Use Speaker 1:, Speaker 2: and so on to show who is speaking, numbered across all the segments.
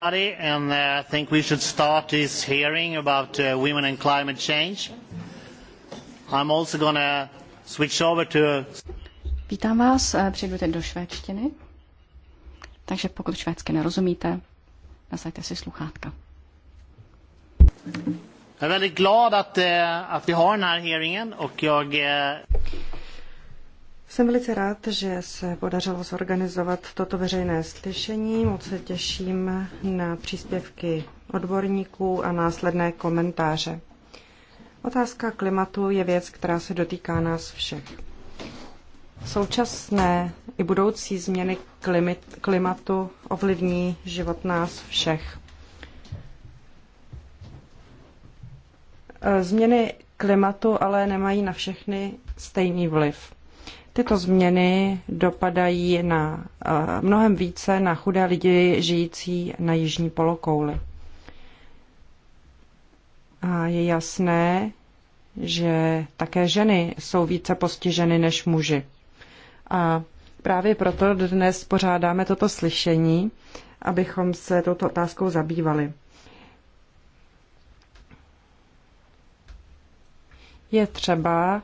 Speaker 1: everybody, and uh, I think we should start this hearing about uh, women and climate change. I'm also going to switch over to...
Speaker 2: Vítám vás, eh, přejdu teď do švédštiny. Takže pokud švédsky nerozumíte, nasaďte si sluchátka.
Speaker 1: Jag är glad att, eh, att vi har den här hearingen och jag... Eh,
Speaker 2: jsem velice rád,
Speaker 3: že se podařilo zorganizovat toto veřejné slyšení. Moc se těším na příspěvky odborníků a následné komentáře. Otázka klimatu je věc, která se dotýká nás všech. Současné i budoucí změny klimatu ovlivní život nás všech. Změny klimatu ale nemají na všechny stejný vliv. Tyto změny dopadají na eh, mnohem více na chudé lidi žijící na jižní polokouli. A je jasné, že také ženy jsou více postiženy než muži. A právě proto dnes pořádáme toto slyšení, abychom se touto otázkou zabývali. Je třeba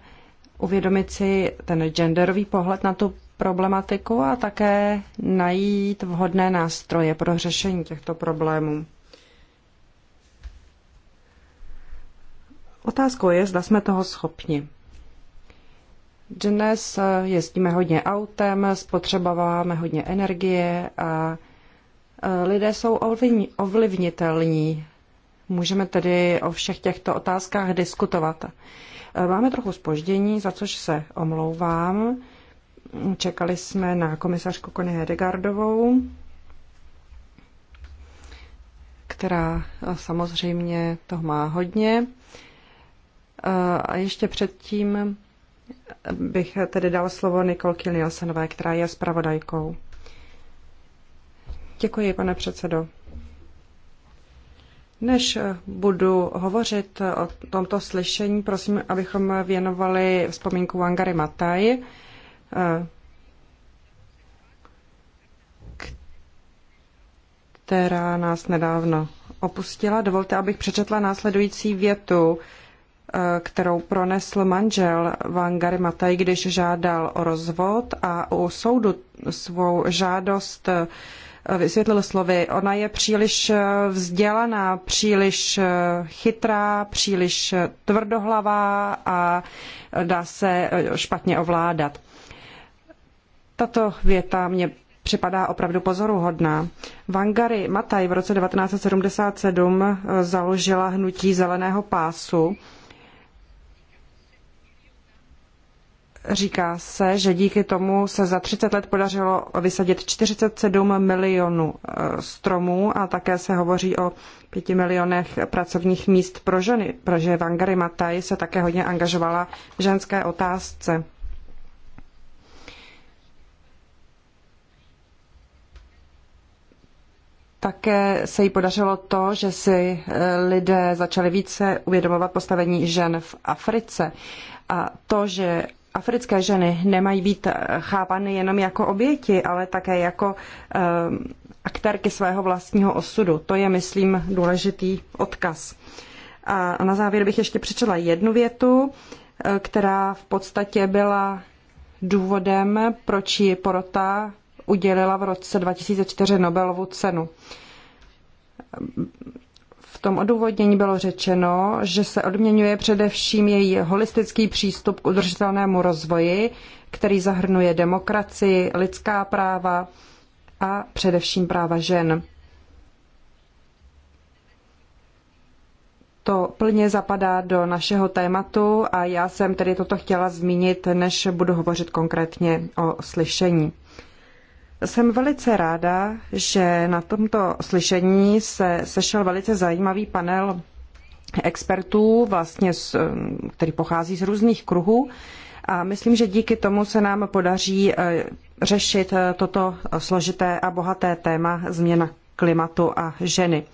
Speaker 3: uvědomit si ten genderový pohled na tu problematiku a také najít vhodné nástroje pro řešení těchto problémů. Otázkou je, zda jsme toho schopni. Dnes jezdíme hodně autem, spotřebováváme hodně energie a e, lidé jsou ovlivnitelní. Můžeme tedy o všech těchto otázkách diskutovat. Máme trochu spoždění, za což se omlouvám. Čekali jsme na komisařku Kony Hedegardovou, která samozřejmě toho má hodně. A ještě předtím bych tedy dal slovo Nikolky Nielsenové, která je zpravodajkou. Děkuji, pane předsedo. Než budu hovořit o tomto slyšení, prosím, abychom věnovali vzpomínku Wangary Matai, eh, která nás nedávno opustila. Dovolte, abych přečetla následující větu, eh, kterou pronesl manžel Wangary Matai, když žádal o rozvod a u soudu svou žádost eh, Eh, vysvětlil slovy. Ona je příliš eh, vzdělaná, příliš eh, chytrá, příliš tvrdohlavá a dá se špatně ovládat. Tato věta mě připadá opravdu pozoruhodná. Vangary Mataj v roce 1977 založila hnutí zeleného pásu Říká se, že díky tomu se za 30 let podařilo vysadit 47 milionů eh, stromů a také se hovoří o 5 milionech pracovních míst pro ženy, protože Vangary Mataj se také hodně angažovala v ženské otázce. Také se jí podařilo to, že si eh, lidé začali více uvědomovat postavení žen v Africe. A to, že africké ženy nemají být eh, chápány jenom jako oběti, ale také jako eh, aktérky svého vlastního osudu. To je, myslím, důležitý odkaz. A na závěr bych ještě přečetla jednu větu, eh, která v podstatě byla důvodem, proč ji porota udělila v roce 2004 Nobelovu cenu. V tom odůvodnění bylo řečeno, že se odměňuje především její holistický přístup k udržitelnému rozvoji, který zahrnuje demokracii, lidská práva a především práva žen. To plně zapadá do našeho tématu a já jsem tedy toto chtěla zmínit, než budu hovořit konkrétně o slyšení. Jsem velice ráda, že na tomto slyšení se sešel velice zajímavý panel expertů, vlastně z, který pochází z různých kruhů. A myslím, že díky tomu se nám podaří eh, řešit eh, toto složité a bohaté téma změna klimatu a ženy.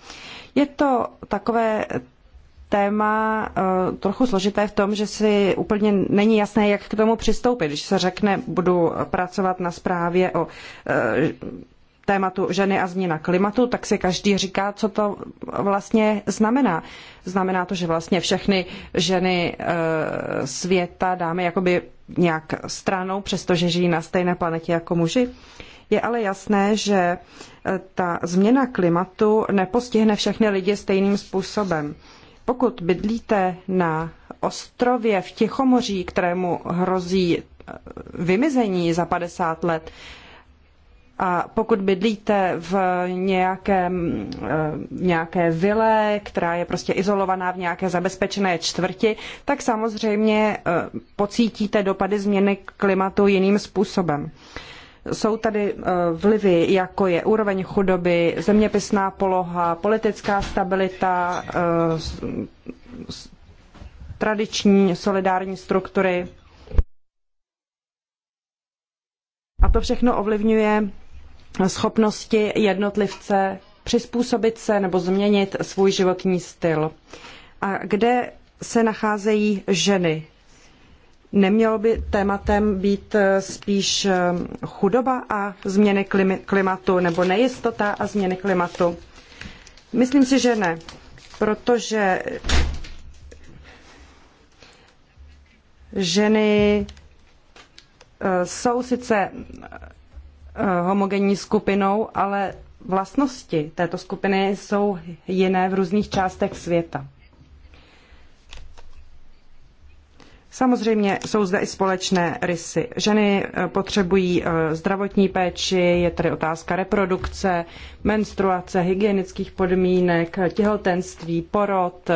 Speaker 3: Je to takové téma eh, trochu složité v tom, že si úplně není jasné, jak k tomu přistoupit. Když se řekne, budu pracovat na zprávě o eh, tématu ženy a změna klimatu, tak si každý říká, co to vlastně znamená. Znamená to, že vlastně všechny ženy eh, světa dáme jakoby nějak stranou, přestože žijí na stejné planetě jako muži. Je ale jasné, že ta změna klimatu nepostihne všechny lidi stejným způsobem. Pokud bydlíte na ostrově v Tichomoří, kterému hrozí eh, vymizení za 50 let, a pokud bydlíte v nějakém, eh, nějaké vile, která je prostě izolovaná v nějaké zabezpečené čtvrti, tak samozřejmě eh, pocítíte dopady změny klimatu jiným způsobem. Jsou tady eh, vlivy, jako je úroveň chudoby, zeměpisná poloha, politická stabilita, eh, tradiční solidární struktury. A to všechno ovlivňuje schopnosti jednotlivce přizpůsobit se nebo změnit svůj životní styl. A kde se nacházejí ženy Nemělo by tématem být eh, spíš eh, chudoba a změny klimatu nebo nejistota a změny klimatu? Myslím si, že ne, protože ženy eh, jsou sice homogenní skupinou, ale vlastnosti této skupiny jsou jiné v různých částech světa. Samozřejmě jsou zde i společné rysy. Ženy eh, potřebují eh, zdravotní péči, je tady otázka reprodukce, menstruace, hygienických podmínek, těhotenství, porod,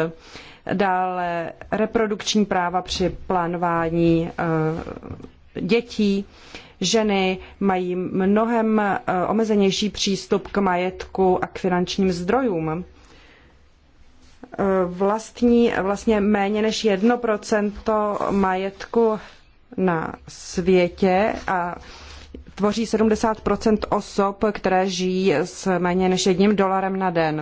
Speaker 3: dále reprodukční práva při plánování eh, dětí. Ženy mají mnohem omezenější přístup k majetku a k finančním zdrojům vlastní vlastně méně než 1% majetku na světě a tvoří 70% osob, které žijí s méně než jedním dolarem na den.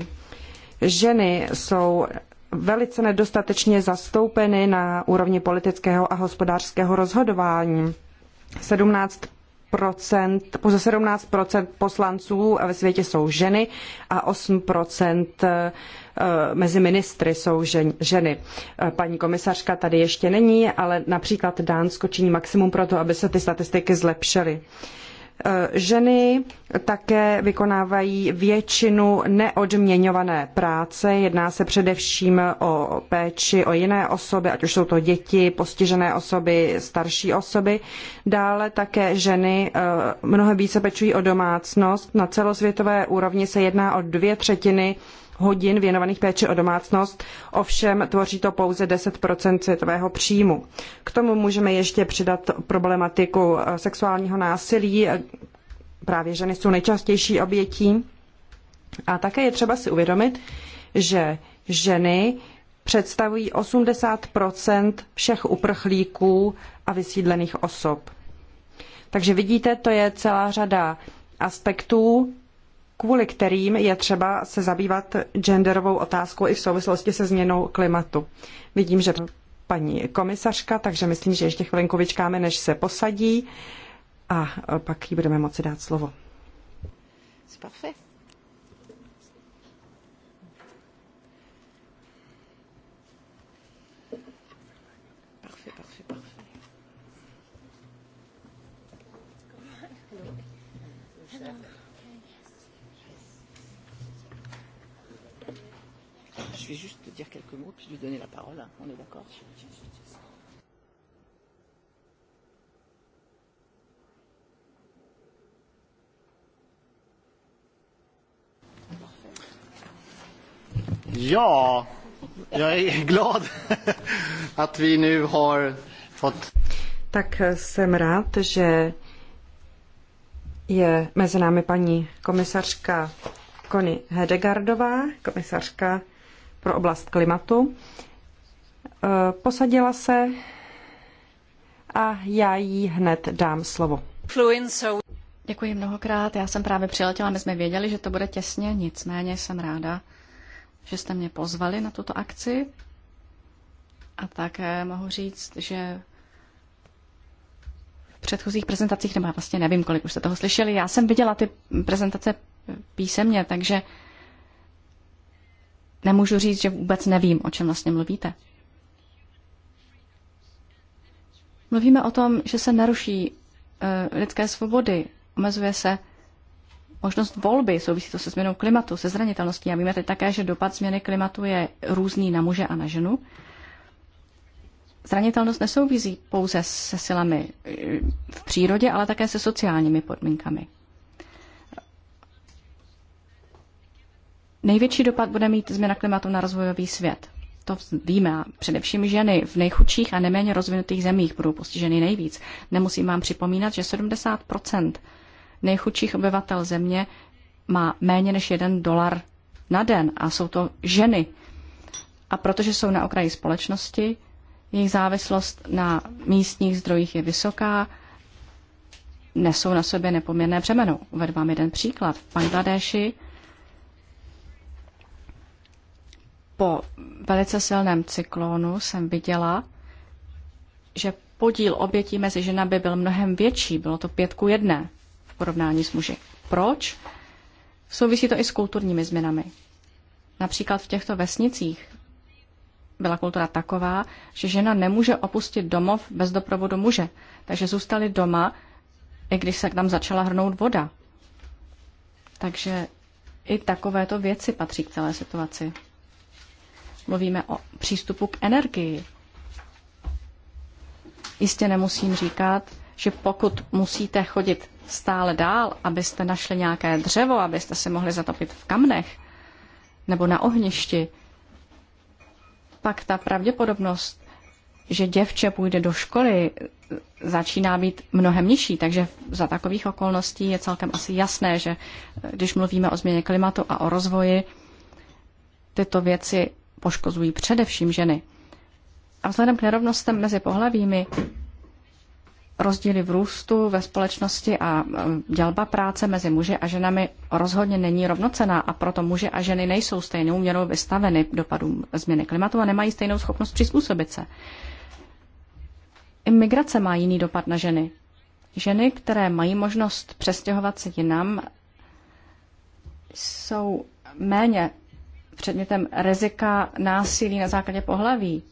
Speaker 3: Ženy jsou velice nedostatečně zastoupeny na úrovni politického a hospodářského rozhodování. 17 pouze 17 poslanců ve světě jsou ženy a 8 Eh, mezi ministry jsou ženy. Eh, paní komisařka tady ještě není, ale například Dánsko činí maximum pro to, aby se ty statistiky zlepšily. Eh, ženy také vykonávají většinu neodměňované práce. Jedná se především o péči o jiné osoby, ať už jsou to děti, postižené osoby, starší osoby. Dále také ženy mnohem více pečují o domácnost. Na celosvětové úrovni se jedná o dvě třetiny hodin věnovaných péči o domácnost, ovšem tvoří to pouze 10 světového příjmu. K tomu můžeme ještě přidat problematiku eh, sexuálního násilí, právě ženy jsou nejčastější obětí. A také je třeba si uvědomit, že ženy představují 80 všech uprchlíků a vysídlených osob. Takže vidíte, to je celá řada aspektů, kvůli kterým je třeba se zabývat genderovou otázkou i v souvislosti se změnou klimatu. Vidím, že paní komisařka, takže myslím, že ještě chvilinku vyčkáme, než se posadí a pak jí budeme moci dát slovo. Parfait.
Speaker 2: dire quelques mots, puis lui donner la parole. Hein. On est d'accord
Speaker 1: Ja, jag är glad att vi nu har fått...
Speaker 3: Tak eh, jsem rád, že je mezi námi paní komisařka Kony Hedegardová, komisařka pro oblast klimatu. E, posadila se a já jí hned dám slovo.
Speaker 2: Děkuji mnohokrát. Já jsem právě přiletěla, my jsme věděli, že to bude těsně, nicméně jsem ráda, že jste mě pozvali na tuto akci. A také mohu říct, že v předchozích prezentacích, nebo já vlastně nevím, kolik už jste toho slyšeli, já jsem viděla ty prezentace písemně, takže nemůžu říct, že vůbec nevím, o čem vlastně mluvíte. Mluvíme o tom, že se naruší uh, lidské svobody, omezuje se možnost volby, souvisí to se změnou klimatu, se zranitelností. A víme teď také, že dopad změny klimatu je různý na muže a na ženu. Zranitelnost nesouvisí pouze se silami eh, v přírodě, ale také se sociálními podmínkami. Největší dopad bude mít změna klimatu na rozvojový svět. To víme. především ženy v nejchudších a neméně rozvinutých zemích budou postiženy nejvíc. Nemusím vám připomínat, že 70 nejchudších obyvatel země má méně než jeden dolar na den a jsou to ženy. A protože jsou na okraji společnosti, jejich závislost na místních zdrojích je vysoká, nesou na sobě nepoměrné břemeno. Uvedu vám jeden příklad. V Bangladeši po velice silném cyklónu jsem viděla, že podíl obětí mezi ženami byl mnohem větší, bylo to pětku jedné v porovnání s muži. Proč? Souvisí to i s kulturními změnami. Například v těchto vesnicích byla kultura taková, že žena nemůže opustit domov bez doprovodu muže, takže zůstali doma, i když se tam začala hrnout voda. Takže i takovéto věci patří k celé situaci. Mluvíme o přístupu k energii. Jistě nemusím říkat, že pokud musíte chodit stále dál, abyste našli nějaké dřevo, abyste se mohli zatopit v kamnech nebo na ohništi, pak ta pravděpodobnost, že děvče půjde do školy, začíná být mnohem nižší. Takže za takových okolností je celkem asi jasné, že když mluvíme o změně klimatu a o rozvoji, tyto věci poškozují především ženy. A vzhledem k nerovnostem mezi pohlavími, rozdíly v růstu ve společnosti a e, dělba práce mezi muži a ženami rozhodně není rovnocená a proto muži a ženy nejsou stejnou měrou vystaveny dopadům změny klimatu a nemají stejnou schopnost přizpůsobit se. Imigrace má jiný dopad na ženy. Ženy, které mají možnost přestěhovat se jinam, jsou méně předmětem rizika násilí na základě pohlaví.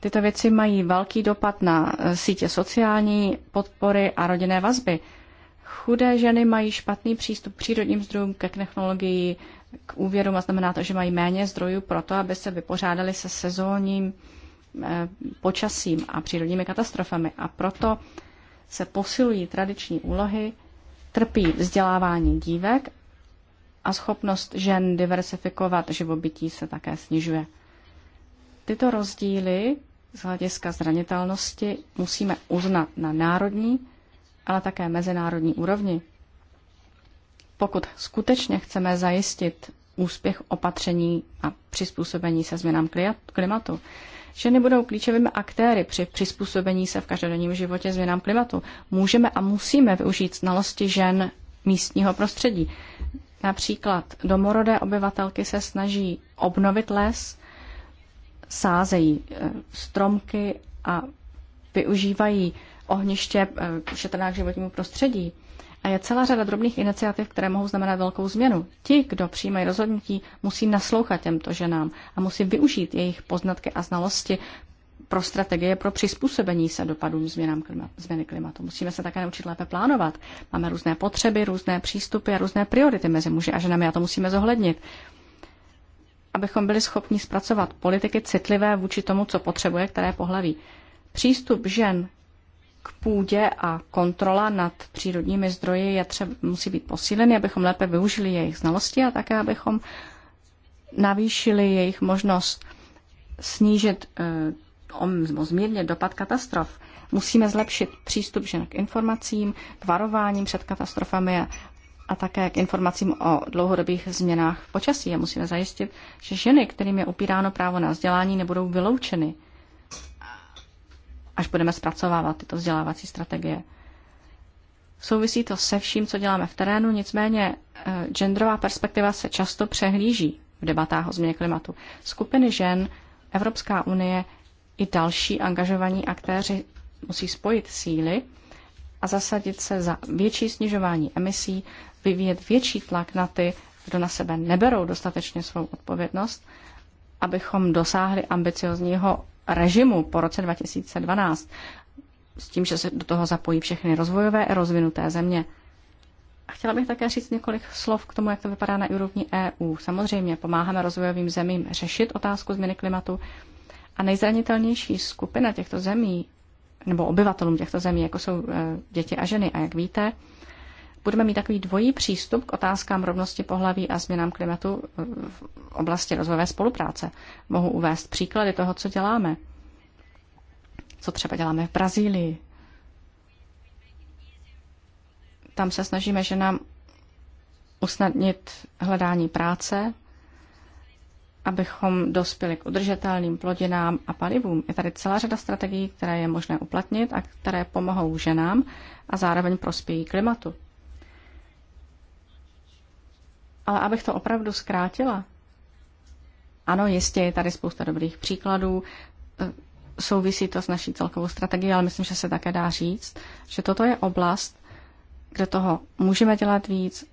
Speaker 2: Tyto věci mají velký dopad na eh, sítě sociální podpory a rodinné vazby. Chudé ženy mají špatný přístup k přírodním zdrojům, ke technologii, k úvěrům a znamená to, že mají méně zdrojů pro to, aby se vypořádali se sezónním eh, počasím a přírodními katastrofami. A proto se posilují tradiční úlohy, trpí vzdělávání dívek a schopnost žen diversifikovat živobytí se také snižuje. Tyto rozdíly z hlediska zranitelnosti musíme uznat na národní, ale také mezinárodní úrovni. Pokud skutečně chceme zajistit úspěch opatření a přizpůsobení se změnám klimatu, ženy budou klíčovými aktéry při přizpůsobení se v každodenním životě změnám klimatu. Můžeme a musíme využít znalosti žen místního prostředí. Například domorodé obyvatelky se snaží obnovit les, sázejí eh, stromky a využívají ohniště šetrná eh, šetrnách životnímu prostředí. A je celá řada drobných iniciativ, které mohou znamenat velkou změnu. Ti, kdo přijímají rozhodnutí, musí naslouchat těmto ženám a musí využít jejich poznatky a znalosti pro strategie pro přizpůsobení se dopadům změnám klima, změny klimatu. Musíme se také naučit lépe plánovat. Máme různé potřeby, různé přístupy a různé priority mezi muži a ženami a to musíme zohlednit. Abychom byli schopni zpracovat politiky citlivé vůči tomu, co potřebuje, které pohlaví. Přístup žen k půdě a kontrola nad přírodními zdroji je třeba, musí být posíleny, abychom lépe využili jejich znalosti a také, abychom navýšili jejich možnost snížit eh, o zmírnit dopad katastrof. Musíme zlepšit přístup žen k informacím, k varováním před katastrofami a také k informacím o dlouhodobých změnách počasí. A musíme zajistit, že ženy, kterým je upíráno právo na vzdělání, nebudou vyloučeny, až budeme zpracovávat tyto vzdělávací strategie. Souvisí to se vším, co děláme v terénu, nicméně e, genderová perspektiva se často přehlíží v debatách o změně klimatu. Skupiny žen Evropská unie i další angažovaní aktéři musí spojit síly a zasadit se za větší snižování emisí, vyvíjet větší tlak na ty, kdo na sebe neberou dostatečně svou odpovědnost, abychom dosáhli ambiciozního režimu po roce 2012 s tím, že se do toho zapojí všechny rozvojové a rozvinuté země. A chtěla bych také říct několik slov k tomu, jak to vypadá na úrovni EU. Samozřejmě pomáháme rozvojovým zemím řešit otázku změny klimatu, a nejzranitelnější skupina těchto zemí, nebo obyvatelům těchto zemí, jako jsou eh, děti a ženy, a jak víte, budeme mít takový dvojí přístup k otázkám rovnosti pohlaví a změnám klimatu eh, v oblasti rozvojové spolupráce. Mohu uvést příklady toho, co děláme. Co třeba děláme v Brazílii. Tam se snažíme že nám usnadnit hledání práce, abychom dospěli k udržitelným plodinám a palivům. Je tady celá řada strategií, které je možné uplatnit a které pomohou ženám a zároveň prospějí klimatu. Ale abych to opravdu zkrátila, ano, jistě je tady spousta dobrých příkladů, eh, souvisí to s naší celkovou strategií, ale myslím, že se také dá říct, že toto je oblast, kde toho můžeme dělat víc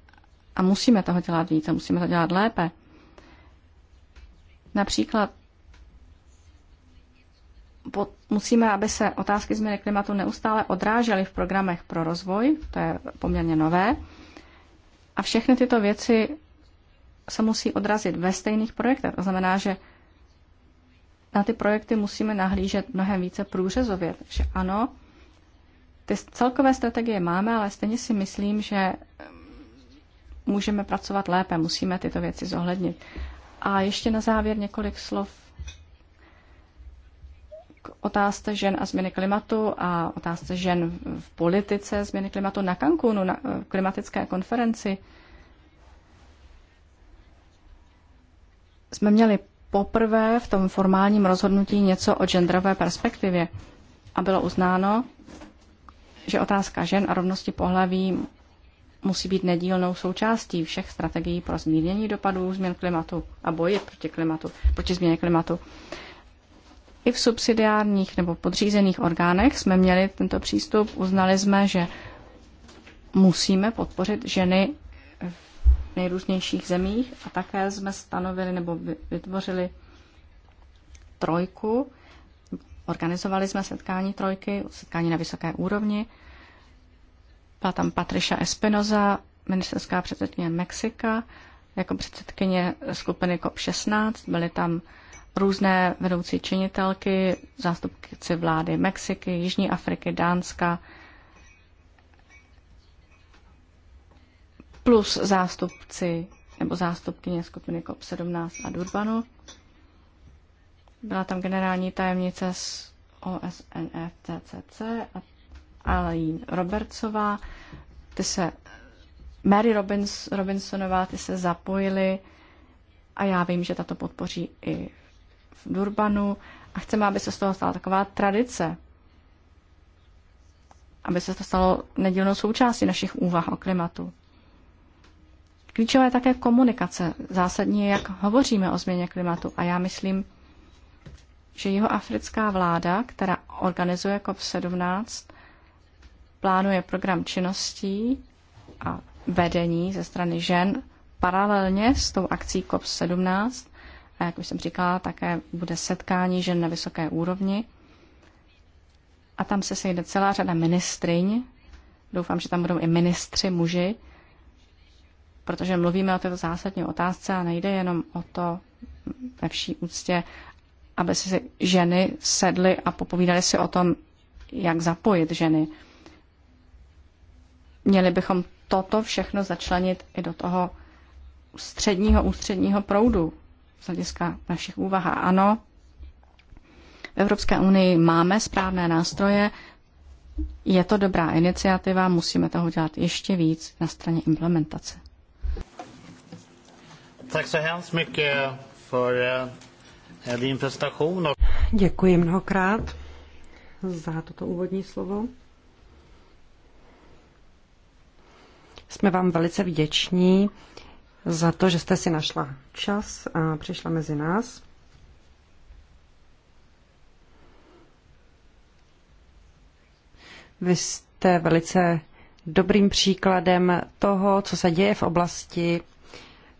Speaker 2: a musíme toho dělat víc a musíme to dělat lépe Například musíme, aby se otázky změny klimatu neustále odrážely v programech pro rozvoj, to je poměrně nové, a všechny tyto věci se musí odrazit ve stejných projektech. To znamená, že na ty projekty musíme nahlížet mnohem více průřezově. Takže ano, ty celkové strategie máme, ale stejně si myslím, že můžeme pracovat lépe, musíme tyto věci zohlednit. A ještě na závěr několik slov k otázce žen a změny klimatu a otázce žen v politice změny klimatu na Cancúnu, na eh, klimatické konferenci. Jsme měli poprvé v tom formálním rozhodnutí něco o genderové perspektivě a bylo uznáno, že otázka žen a rovnosti pohlaví musí být nedílnou součástí všech strategií pro zmírnění dopadů změn klimatu a boje proti, klimatu, proti změně klimatu. I v subsidiárních nebo podřízených orgánech jsme měli tento přístup. Uznali jsme, že musíme podpořit ženy v nejrůznějších zemích a také jsme stanovili nebo vytvořili trojku. Organizovali jsme setkání trojky, setkání na vysoké úrovni byla tam Patricia Espinoza, ministerská předsedkyně Mexika, jako předsedkyně skupiny COP16. Byly tam různé vedoucí činitelky, zástupci vlády Mexiky, Jižní Afriky, Dánska, plus zástupci nebo zástupkyně skupiny COP17 a Durbanu. Byla tam generální tajemnice z OSNFCCC e a Alain Robertsová, ty se Mary Robins, Robinsonová, ty se zapojili a já vím, že tato podpoří i v Durbanu a chceme, aby se z toho stala taková tradice, aby se to stalo nedílnou součástí našich úvah o klimatu. Klíčová je také komunikace. Zásadní je, jak hovoříme o změně klimatu. A já myslím, že jeho africká vláda, která organizuje COP17, plánuje program činností a vedení ze strany žen paralelně s tou akcí COP17. A jak už jsem říkala, také bude setkání žen na vysoké úrovni. A tam se sejde celá řada ministryň. Doufám, že tam budou i ministři muži, protože mluvíme o této zásadní otázce a nejde jenom o to ve vší úctě, aby si ženy sedly a popovídali si o tom, jak zapojit ženy Měli bychom toto všechno začlenit i do toho středního ústředního proudu z hlediska našich úvah. A ano, v Evropské unii máme správné nástroje, je to dobrá iniciativa, musíme toho dělat ještě víc na straně implementace.
Speaker 1: Tak se hemskt eh,
Speaker 2: Děkuji mnohokrát
Speaker 3: za toto úvodní slovo. Jsme vám velice vděční za to, že jste si našla čas a přišla mezi nás. Vy jste velice dobrým příkladem toho, co se děje v oblasti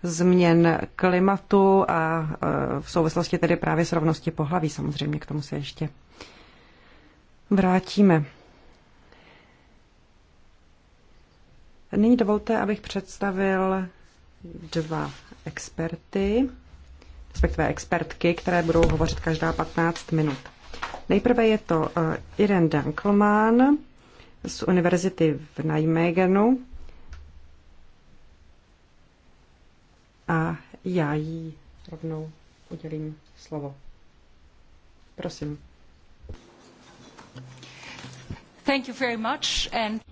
Speaker 3: změn klimatu a e, v souvislosti tedy právě s rovností pohlaví. Samozřejmě k tomu se ještě vrátíme. Nyní dovolte, abych představil dva experty, respektive expertky, které budou hovořit každá 15 minut. Nejprve je to eh, Irene Dankelmann z univerzity v Nijmegenu a já jí rovnou udělím slovo. Prosím.
Speaker 2: Thank you very much and...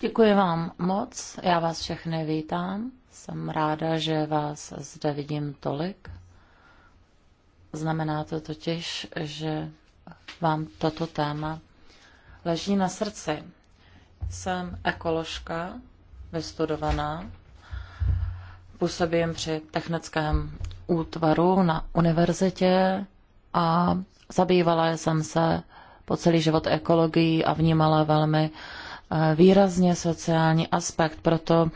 Speaker 4: Děkuji vám moc, já vás všechny vítám. Jsem ráda, že vás zde vidím tolik. Znamená to totiž, že vám toto téma leží na srdci. Jsem ekoložka, vystudovaná, působím při technickém útvaru na univerzitě a zabývala jsem se po celý život ekologií a vnímala velmi uh, Eh, výrazně sociální aspekt, proto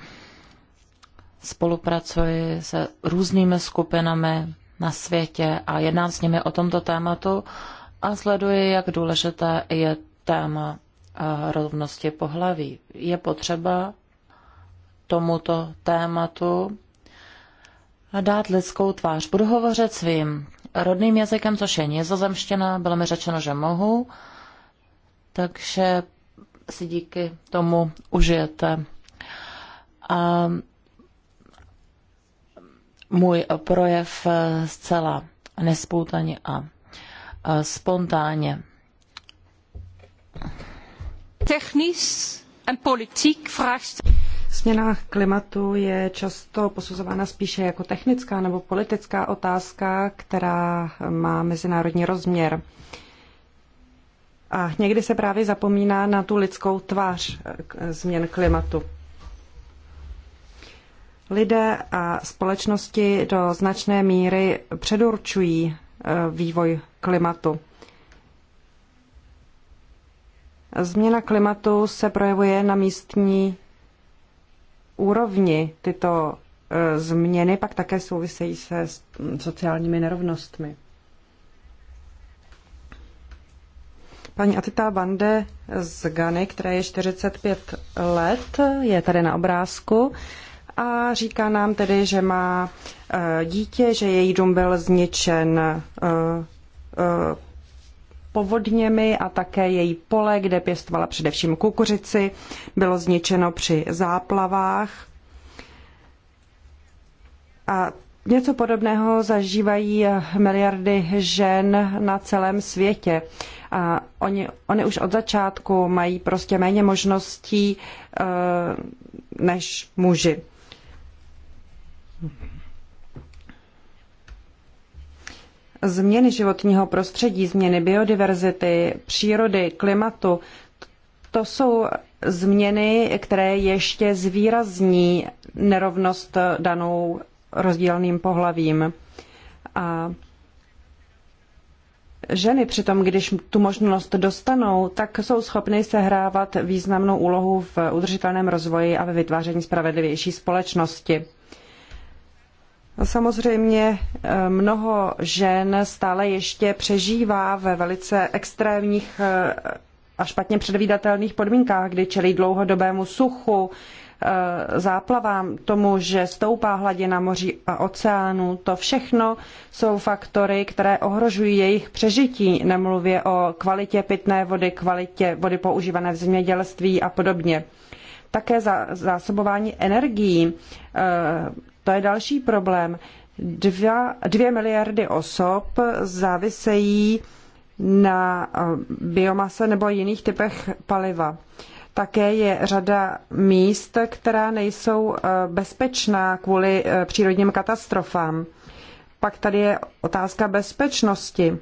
Speaker 4: spolupracuji se různými skupinami na světě a jednám s nimi o tomto tématu a sleduji, jak důležité je téma eh, rovnosti pohlaví. Je potřeba tomuto tématu dát lidskou tvář. Budu hovořit svým rodným jazykem, což je nizozemština. Bylo mi řečeno, že mohu. Takže si díky tomu užijete. A můj projev zcela nespoutaně a spontánně.
Speaker 2: Technis a politik vraagstuk.
Speaker 3: Změna klimatu je často posuzována spíše jako technická nebo politická otázka, která má mezinárodní rozměr. A někdy se právě zapomíná na tu lidskou tvář eh, eh, změn klimatu. Lidé a společnosti do značné míry předurčují eh, vývoj klimatu. Změna klimatu se projevuje na místní úrovni. Tyto změny pak také souvisejí se mm, sociálními nerovnostmi. Paní Atita Bande z Gany, která je 45 let, je tady na obrázku a říká nám tedy, že má eh, dítě, že její dům byl zničen eh, eh, povodněmi a také její pole, kde pěstovala především kukuřici, bylo zničeno při záplavách. A něco podobného zažívají miliardy žen na celém světě. A oni, oni už od začátku mají prostě méně možností eh, než muži. Změny životního prostředí, změny biodiverzity, přírody, klimatu, to jsou změny, které ještě zvýrazní nerovnost danou rozdílným pohlavím. A ženy přitom, když tu možnost dostanou, tak jsou schopny sehrávat významnou úlohu v udržitelném rozvoji a ve vytváření spravedlivější společnosti. Samozřejmě eh, mnoho žen stále ještě přežívá ve velice extrémních eh, a špatně předvídatelných podmínkách, kdy čelí dlouhodobému suchu, Eh, záplavám, tomu, že stoupá hladina moří a oceánů, to všechno jsou faktory, které ohrožují jejich přežití, nemluvě o kvalitě pitné vody, kvalitě vody používané v zemědělství a podobně. Také zásobování energií, eh, to je další problém. Dva, dvě miliardy osob závisejí na eh, biomase nebo jiných typech paliva. Také je řada míst, která nejsou eh, bezpečná kvůli eh, přírodním katastrofám. Pak tady je otázka bezpečnosti.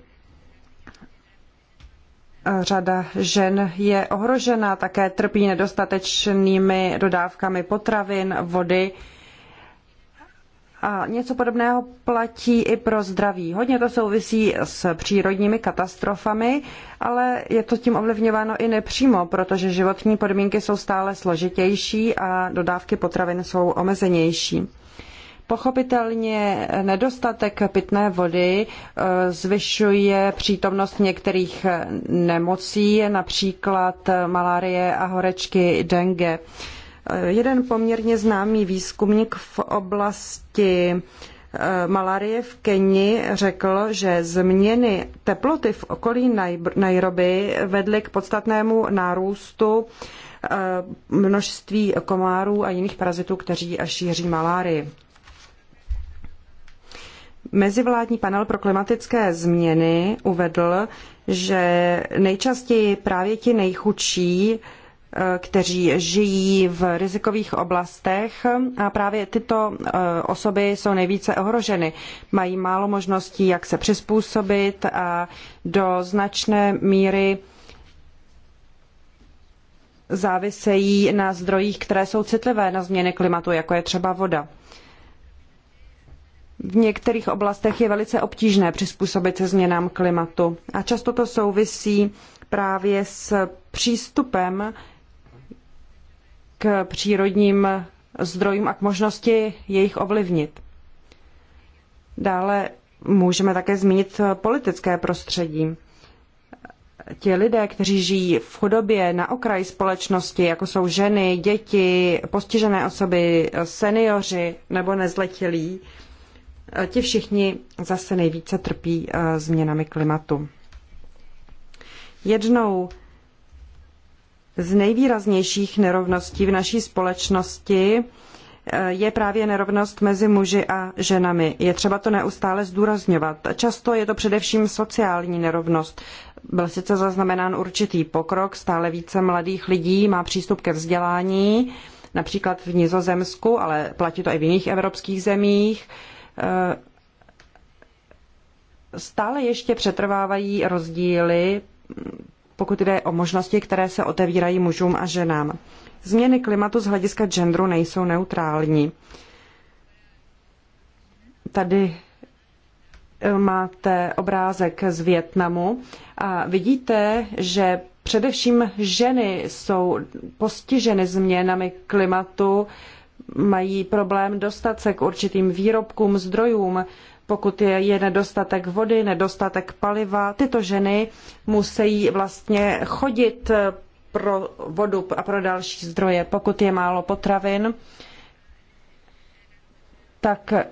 Speaker 3: Řada žen je ohrožena, také trpí nedostatečnými dodávkami potravin, vody, a něco podobného platí i pro zdraví. Hodně to souvisí s přírodními katastrofami, ale je to tím ovlivňováno i nepřímo, protože životní podmínky jsou stále složitější a dodávky potravin jsou omezenější. Pochopitelně nedostatek pitné vody eh, zvyšuje přítomnost některých nemocí, například malárie a horečky dengue. Jeden poměrně známý výzkumník v oblasti eh, malárie v Keni řekl, že změny teploty v okolí Nairobi vedly k podstatnému nárůstu eh, množství komárů a jiných parazitů, kteří šíří malárii. Mezivládní panel pro klimatické změny uvedl, že nejčastěji právě ti nejchudší kteří žijí v rizikových oblastech a právě tyto e, osoby jsou nejvíce ohroženy. Mají málo možností, jak se přizpůsobit a do značné míry závisejí na zdrojích, které jsou citlivé na změny klimatu, jako je třeba voda. V některých oblastech je velice obtížné přizpůsobit se změnám klimatu a často to souvisí právě s přístupem k přírodním zdrojům a k možnosti jejich ovlivnit. Dále můžeme také zmínit politické prostředí. Ti lidé, kteří žijí v chudobě na okraji společnosti, jako jsou ženy, děti, postižené osoby, seniori nebo nezletilí, ti všichni zase nejvíce trpí eh, změnami klimatu. Jednou z nejvýraznějších nerovností v naší společnosti eh, je právě nerovnost mezi muži a ženami. Je třeba to neustále zdůrazňovat. Často je to především sociální nerovnost. Byl sice zaznamenán určitý pokrok, stále více mladých lidí má přístup ke vzdělání, například v Nizozemsku, ale platí to i v jiných evropských zemích. Eh, stále ještě přetrvávají rozdíly pokud jde o možnosti, které se otevírají mužům a ženám. Změny klimatu z hlediska genderu nejsou neutrální. Tady eh, máte obrázek z Vietnamu a vidíte, že především ženy jsou postiženy změnami klimatu, mají problém dostat se k určitým výrobkům, zdrojům, pokud je, je nedostatek vody, nedostatek paliva, tyto ženy musí vlastně chodit eh, pro vodu a pro další zdroje. Pokud je málo potravin, tak eh,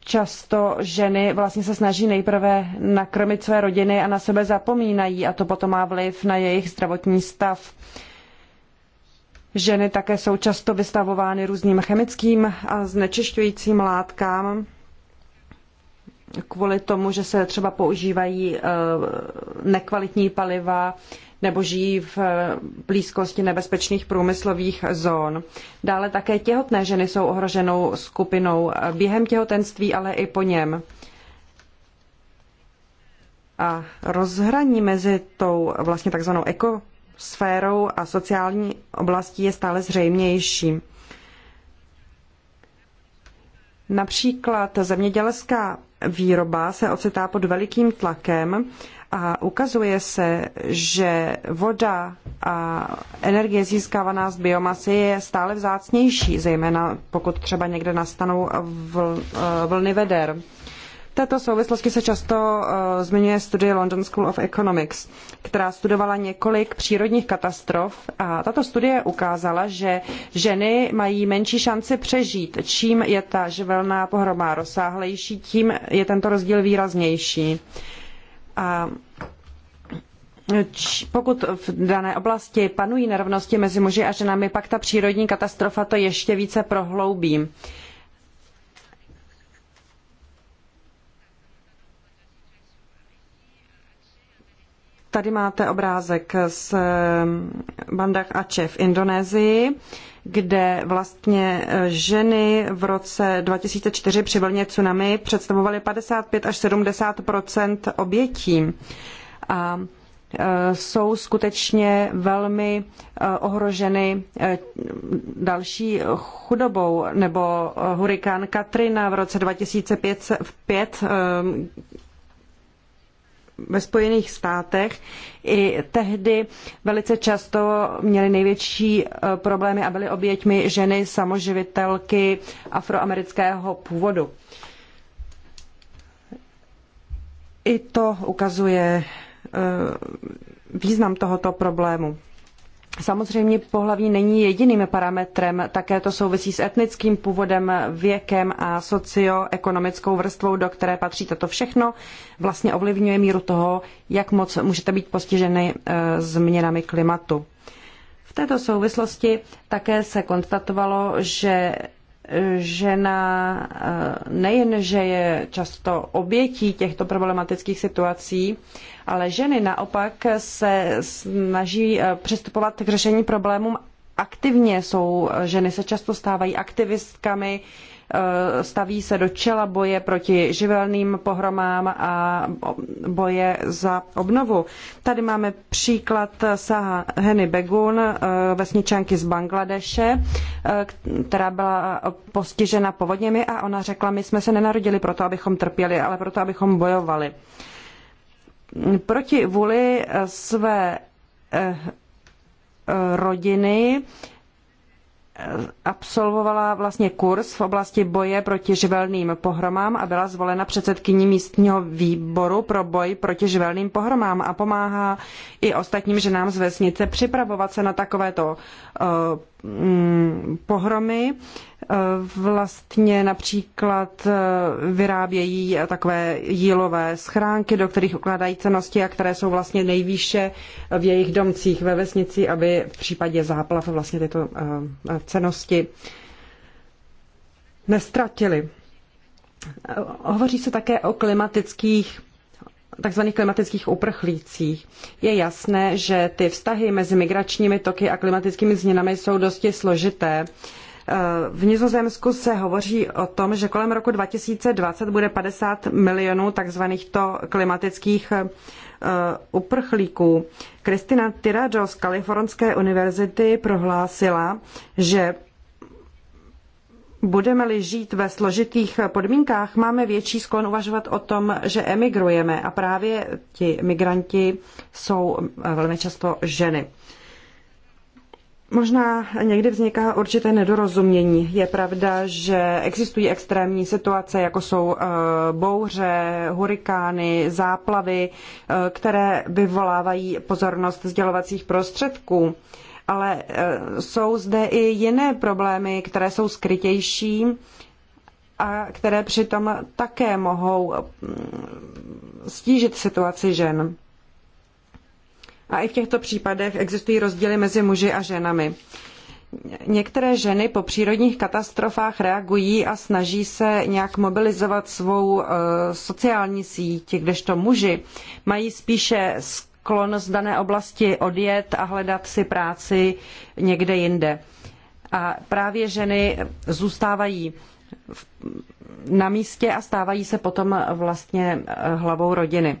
Speaker 3: často ženy vlastně se snaží nejprve nakrmit své rodiny a na sebe zapomínají a to potom má vliv na jejich zdravotní stav. Ženy také jsou často vystavovány různým chemickým a znečišťujícím látkám kvůli tomu, že se třeba používají eh, nekvalitní paliva nebo žijí v eh, blízkosti nebezpečných průmyslových zón. Dále také těhotné ženy jsou ohroženou skupinou eh, během těhotenství, ale i po něm. A rozhraní mezi tou vlastně takzvanou eko sférou a sociální oblastí je stále zřejmější. Například zemědělská výroba se ocitá pod velikým tlakem a ukazuje se, že voda a energie získávaná z biomasy je stále vzácnější, zejména pokud třeba někde nastanou eh, vlny veder této souvislosti se často uh, zmiňuje studie London School of Economics, která studovala několik přírodních katastrof a tato studie ukázala, že ženy mají menší šanci přežít. Čím je ta živelná pohroma rozsáhlejší, tím je tento rozdíl výraznější. A pokud v dané oblasti panují nerovnosti mezi muži a ženami, pak ta přírodní katastrofa to ještě více prohloubí. Uh, Tady máte obrázek z eh, Bandach Ače v Indonésii, kde vlastně eh, ženy v roce 2004 při vlně tsunami představovaly 55 až 70 obětí. A eh, jsou skutečně velmi ohroženy další chudobou, nebo hurikán Katrina v roce 2005, ve Spojených státech i tehdy velice často měly největší eh, problémy a byly oběťmi ženy samoživitelky afroamerického původu. I to ukazuje eh, význam tohoto problému. Samozřejmě pohlaví není jediným parametrem, také to souvisí s etnickým původem, věkem a socioekonomickou vrstvou, do které patří toto všechno. Vlastně ovlivňuje míru toho, jak moc můžete být postiženy eh, změnami klimatu. V této souvislosti také se konstatovalo, že žena eh, nejen, že je často obětí těchto problematických situací, ale ženy naopak se snaží eh, přistupovat k řešení problémům aktivně. Jsou, eh, ženy se často stávají aktivistkami, Eh, staví se do čela boje proti živelným pohromám a boje za obnovu. Tady máme příklad Saha Heny Begun, eh, vesničanky z Bangladeše, eh, která byla postižena povodněmi a ona řekla, my jsme se nenarodili proto, abychom trpěli, ale proto, abychom bojovali. Proti vůli své rodiny absolvovala vlastně kurz v oblasti boje proti živelným pohromám a byla zvolena předsedkyní místního výboru pro boj proti živelným pohromám a pomáhá i ostatním ženám z vesnice připravovat se na takovéto Mm, pohromy. E, vlastně například e, vyrábějí takové jílové schránky, do kterých ukládají cenosti a které jsou vlastně nejvýše v jejich domcích ve vesnici, aby v případě záplav vlastně tyto e, cenosti nestratili. Hovoří se také o klimatických tzv. klimatických uprchlících. Je jasné, že ty vztahy mezi migračními toky a klimatickými změnami jsou dosti složité. Eh, v Nizozemsku se hovoří o tom, že kolem roku 2020 bude 50 milionů takzvaných klimatických eh, uprchlíků. Kristina Tirado z Kalifornské univerzity prohlásila, že Budeme-li žít ve složitých podmínkách, máme větší sklon uvažovat o tom, že emigrujeme a právě ti migranti jsou eh, velmi často ženy. Možná někdy vzniká určité nedorozumění. Je pravda, že existují extrémní situace, jako jsou eh, bouře, hurikány, záplavy, eh, které vyvolávají pozornost sdělovacích prostředků ale e, jsou zde i jiné problémy, které jsou skrytější a které přitom také mohou stížit situaci žen. A i v těchto případech existují rozdíly mezi muži a ženami. Některé ženy po přírodních katastrofách reagují a snaží se nějak mobilizovat svou e, sociální síť, kdežto muži mají spíše klon z dané oblasti odjet a hledat si práci někde jinde. A právě ženy zůstávají na místě a stávají se potom vlastně eh, hlavou rodiny.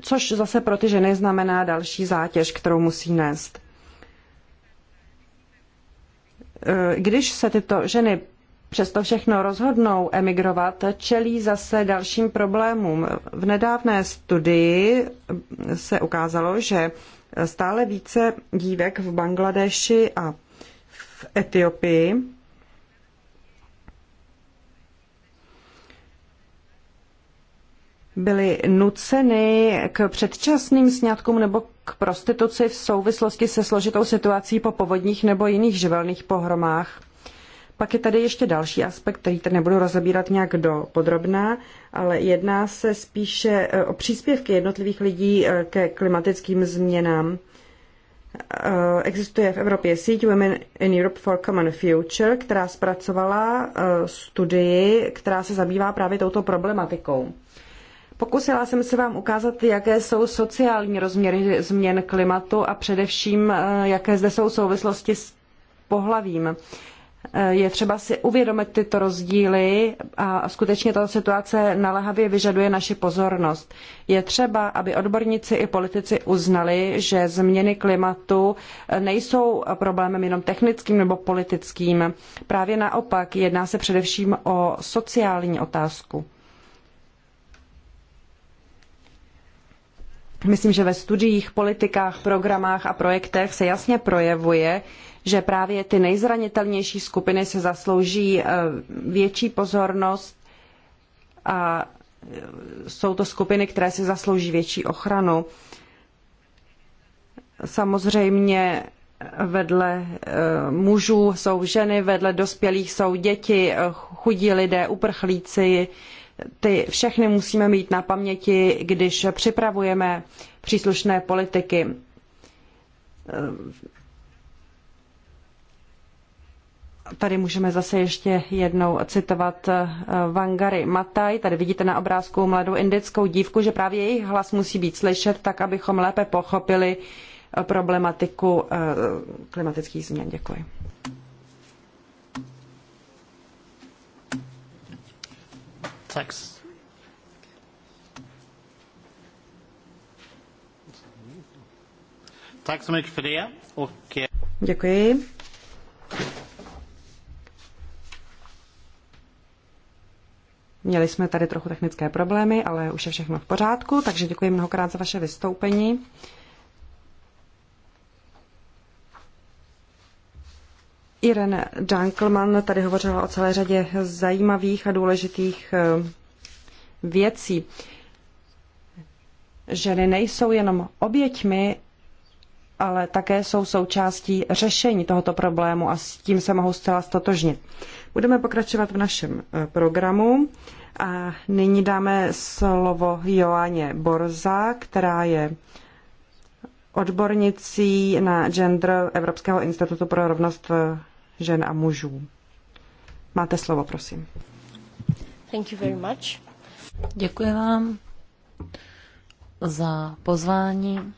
Speaker 3: Což zase pro ty ženy znamená další zátěž, kterou musí nést. Eh, když se tyto ženy přesto všechno rozhodnou emigrovat, čelí zase dalším problémům. V nedávné studii se ukázalo, že stále více dívek v Bangladeši a v Etiopii byly nuceny k předčasným sňatkům nebo k prostituci v souvislosti se složitou situací po povodních nebo jiných živelných pohromách. Pak je tady ještě další aspekt, který tady nebudu rozebírat nějak do podrobná, ale jedná se spíše eh, o příspěvky jednotlivých lidí eh, ke klimatickým změnám. Eh, existuje v Evropě síť Women in Europe for Common Future, která zpracovala studii, která se zabývá právě touto problematikou. Pokusila jsem se vám ukázat, jaké jsou sociální rozměry změn klimatu a především, jaké zde jsou souvislosti s pohlavím je třeba si uvědomit tyto rozdíly a skutečně ta situace naléhavě vyžaduje naši pozornost. Je třeba, aby odborníci i politici uznali, že změny klimatu nejsou problémem jenom technickým nebo politickým. Právě naopak, jedná se především o sociální otázku. Myslím, že ve studiích, politikách, programách a projektech se jasně projevuje, že právě ty nejzranitelnější skupiny se zaslouží eh, větší pozornost a eh, jsou to skupiny, které si zaslouží větší ochranu. Samozřejmě eh, vedle mužů jsou ženy, vedle dospělých jsou děti, chudí lidé, uprchlíci. Ty všechny musíme mít na paměti, když připravujeme příslušné politiky. Tady můžeme zase ještě jednou citovat eh, Vangary Mataj. Tady vidíte na obrázku mladou indickou dívku, že právě jejich hlas musí být slyšet, tak abychom lépe pochopili eh, problematiku eh, klimatických změn. Děkuji.
Speaker 1: Thanks. Tak så mycket för det.
Speaker 3: Děkuji. Měli jsme tady trochu technické problémy, ale už je všechno v pořádku, takže děkuji mnohokrát za vaše vystoupení. Irene Jankelman tady hovořila o celé řadě zajímavých a důležitých eh, věcí. Ženy nejsou jenom oběťmi, ale také jsou součástí řešení tohoto problému a s tím se mohou zcela stotožnit. Budeme pokračovat v našem eh, programu a nyní dáme slovo Joáně Borza, která je odbornicí na gender Evropského institutu pro rovnost eh, žen a mužů. Máte slovo, prosím.
Speaker 4: Thank you very much. Děkuji vám za pozvání.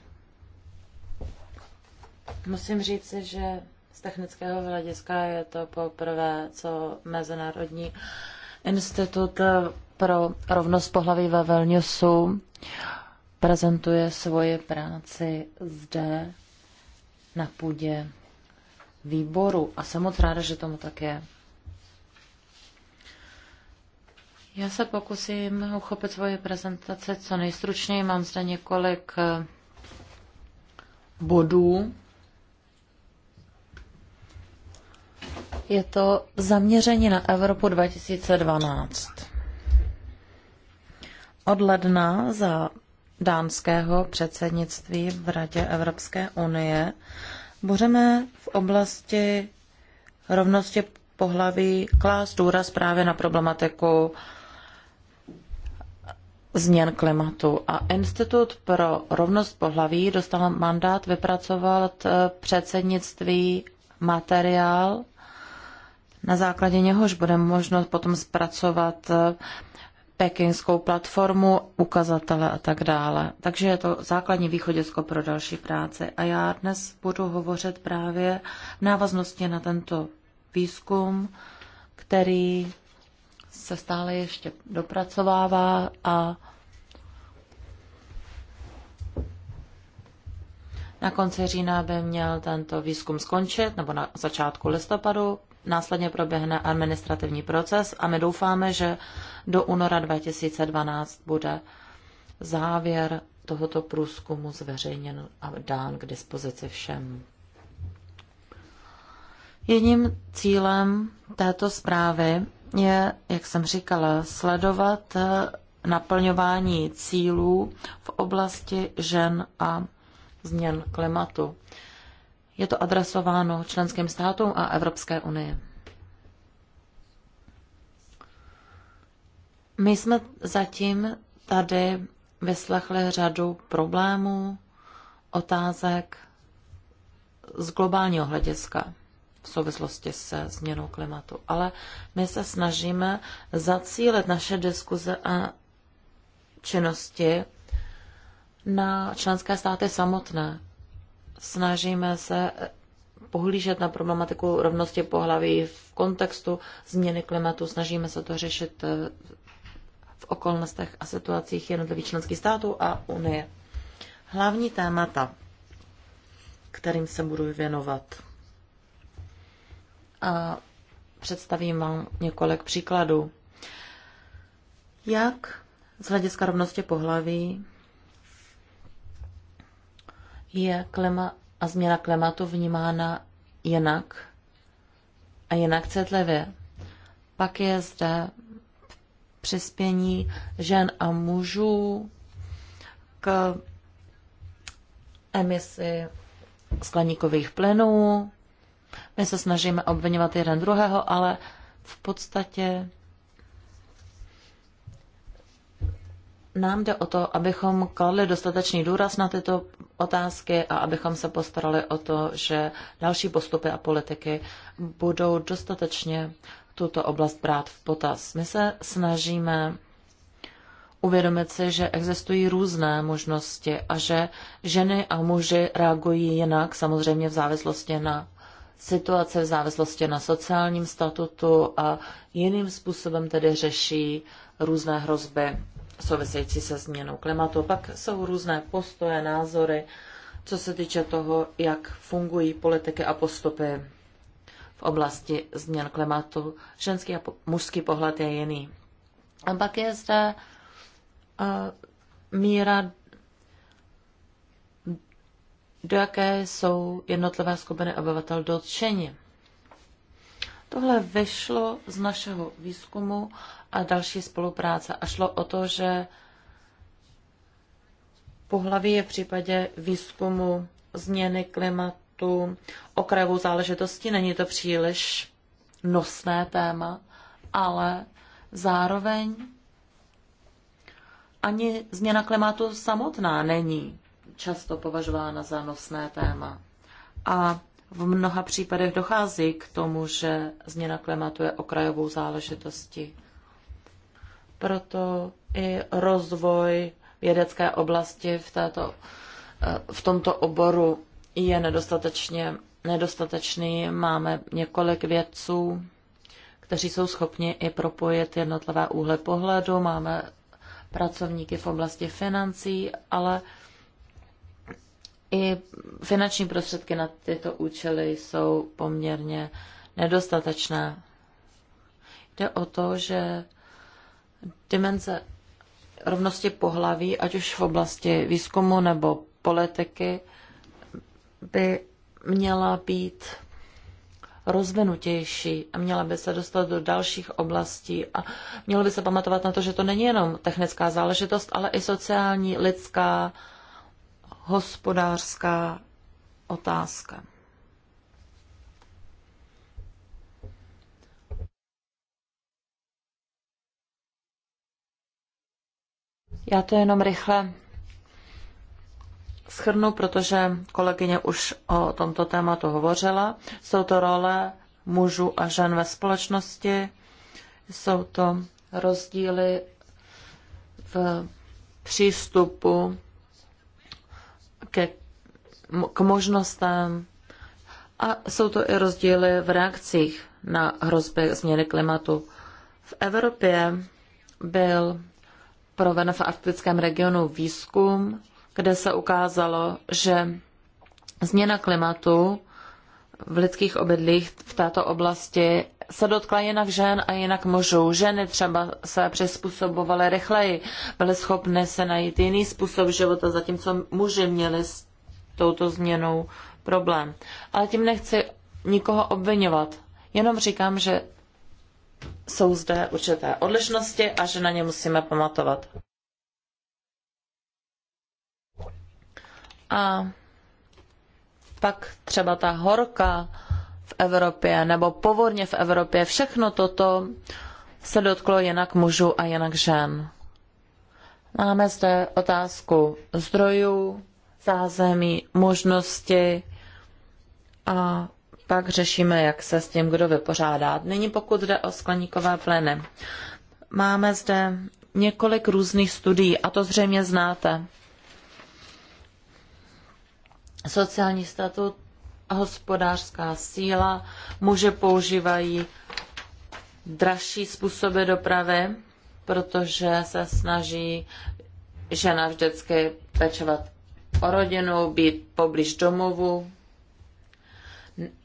Speaker 4: Musím říct, že z technického hlediska je to poprvé, co Mezinárodní institut pro rovnost pohlaví ve Vilniusu prezentuje svoje práci zde na půdě výboru. A jsem moc ráda, že tomu tak je. Já se pokusím uchopit svoje prezentace co nejstručněji. Mám zde několik bodů, Je to zaměření na Evropu 2012. Od ledna za dánského předsednictví v Radě Evropské unie budeme v oblasti rovnosti pohlaví klást důraz právě na problematiku změn klimatu. A Institut pro rovnost pohlaví dostal mandát vypracovat eh, předsednictví materiál na základě něhož bude možno potom zpracovat eh, pekingskou platformu, ukazatele a tak dále. Takže je to základní východisko pro další práci. A já dnes budu hovořit právě v návaznosti na tento výzkum, který se stále ještě dopracovává a na konci října by měl tento výzkum skončit, nebo na začátku listopadu, následně proběhne administrativní proces a my doufáme, že do února 2012 bude závěr tohoto průzkumu zveřejněn a dán k dispozici všem. Jedním cílem této zprávy je, jak jsem říkala, sledovat eh, naplňování cílů v oblasti žen a změn klimatu. Je to adresováno členským státům a Evropské unii. My jsme zatím tady vyslechli řadu problémů, otázek z globálního hlediska v souvislosti se změnou klimatu. Ale my se snažíme zacílit naše diskuze a činnosti na členské státy samotné snažíme se eh, pohlížet na problematiku rovnosti pohlaví v kontextu změny klimatu, snažíme se to řešit eh, v okolnostech a situacích jednotlivých členských států a Unie. Hlavní témata, kterým se budu věnovat. A představím vám několik příkladů. Jak z hlediska rovnosti pohlaví je klima a změna klimatu vnímána jinak a jinak citlivě. Pak je zde přispění žen a mužů k emisi skleníkových plynů. My se snažíme obvinovat jeden druhého, ale v podstatě nám jde o to, abychom kladli dostatečný důraz na tyto otázky a abychom se postarali o to, že další postupy a politiky budou dostatečně tuto oblast brát v potaz. My se snažíme uvědomit si, že existují různé možnosti a že ženy a muži reagují jinak, samozřejmě v závislosti na situace v závislosti na sociálním statutu a jiným způsobem tedy řeší různé hrozby související se změnou klimatu. Pak jsou různé postoje, názory, co se týče toho, jak fungují politiky a postupy v oblasti změn klimatu. Ženský a mužský pohled je jiný. A pak je zde uh, míra, do jaké jsou jednotlivé skupiny obyvatel dotčeni. Tohle vyšlo z našeho výzkumu a další spolupráce. A šlo o to, že pohlaví je v případě výzkumu změny klimatu okrajovou záležitostí. Není to příliš nosné téma, ale zároveň ani změna klimatu samotná není často považována za nosné téma. A v mnoha případech dochází k tomu, že změna klimatu je okrajovou záležitostí proto i rozvoj vědecké oblasti v, této, eh, v tomto oboru je nedostatečně nedostatečný. Máme několik vědců, kteří jsou schopni i propojit jednotlivé úhly pohledu. Máme pracovníky v oblasti financí, ale i finanční prostředky na tyto účely jsou poměrně nedostatečné. Jde o to, že dimenze rovnosti pohlaví, ať už v oblasti výzkumu nebo politiky, by měla být rozvinutější a měla by se dostat do dalších oblastí a mělo by se pamatovat na to, že to není jenom technická záležitost, ale i sociální, lidská, hospodářská otázka. Já to jenom rychle schrnu, protože kolegyně už o tomto tématu hovořila. Jsou to role mužů a žen ve společnosti, jsou to rozdíly v přístupu ke, k možnostem a jsou to i rozdíly v reakcích na hrozby změny klimatu. V Evropě byl proven v arktickém regionu výzkum, kde se ukázalo, že změna klimatu v lidských obydlích v této oblasti se dotkla jinak žen a jinak mužů. Ženy třeba se přizpůsobovaly rychleji, byly schopny se najít jiný způsob života, zatímco muži měli s touto změnou problém. Ale tím nechci nikoho obvinovat. Jenom říkám, že jsou zde určité odlišnosti a že na ně musíme pamatovat. A pak třeba ta horka v Evropě nebo povodně v Evropě, všechno toto se dotklo jinak mužů a jinak žen. Máme zde otázku zdrojů, zázemí, možnosti a pak řešíme, jak se s tím kdo vypořádá. Nyní pokud jde o skleníkové plyny. Máme zde několik různých studií a to zřejmě znáte. Sociální statut, hospodářská síla, muže používají dražší způsoby dopravy, protože se snaží žena vždycky pečovat o rodinu, být poblíž domovu,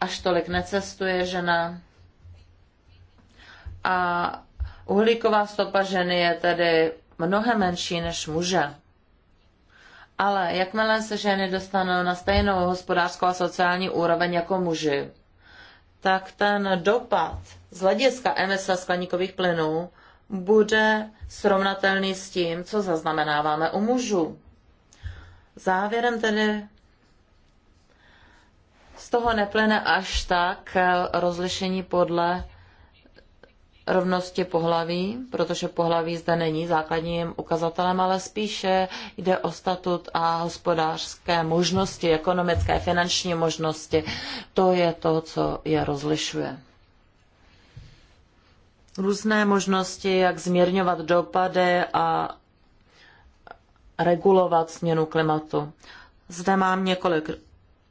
Speaker 4: až tolik necestuje žena. A uhlíková stopa ženy je tedy mnohem menší než muže. Ale jakmile se ženy dostanou na stejnou hospodářskou a sociální úroveň jako muži, tak ten dopad z hlediska emise skleníkových plynů bude srovnatelný s tím, co zaznamenáváme u mužů. Závěrem tedy z toho neplyne až tak rozlišení podle rovnosti pohlaví, protože pohlaví zde není základním ukazatelem, ale spíše jde o statut a hospodářské možnosti, ekonomické, finanční možnosti. To je to, co je rozlišuje. Různé možnosti, jak změrňovat dopady a regulovat změnu klimatu. Zde mám několik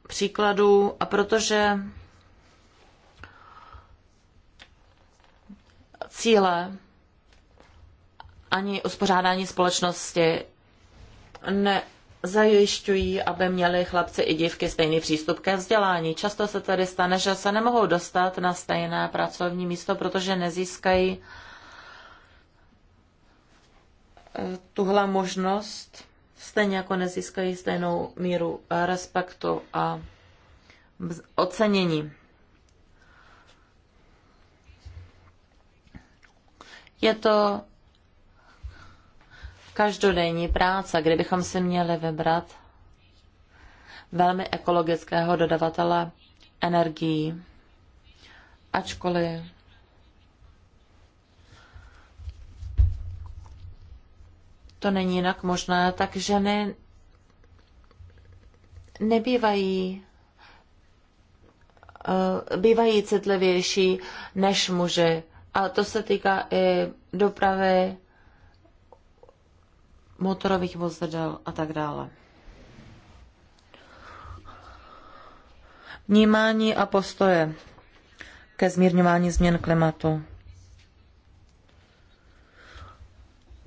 Speaker 4: příkladů a protože cíle ani uspořádání společnosti nezajišťují, aby měli chlapci i dívky stejný přístup ke vzdělání. Často se tedy stane, že se nemohou dostat na stejné pracovní místo, protože nezískají eh, tuhle možnost stejně jako nezískají stejnou míru respektu a ocenění. Je to každodenní práce, kdybychom si měli vybrat velmi ekologického dodavatele energií, ačkoliv to není jinak možné, tak ženy nebývají eh, bývají citlivější než muži. A to se týká i dopravy motorových vozidel a tak dále. Vnímání a postoje ke zmírňování změn klimatu.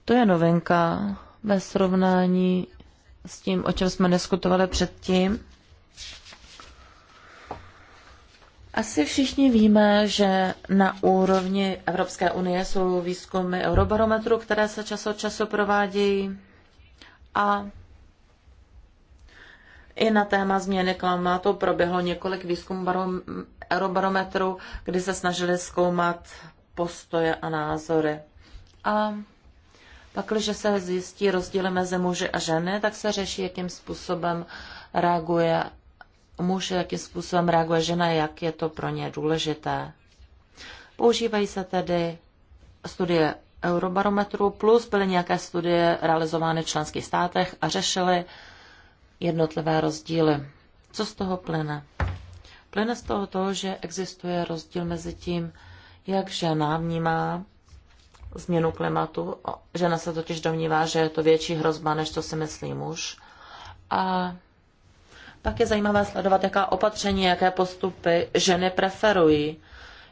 Speaker 4: To je novinka ve srovnání s tím, o čem jsme diskutovali předtím. Asi všichni víme, že na úrovni Evropské unie jsou výzkumy Eurobarometru, které se čas od času provádějí a i na téma změny klimatu proběhlo několik výzkumů Eurobarometru, kdy se snažili zkoumat postoje a názory. A Pakliže se zjistí rozdíly mezi muži a ženy, tak se řeší, jakým způsobem reaguje muž, jakým způsobem reaguje žena, jak je to pro ně důležité. Používají se tedy studie Eurobarometru plus byly nějaké studie realizovány v členských státech a řešily jednotlivé rozdíly. Co z toho plyne? Plyne z toho to, že existuje rozdíl mezi tím, jak žena vnímá změnu klimatu. Žena se totiž domnívá, že je to větší hrozba, než to si myslí muž. A pak je zajímavé sledovat, jaká opatření, jaké postupy ženy preferují.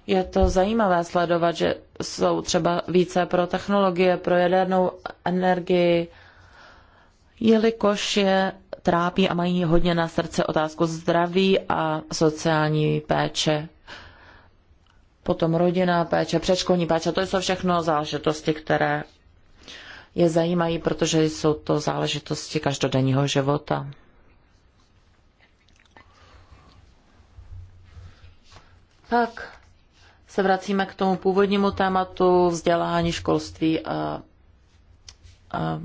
Speaker 4: Je to zajímavé sledovat, že jsou třeba více pro technologie, pro jadernou energii, jelikož je trápí a mají hodně na srdce otázku zdraví a sociální péče potom rodinná péče, předškolní péče, to jsou všechno záležitosti, které je zajímají, protože jsou to záležitosti každodenního života. Tak se vracíme k tomu původnímu tématu vzdělání, školství a, a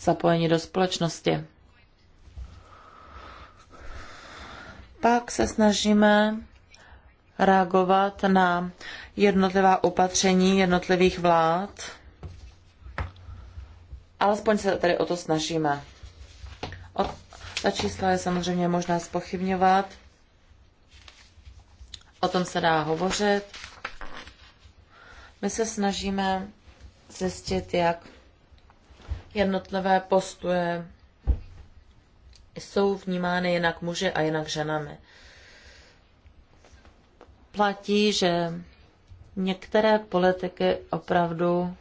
Speaker 4: zapojení do společnosti. Pak se snažíme reagovat na jednotlivá opatření jednotlivých vlád. Alespoň se tady o to snažíme. O, ta čísla je samozřejmě možná spochybňovat. O tom se dá hovořit. My se snažíme zjistit, jak jednotlivé postuje jsou vnímány jinak muži a jinak ženami platí, že některé politiky opravdu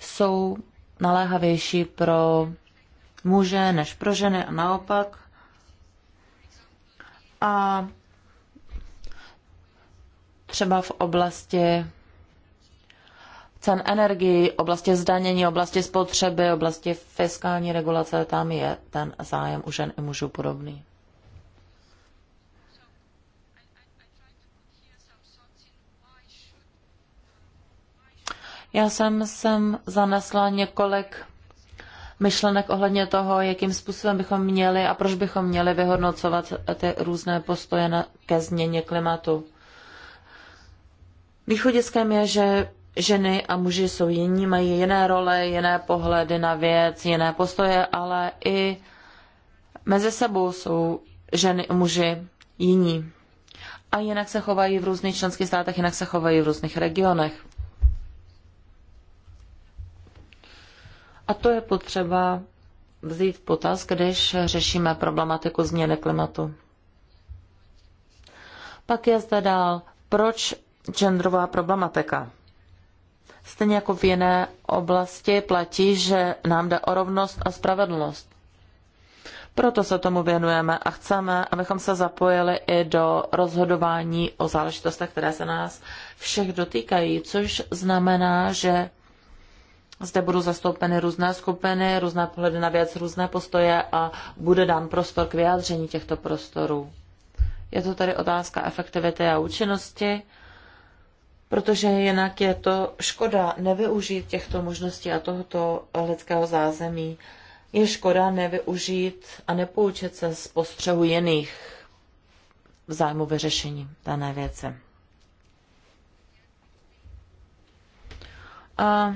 Speaker 4: jsou naléhavější pro muže než pro ženy a naopak. A třeba v oblasti cen energii, oblasti zdanění, oblasti spotřeby, oblasti fiskální regulace, tam je ten zájem u žen i mužů podobný. Já jsem sem zanesla několik myšlenek ohledně toho, jakým způsobem bychom měli a proč bychom měli vyhodnocovat ty různé postoje na, ke změně klimatu. Východiskem je, že ženy a muži jsou jiní, mají jiné role, jiné pohledy na věc, jiné postoje, ale i mezi sebou jsou ženy a muži jiní. A jinak se chovají v různých členských státech, jinak se chovají v různých regionech. A to je potřeba vzít v potaz, když řešíme problematiku změny klimatu. Pak je zde dál, proč genderová problematika? Stejně jako v jiné oblasti platí, že nám jde o rovnost a spravedlnost. Proto se tomu věnujeme a chceme, abychom se zapojili i do rozhodování o záležitostech, které se nás všech dotýkají, což znamená, že zde budou zastoupeny různé skupiny, různé pohledy na věc, různé postoje a bude dán prostor k vyjádření těchto prostorů. Je to tady otázka efektivity a účinnosti, protože jinak je to škoda nevyužít těchto možností a tohoto lidského zázemí. Je škoda nevyužít a nepoučit se z postřehu jiných v zájmu vyřešení dané věce. A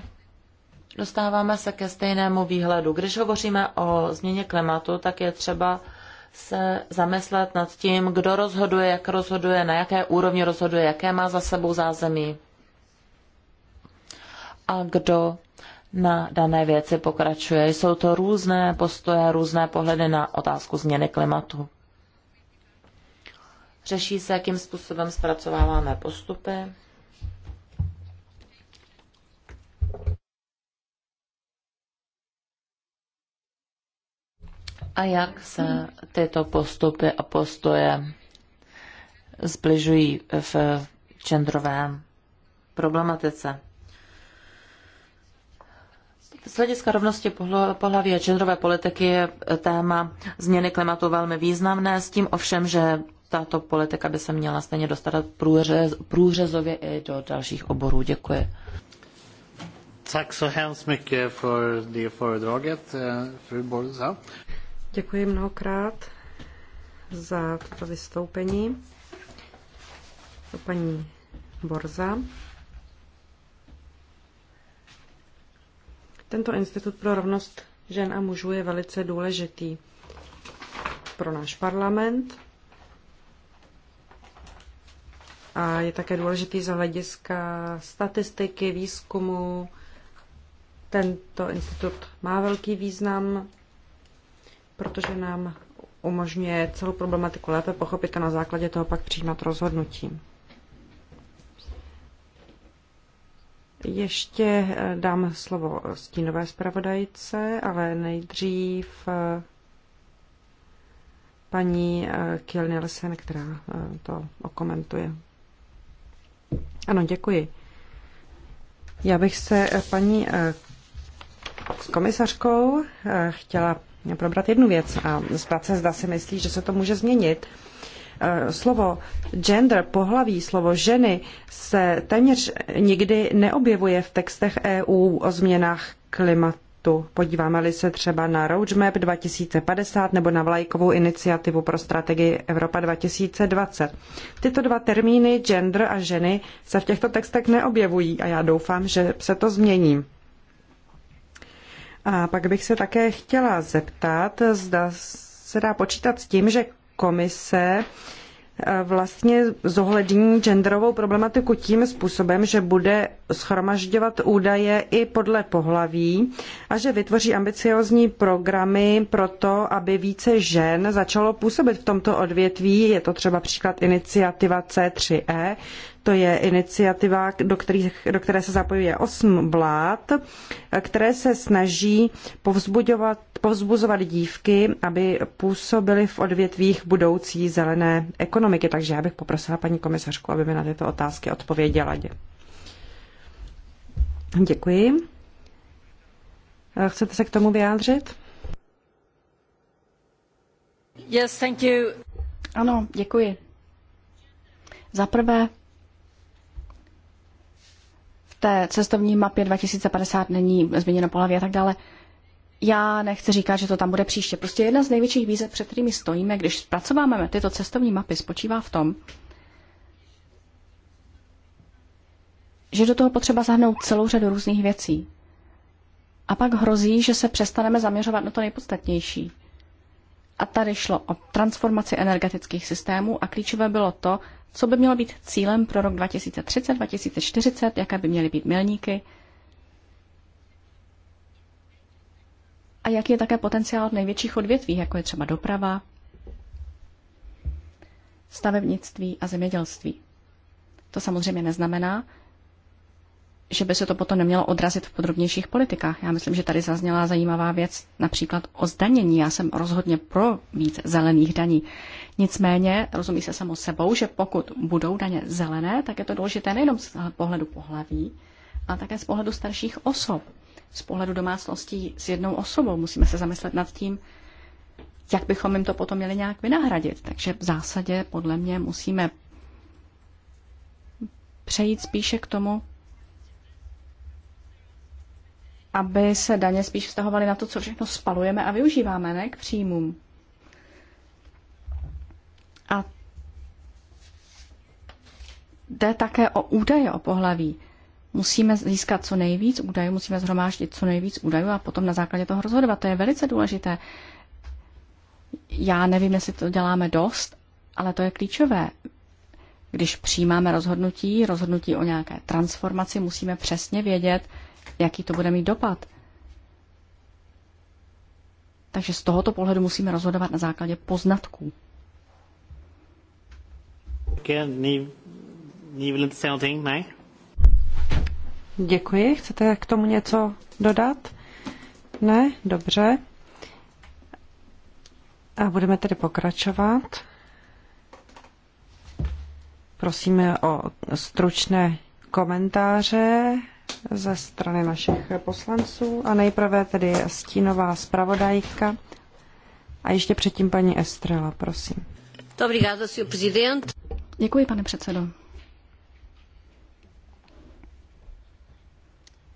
Speaker 4: dostáváme se ke stejnému výhledu. Když hovoříme o změně klimatu, tak je třeba se zamyslet nad tím, kdo rozhoduje, jak rozhoduje, na jaké úrovni rozhoduje, jaké má za sebou zázemí a kdo na dané věci pokračuje. Jsou to různé postoje, různé pohledy na otázku změny klimatu. Řeší se, jakým způsobem zpracováváme postupy. a jak se tyto postupy a postoje zbližují v čendrové problematice. Z hlediska rovnosti pohlaví a čendrové politiky je téma změny klimatu velmi významné, s tím ovšem, že tato politika by se měla stejně dostat průřez, průřezově i do dalších oborů. Děkuji.
Speaker 1: Tak so hemskt mycket för eh, fru
Speaker 3: Děkuji mnohokrát
Speaker 1: za toto vystoupení.
Speaker 3: Paní Borza. Tento institut pro rovnost žen a mužů je velice důležitý pro náš parlament a je také důležitý z hlediska statistiky, výzkumu. Tento institut má velký význam protože nám umožňuje celou problematiku lépe pochopit a na základě toho pak přijímat rozhodnutí. Ještě eh, dám slovo stínové zpravodajce, ale nejdřív eh, paní eh, Kiel Nielsen, která to okomentuje. Ano, děkuji. Já bych se paní s komisařkou chtěla probrat jednu věc a zeptat se, zda si myslí, že se to může změnit. Eh, slovo gender, pohlaví, slovo ženy se téměř nikdy neobjevuje v textech EU o změnách klimatu. Podíváme-li se třeba na Roadmap 2050 nebo na vlajkovou iniciativu pro strategii Evropa 2020. Tyto dva termíny, gender a ženy, se v těchto textech neobjevují a já doufám, že se to změní. A pak bych se také chtěla zeptat, zda se dá počítat s tím, že komise eh, vlastně zohlední genderovou problematiku tím způsobem, že bude schromažďovat údaje i podle pohlaví a že vytvoří ambiciozní programy pro to, aby více žen začalo působit v tomto odvětví. Je to třeba příklad iniciativa C3E, to je iniciativa, do, kterých, do které se zapojuje osm vlád, které se snaží povzbuzovat dívky, aby působily v odvětvích budoucí zelené ekonomiky. Takže já bych poprosila paní komisařku, aby mi na tyto otázky odpověděla. Děkuji. Chcete se k tomu vyjádřit?
Speaker 2: Yes, thank you. Ano, děkuji. Za prvé, té cestovní mapě 2050 není změněno pohlaví a tak dále. Já nechci říkat, že to tam bude příště. Prostě jedna z největších výzev, před kterými stojíme, když zpracováváme tyto cestovní mapy, spočívá v tom, že do toho potřeba zahrnout celou řadu různých věcí. A pak hrozí, že se přestaneme zaměřovat na to nejpodstatnější. A tady šlo o transformaci energetických systémů a klíčové bylo to, co by mělo být cílem pro rok 2030, 2040, jaké by měly být milníky a jaký je také potenciál největších odvětví, jako je třeba doprava, stavebnictví a zemědělství. To samozřejmě neznamená, že by se to potom nemělo odrazit v podrobnějších politikách. Já myslím, že tady zazněla zajímavá věc například o zdanění. Já jsem rozhodně pro víc zelených daní. Nicméně rozumí se samo sebou, že pokud budou daně zelené, tak je to důležité nejenom z pohledu pohlaví, ale také z pohledu starších osob, z pohledu domácností s jednou osobou. Musíme se zamyslet nad tím, jak bychom jim to potom měli nějak vynahradit. Takže v zásadě podle mě musíme přejít spíše k tomu, aby se daně spíš vztahovaly na to, co všechno spalujeme a využíváme, ne k příjmům. A jde také o údaje o pohlaví. Musíme získat co nejvíc údajů, musíme zhromáždit co nejvíc údajů a potom na základě toho rozhodovat. To je velice důležité. Já nevím, jestli to děláme dost, ale to je klíčové. Když přijímáme rozhodnutí, rozhodnutí o nějaké transformaci, musíme přesně vědět, jaký to bude mít dopad. Takže z tohoto pohledu musíme rozhodovat na základě poznatků. Děkuji.
Speaker 3: Chcete k tomu něco dodat? Ne? Dobře. A budeme tedy pokračovat. Prosíme o stručné komentáře ze strany našich poslanců a nejprve tedy stínová zpravodajka a ještě předtím paní Estrela, prosím.
Speaker 2: Děkuji, pane předsedo.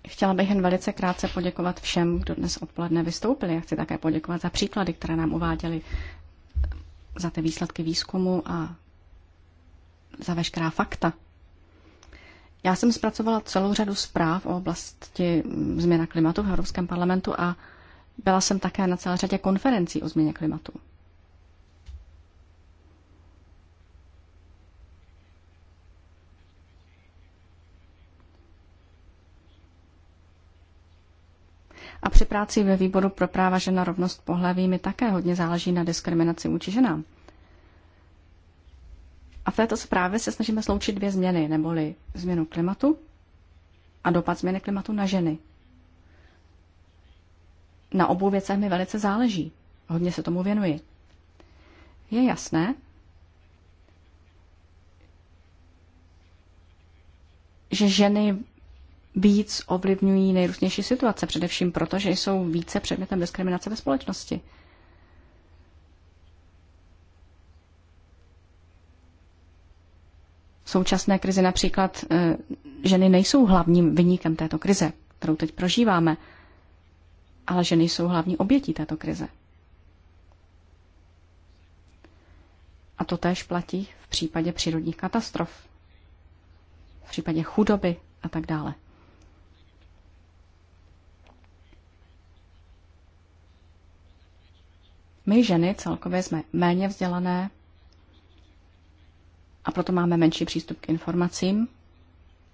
Speaker 2: Chtěla bych jen velice krátce poděkovat všem, kdo dnes odpoledne vystoupili. Já chci také poděkovat za příklady, které nám uváděli, za ty výsledky výzkumu a za veškerá fakta, já jsem zpracovala celou řadu zpráv o oblasti změna klimatu v Evropském parlamentu a byla jsem také na celé řadě konferencí o změně klimatu. A při práci ve výboru pro práva žena rovnost pohlaví mi také hodně záleží na diskriminaci vůči ženám. A v této zprávě se snažíme sloučit dvě změny, neboli změnu klimatu a dopad změny klimatu na ženy. Na obou věcech mi velice záleží. Hodně se tomu věnuji. Je jasné, že ženy víc ovlivňují nejrůznější situace, především proto, že jsou více předmětem diskriminace ve společnosti. V současné krizi například eh, ženy nejsou hlavním vyníkem této krize, kterou teď prožíváme, ale ženy jsou hlavní obětí této krize. A to též platí v případě přírodních katastrof, v případě chudoby a tak dále. My ženy celkově jsme méně vzdělané, a proto máme menší přístup k informacím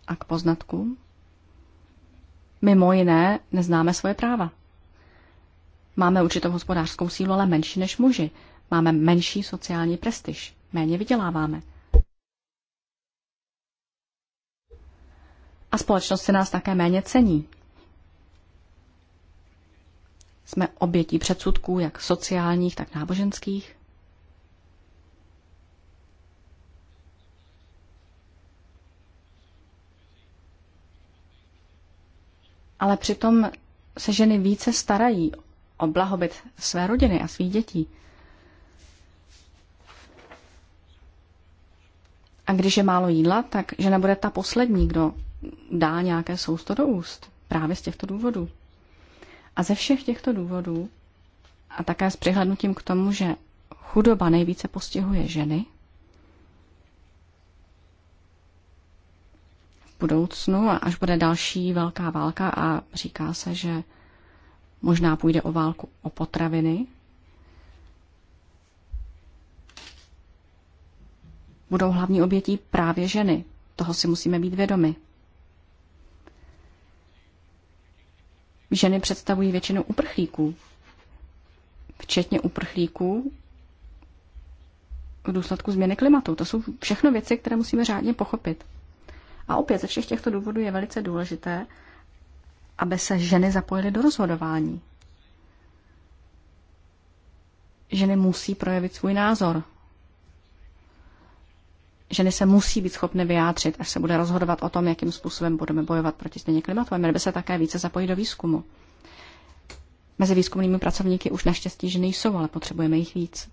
Speaker 2: a k poznatkům. Mimo jiné neznáme svoje práva. Máme určitou hospodářskou sílu, ale menší než muži. Máme menší sociální prestiž. Méně vyděláváme. A společnost se nás také méně cení. Jsme obětí předsudků, jak sociálních, tak náboženských. ale přitom se ženy více starají o blahobyt své rodiny a svých dětí. A když je málo jídla, tak žena bude ta poslední, kdo dá nějaké sousto do úst. Právě z těchto důvodů. A ze všech těchto důvodů, a také s přihlednutím k tomu, že chudoba nejvíce postihuje ženy, budoucnu, až bude další velká válka a říká se, že možná půjde o válku o potraviny, budou hlavní obětí právě ženy. Toho si musíme být vědomi. Ženy představují většinu uprchlíků, včetně uprchlíků v důsledku změny klimatu. To jsou všechno věci, které musíme řádně pochopit. A opět ze všech těchto důvodů je velice důležité, aby se ženy zapojily do rozhodování. Ženy musí projevit svůj názor. Ženy se musí být schopny vyjádřit, až se bude rozhodovat o tom, jakým způsobem budeme bojovat proti změně klimatu. A měly by se také více zapojit do výzkumu. Mezi výzkumnými pracovníky už naštěstí ženy jsou, ale potřebujeme jich víc.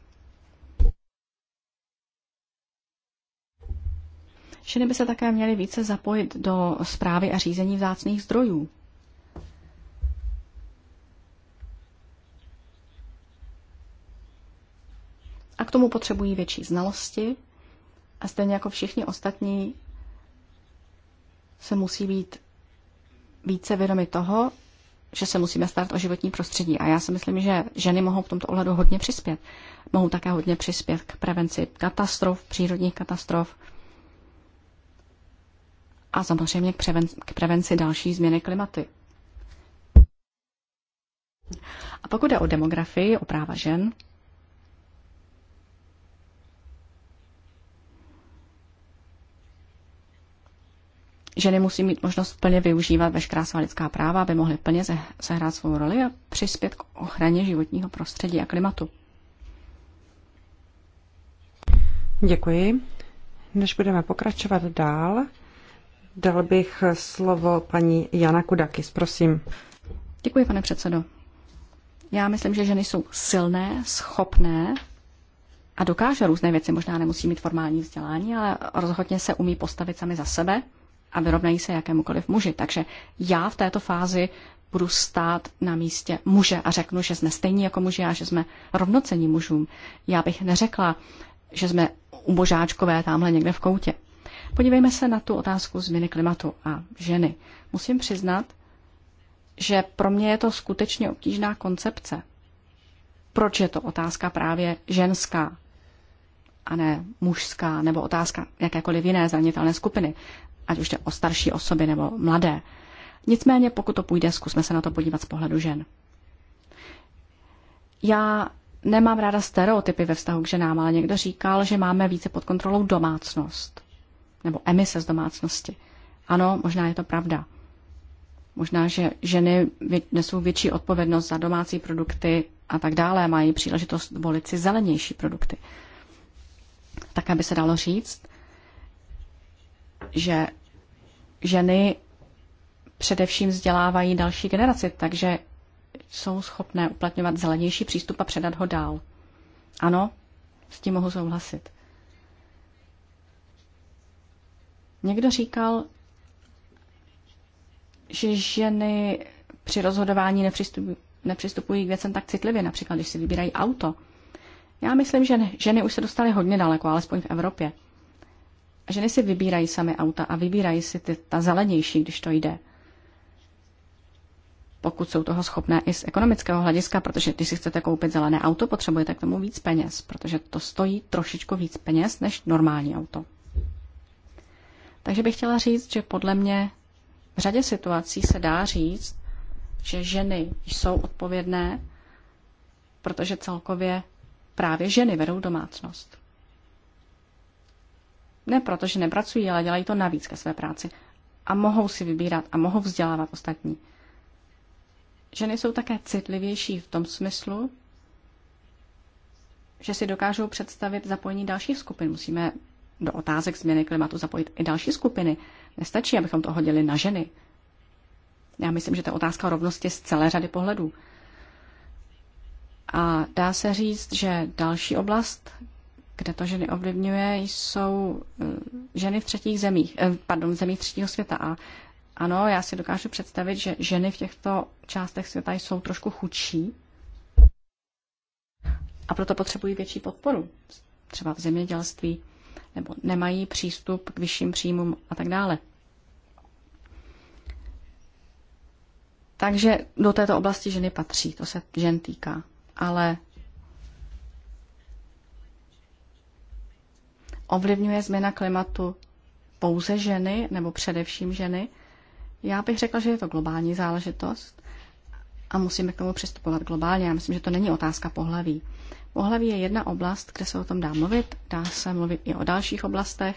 Speaker 2: Ženy by se také měly více zapojit do zprávy a řízení vzácných zdrojů. A k tomu potřebují větší znalosti a stejně jako všichni ostatní se musí být více vědomi toho, že se musíme starat o životní prostředí. A já si myslím, že ženy mohou v tomto ohledu hodně přispět. Mohou také hodně přispět k prevenci katastrof, přírodních katastrof, a samozřejmě k, preven, k prevenci další změny klimaty. A pokud jde o demografii, o práva žen, ženy musí mít možnost plně využívat veškerá svá lidská práva, aby mohly plně sehrát svou roli a přispět k ochraně životního prostředí a klimatu. Děkuji. Než
Speaker 3: budeme pokračovat dál, Dal bych slovo paní Jana Kudakis, prosím.
Speaker 2: Děkuji, pane předsedo. Já myslím, že ženy jsou silné, schopné a dokáže různé věci. Možná nemusí mít formální vzdělání, ale rozhodně se umí postavit sami za sebe a vyrovnají se jakémukoliv muži. Takže já v této fázi budu stát na místě muže a řeknu, že jsme stejní jako muži a že jsme rovnocení mužům. Já bych neřekla, že jsme ubožáčkové tamhle někde v koutě. Podívejme se na tu otázku změny klimatu a ženy. Musím přiznat, že pro mě je to skutečně obtížná koncepce. Proč je to otázka právě ženská a ne mužská, nebo otázka jakékoliv jiné zranitelné skupiny, ať už jde o starší osoby nebo mladé. Nicméně, pokud to půjde, zkusme se na to podívat z pohledu žen. Já nemám ráda stereotypy ve vztahu k ženám, ale někdo říkal, že máme více pod kontrolou domácnost nebo emise z domácnosti. Ano, možná je to pravda. Možná, že ženy nesou větší odpovědnost za domácí produkty a tak dále, mají příležitost volit si zelenější produkty. Tak, aby se dalo říct, že ženy především vzdělávají další generaci, takže jsou schopné uplatňovat zelenější přístup a předat ho dál. Ano, s tím mohu souhlasit. Někdo říkal, že ženy při rozhodování nepřistupují, k věcem tak citlivě, například když si vybírají auto. Já myslím, že ženy už se dostaly hodně daleko, alespoň v Evropě. Ženy si vybírají sami auta a vybírají si ty, ta zelenější, když to jde. Pokud jsou toho schopné i z ekonomického hlediska, protože když si chcete koupit zelené auto, potřebujete k tomu víc peněz, protože to stojí trošičku víc peněz než normální auto. Takže bych chtěla říct, že podle mě v řadě situací se dá říct, že ženy jsou odpovědné, protože celkově právě ženy vedou domácnost. Ne proto, že nepracují, ale dělají to navíc ke své práci. A mohou si vybírat a mohou vzdělávat ostatní. Ženy jsou také citlivější v tom smyslu, že si dokážou představit zapojení dalších skupin. Musíme do otázek změny klimatu zapojit i další skupiny. Nestačí, abychom to hodili na ženy. Já myslím, že ta otázka o rovnosti z celé řady pohledů. A dá se říct, že další oblast, kde to ženy ovlivňuje, jsou eh, ženy v třetích zemích, eh, pardon, v zemích třetího světa. A ano, já si dokážu představit, že ženy v těchto částech světa jsou trošku chudší a proto potřebují větší podporu, třeba v zemědělství nebo nemají přístup k vyšším příjmům a tak dále. Takže do této oblasti ženy patří, to se žen týká. Ale ovlivňuje změna klimatu pouze ženy, nebo především ženy? Já bych řekla, že je to globální záležitost a musíme k tomu přistupovat globálně. Já myslím, že to není otázka pohlaví. Pohlaví je jedna oblast, kde se o tom dá mluvit, dá se mluvit i o dalších oblastech.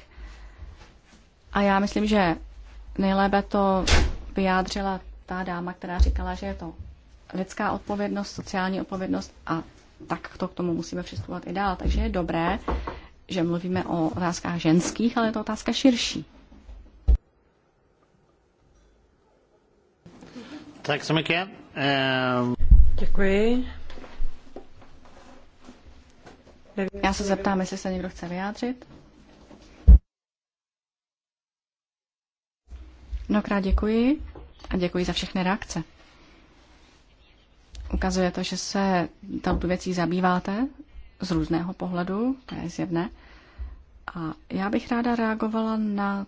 Speaker 2: A já myslím, že nejlépe to vyjádřila ta dáma, která říkala, že je to lidská odpovědnost, sociální odpovědnost a tak to k tomu musíme přistupovat i dál. Takže je dobré, že mluvíme o otázkách ženských, ale je to otázka širší.
Speaker 1: Tak se eh, Děkuji.
Speaker 2: Já se zeptám, jestli se někdo chce vyjádřit. Mnohokrát děkuji a děkuji za všechny reakce. Ukazuje to, že se touto věcí zabýváte z různého pohledu, to je zjevné. A já bych ráda reagovala na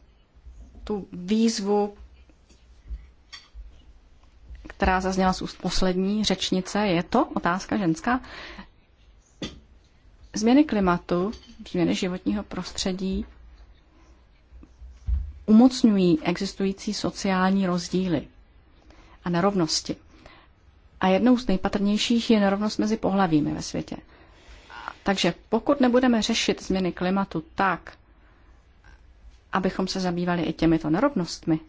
Speaker 2: tu výzvu, která zazněla z úst poslední řečnice. Je to otázka ženská? Změny klimatu, změny životního prostředí umocňují existující sociální rozdíly a nerovnosti. A jednou z nejpatrnějších je nerovnost mezi pohlavími ve světě. Takže pokud nebudeme řešit změny klimatu tak, abychom se zabývali i těmito nerovnostmi,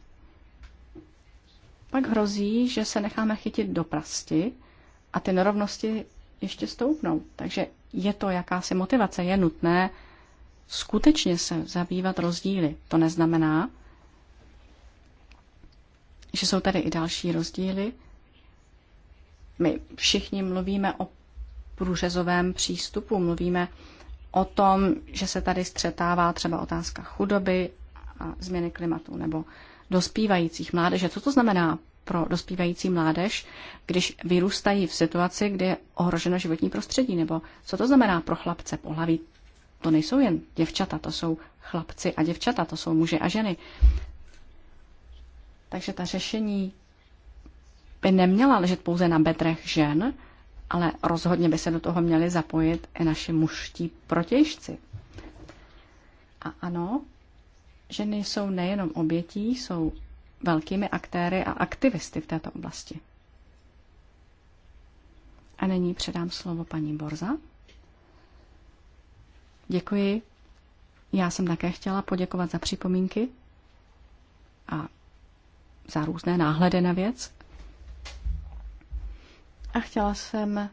Speaker 2: pak hrozí, že se necháme chytit do prasti a ty nerovnosti ještě stoupnou. Takže je to jakási motivace. Je nutné skutečně se zabývat rozdíly. To neznamená, že jsou tady i další rozdíly. My všichni mluvíme o průřezovém přístupu, mluvíme o tom, že se tady střetává třeba otázka chudoby a změny klimatu nebo dospívajících mládeže. Co to znamená pro dospívající mládež, když vyrůstají v situaci, kde je ohroženo životní prostředí? Nebo co to znamená pro chlapce pohlaví? To nejsou jen děvčata, to jsou chlapci a děvčata, to jsou muže a ženy. Takže ta řešení by neměla ležet pouze na bedrech žen, ale rozhodně by se do toho měli zapojit i naši mužští protějšci. A ano, ženy jsou nejenom obětí, jsou velkými aktéry a aktivisty v této oblasti. A nyní předám slovo paní Borza. Děkuji. Já jsem také chtěla poděkovat za připomínky a za různé náhledy na věc. A chtěla jsem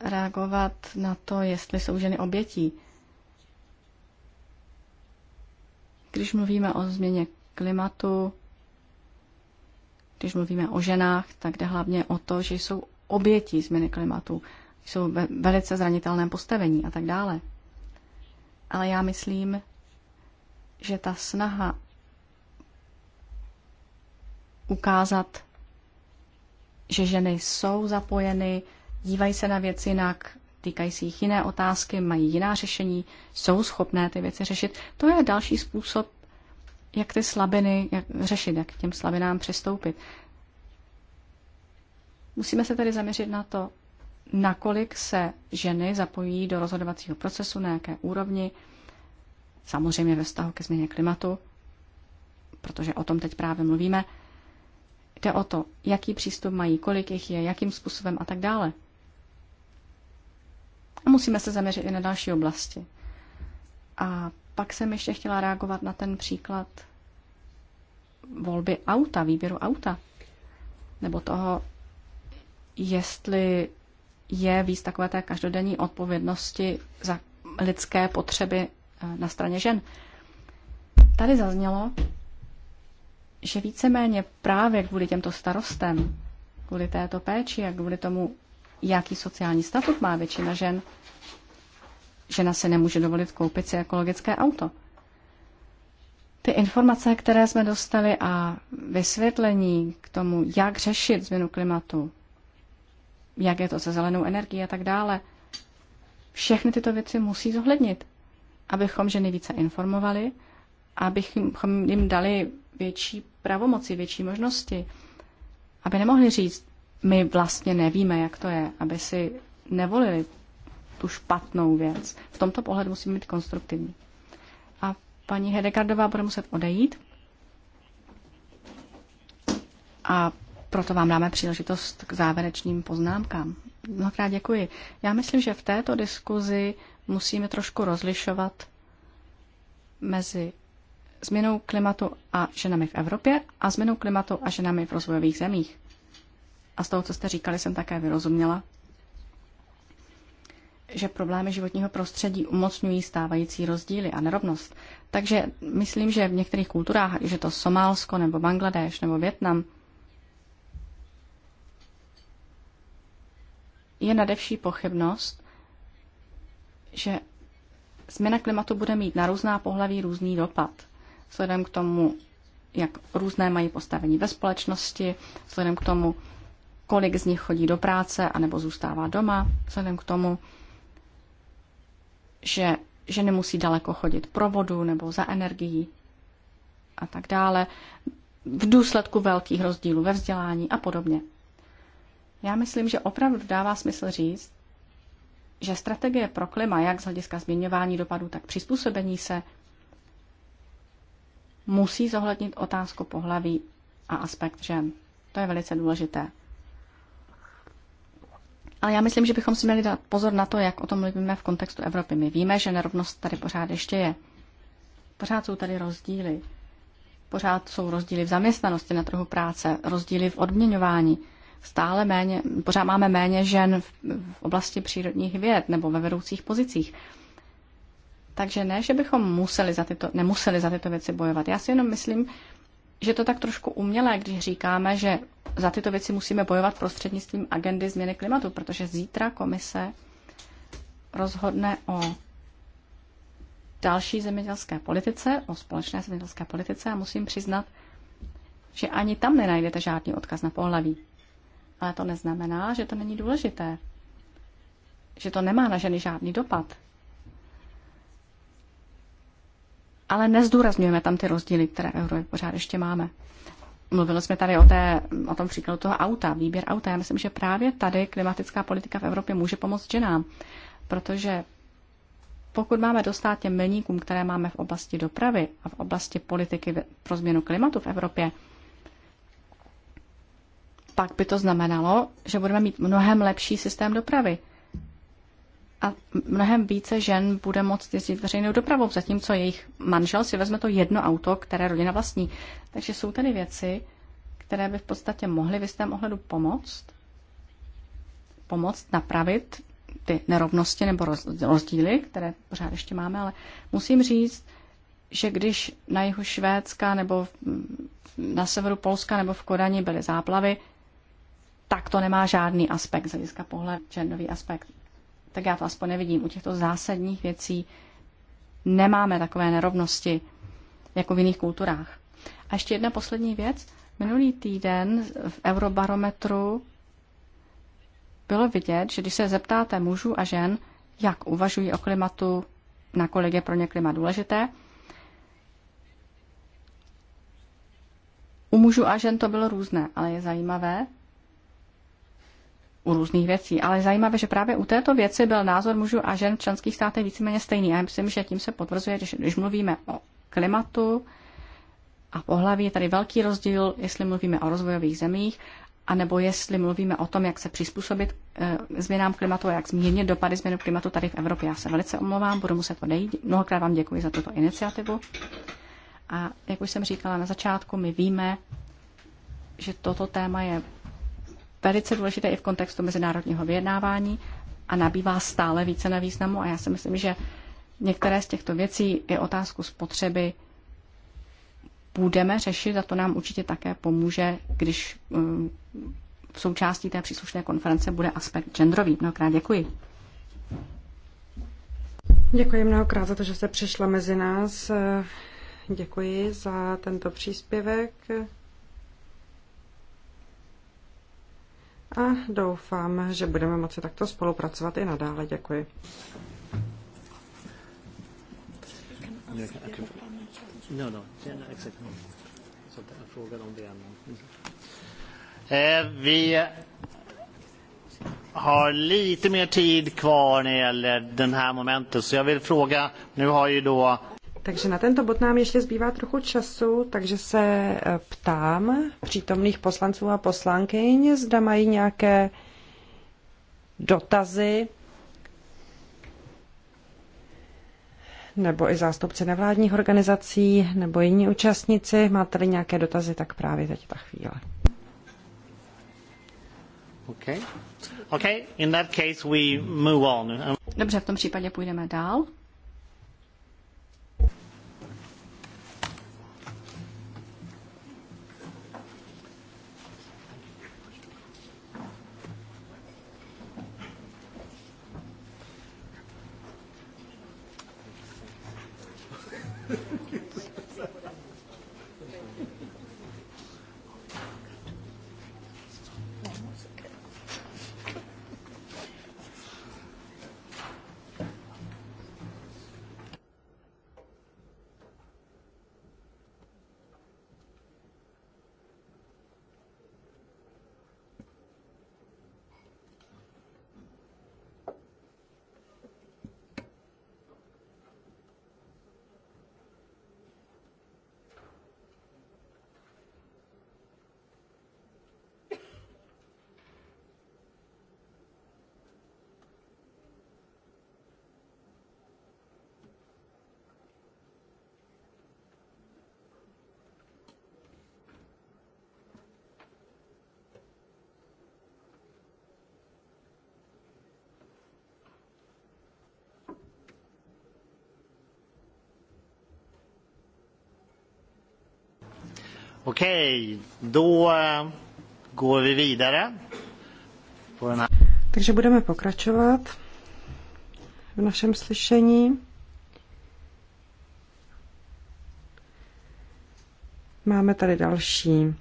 Speaker 2: reagovat na to, jestli jsou ženy obětí. Když mluvíme o změně klimatu, když mluvíme o ženách, tak jde hlavně o to, že jsou obětí změny klimatu, jsou ve velice zranitelném postavení a tak dále. Ale já myslím, že ta snaha ukázat, že ženy jsou zapojeny, dívají se na věci jinak, týkají se jich jiné otázky, mají jiná řešení, jsou schopné ty věci řešit. To je další způsob, jak ty slabiny jak řešit, jak k těm slabinám přistoupit. Musíme se tedy zaměřit na to, nakolik se ženy zapojí do rozhodovacího procesu, na jaké úrovni, samozřejmě ve vztahu ke změně klimatu, protože o tom teď právě mluvíme. Jde o to, jaký přístup mají, kolik jich je, jakým způsobem a tak dále. A musíme se zaměřit i na další oblasti. A pak jsem ještě chtěla reagovat na ten příklad volby auta, výběru auta, nebo toho, jestli je víc takové té každodenní odpovědnosti za lidské potřeby eh, na straně žen. Tady zaznělo, že víceméně právě kvůli těmto starostem, kvůli této péči a kvůli tomu, jaký sociální statut má většina žen, žena si nemůže dovolit koupit si ekologické auto. Ty informace, které jsme dostali a vysvětlení k tomu, jak řešit změnu klimatu, jak je to se zelenou energií a tak dále, všechny tyto věci musí zohlednit, abychom ženy více informovali, abychom jim dali větší pravomoci, větší možnosti, aby nemohli říct, my vlastně nevíme, jak to je, aby si nevolili tu špatnou věc. V tomto pohledu musíme být konstruktivní. A paní Hedegardová bude muset odejít. A proto vám dáme příležitost k závěrečným poznámkám. Mnohokrát děkuji. Já myslím, že v této diskuzi musíme trošku rozlišovat mezi změnou klimatu a ženami v Evropě a změnou klimatu a ženami v rozvojových zemích. A z toho, co jste říkali, jsem také vyrozuměla, že problémy životního prostředí umocňují stávající rozdíly a nerovnost. Takže myslím, že v některých kulturách, že to Somálsko nebo Bangladeš nebo Větnam, je nadevší pochybnost, že změna klimatu bude mít na různá pohlaví různý dopad. Vzhledem k tomu, jak různé mají postavení ve společnosti, vzhledem k tomu, kolik z nich chodí do práce anebo zůstává doma, vzhledem k tomu, že že nemusí daleko chodit pro vodu nebo za energií a tak dále, v důsledku velkých rozdílů ve vzdělání a podobně. Já myslím, že opravdu dává smysl říct, že strategie pro klima, jak z hlediska změňování dopadů, tak přizpůsobení se, musí zohlednit otázku pohlaví a aspekt žen. To je velice důležité. Ale já myslím, že bychom si měli dát pozor na to, jak o tom mluvíme v kontextu Evropy. My víme, že nerovnost tady pořád ještě je. Pořád jsou tady rozdíly. Pořád jsou rozdíly v zaměstnanosti na trhu práce, rozdíly v odměňování. Stále méně, pořád máme méně žen v, v oblasti přírodních věd nebo ve vedoucích pozicích. Takže ne, že bychom museli za tyto, nemuseli za tyto věci bojovat. Já si jenom myslím, že to tak trošku umělé, když říkáme, že za tyto věci musíme bojovat prostřednictvím agendy změny klimatu, protože zítra komise rozhodne o další zemědělské politice, o společné zemědělské politice a musím přiznat, že ani tam nenajdete žádný odkaz na pohlaví. Ale to neznamená, že to není důležité, že to nemá na ženy žádný dopad. ale nezdůrazňujeme tam ty rozdíly, které v Evropě pořád ještě máme. Mluvili jsme tady o, té, o tom příkladu toho auta, výběr auta. Já myslím, že právě tady klimatická politika v Evropě může pomoct ženám, protože pokud máme dostat těm milníkům, které máme v oblasti dopravy a v oblasti politiky pro změnu klimatu v Evropě, pak by to znamenalo, že budeme mít mnohem lepší systém dopravy a mnohem více žen bude moct jezdit veřejnou dopravou, zatímco jejich manžel si vezme to jedno auto, které rodina vlastní. Takže jsou tady věci, které by v podstatě mohly v jistém ohledu pomoct, pomoct napravit ty nerovnosti nebo rozdíly, které pořád ještě máme, ale musím říct, že když na jihu Švédska nebo na severu Polska nebo v Kodani byly záplavy, tak to nemá žádný aspekt z hlediska pohled, genderový aspekt tak já to aspoň nevidím. U těchto zásadních věcí nemáme takové nerovnosti jako v jiných kulturách. A ještě jedna poslední věc. Minulý týden v Eurobarometru bylo vidět, že když se zeptáte mužů a žen, jak uvažují o klimatu, nakolik je pro ně klima důležité, u mužů a žen to bylo různé, ale je zajímavé, u různých věcí. Ale zajímavé, že právě u této věci byl názor mužů a žen v členských státech víceméně stejný. Já myslím, že tím se potvrzuje, že když mluvíme o klimatu a pohlaví, je tady velký rozdíl, jestli mluvíme o rozvojových zemích, anebo jestli mluvíme o tom, jak se přizpůsobit e, změnám klimatu a jak změnit dopady změny klimatu tady v Evropě. Já se velice omlouvám, budu muset odejít. Mnohokrát vám děkuji za tuto iniciativu. A jak už jsem říkala na začátku, my víme, že toto téma je velice důležité i v kontextu mezinárodního vyjednávání a nabývá stále více na významu a já si myslím, že některé z těchto věcí i otázku spotřeby budeme řešit a to nám určitě také pomůže, když eh, v součástí té příslušné konference bude aspekt genderový. Mnohokrát děkuji.
Speaker 3: Děkuji mnohokrát za to, že jste přišla mezi nás. Děkuji za tento příspěvek. a doufám, že budeme moci takto spolupracovat i nadále. Děkuji.
Speaker 1: Vi har lite mer tid kvar när det gäller den här momentet. Så jag vill fråga, nu har ju då takže na tento bod nám ještě zbývá trochu
Speaker 3: času, takže se e, ptám přítomných poslanců a poslankyň, zda mají nějaké dotazy nebo i zástupci nevládních organizací nebo jiní účastníci. Máte-li nějaké dotazy, tak právě teď ta chvíle.
Speaker 1: Okay. Okay. In that case we move on. Dobře,
Speaker 2: v tom případě půjdeme dál.
Speaker 1: Okej, då eh, går vi vidare.
Speaker 3: Takže budeme pokračovat v našem slyšení. Máme tady další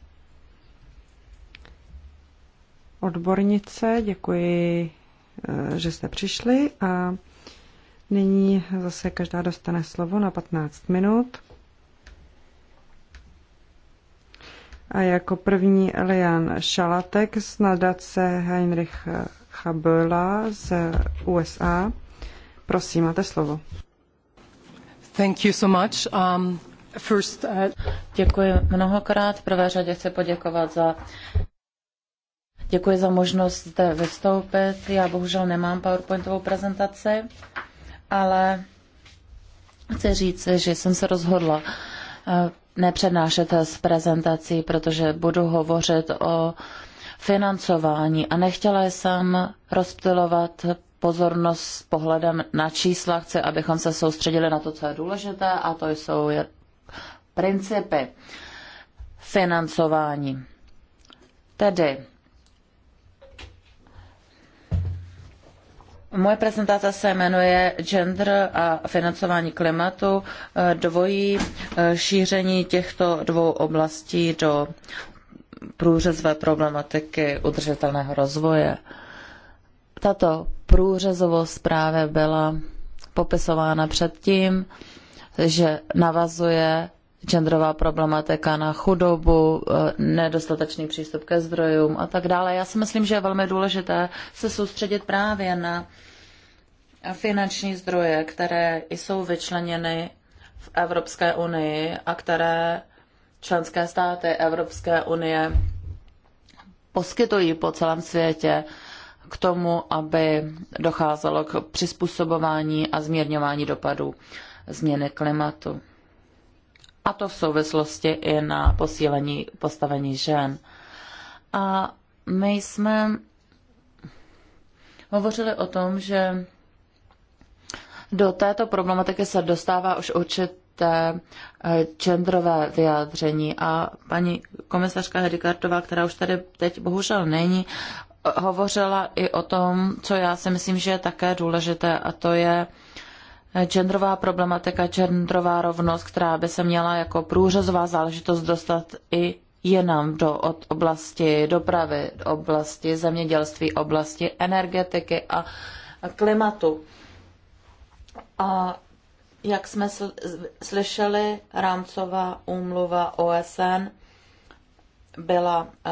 Speaker 3: odbornice. Děkuji, eh, že jste přišli a nyní zase každá dostane slovo na 15 minut. A jako první Elian Šalatek z nadace Heinrich Chabela z USA. Prosím, máte slovo.
Speaker 4: Thank you so much. Um, first, uh... Děkuji mnohokrát. V prvé řadě chci poděkovat za Děkuji za možnost zde vystoupit. Já bohužel nemám PowerPointovou prezentaci, ale chci říct, že jsem se rozhodla uh, nepřednášet z prezentací, protože budu hovořit o financování a nechtěla jsem rozptylovat pozornost s pohledem na čísla. Chci, abychom se soustředili na to, co je důležité a to jsou principy financování. Tedy Moje prezentace se jmenuje Gender a financování klimatu, dvojí eh, šíření těchto dvou oblastí do průřezové problematiky udržitelného rozvoje. Tato průřezovost právě byla popisována předtím, že navazuje genderová problematika na chudobu, eh, nedostatečný přístup ke zdrojům a tak dále. Já si myslím, že je velmi důležité se soustředit právě na finanční zdroje, které jsou vyčleněny v Evropské unii a které členské státy Evropské unie poskytují po celém světě k tomu, aby docházelo k přizpůsobování a zmírňování dopadů změny klimatu a to v souvislosti i na posílení postavení žen. A my jsme hovořili o tom, že do této problematiky se dostává už určité eh, genderové vyjádření a paní komisařka Hedikartová, která už tady teď bohužel není, hovořila i o tom, co já si myslím, že je také důležité a to je uh, genderová problematika, genderová rovnost, která by se měla jako průřezová záležitost dostat i jinam do od oblasti dopravy, oblasti zemědělství, oblasti energetiky a klimatu. A jak jsme slyšeli, rámcová úmluva OSN byla eh,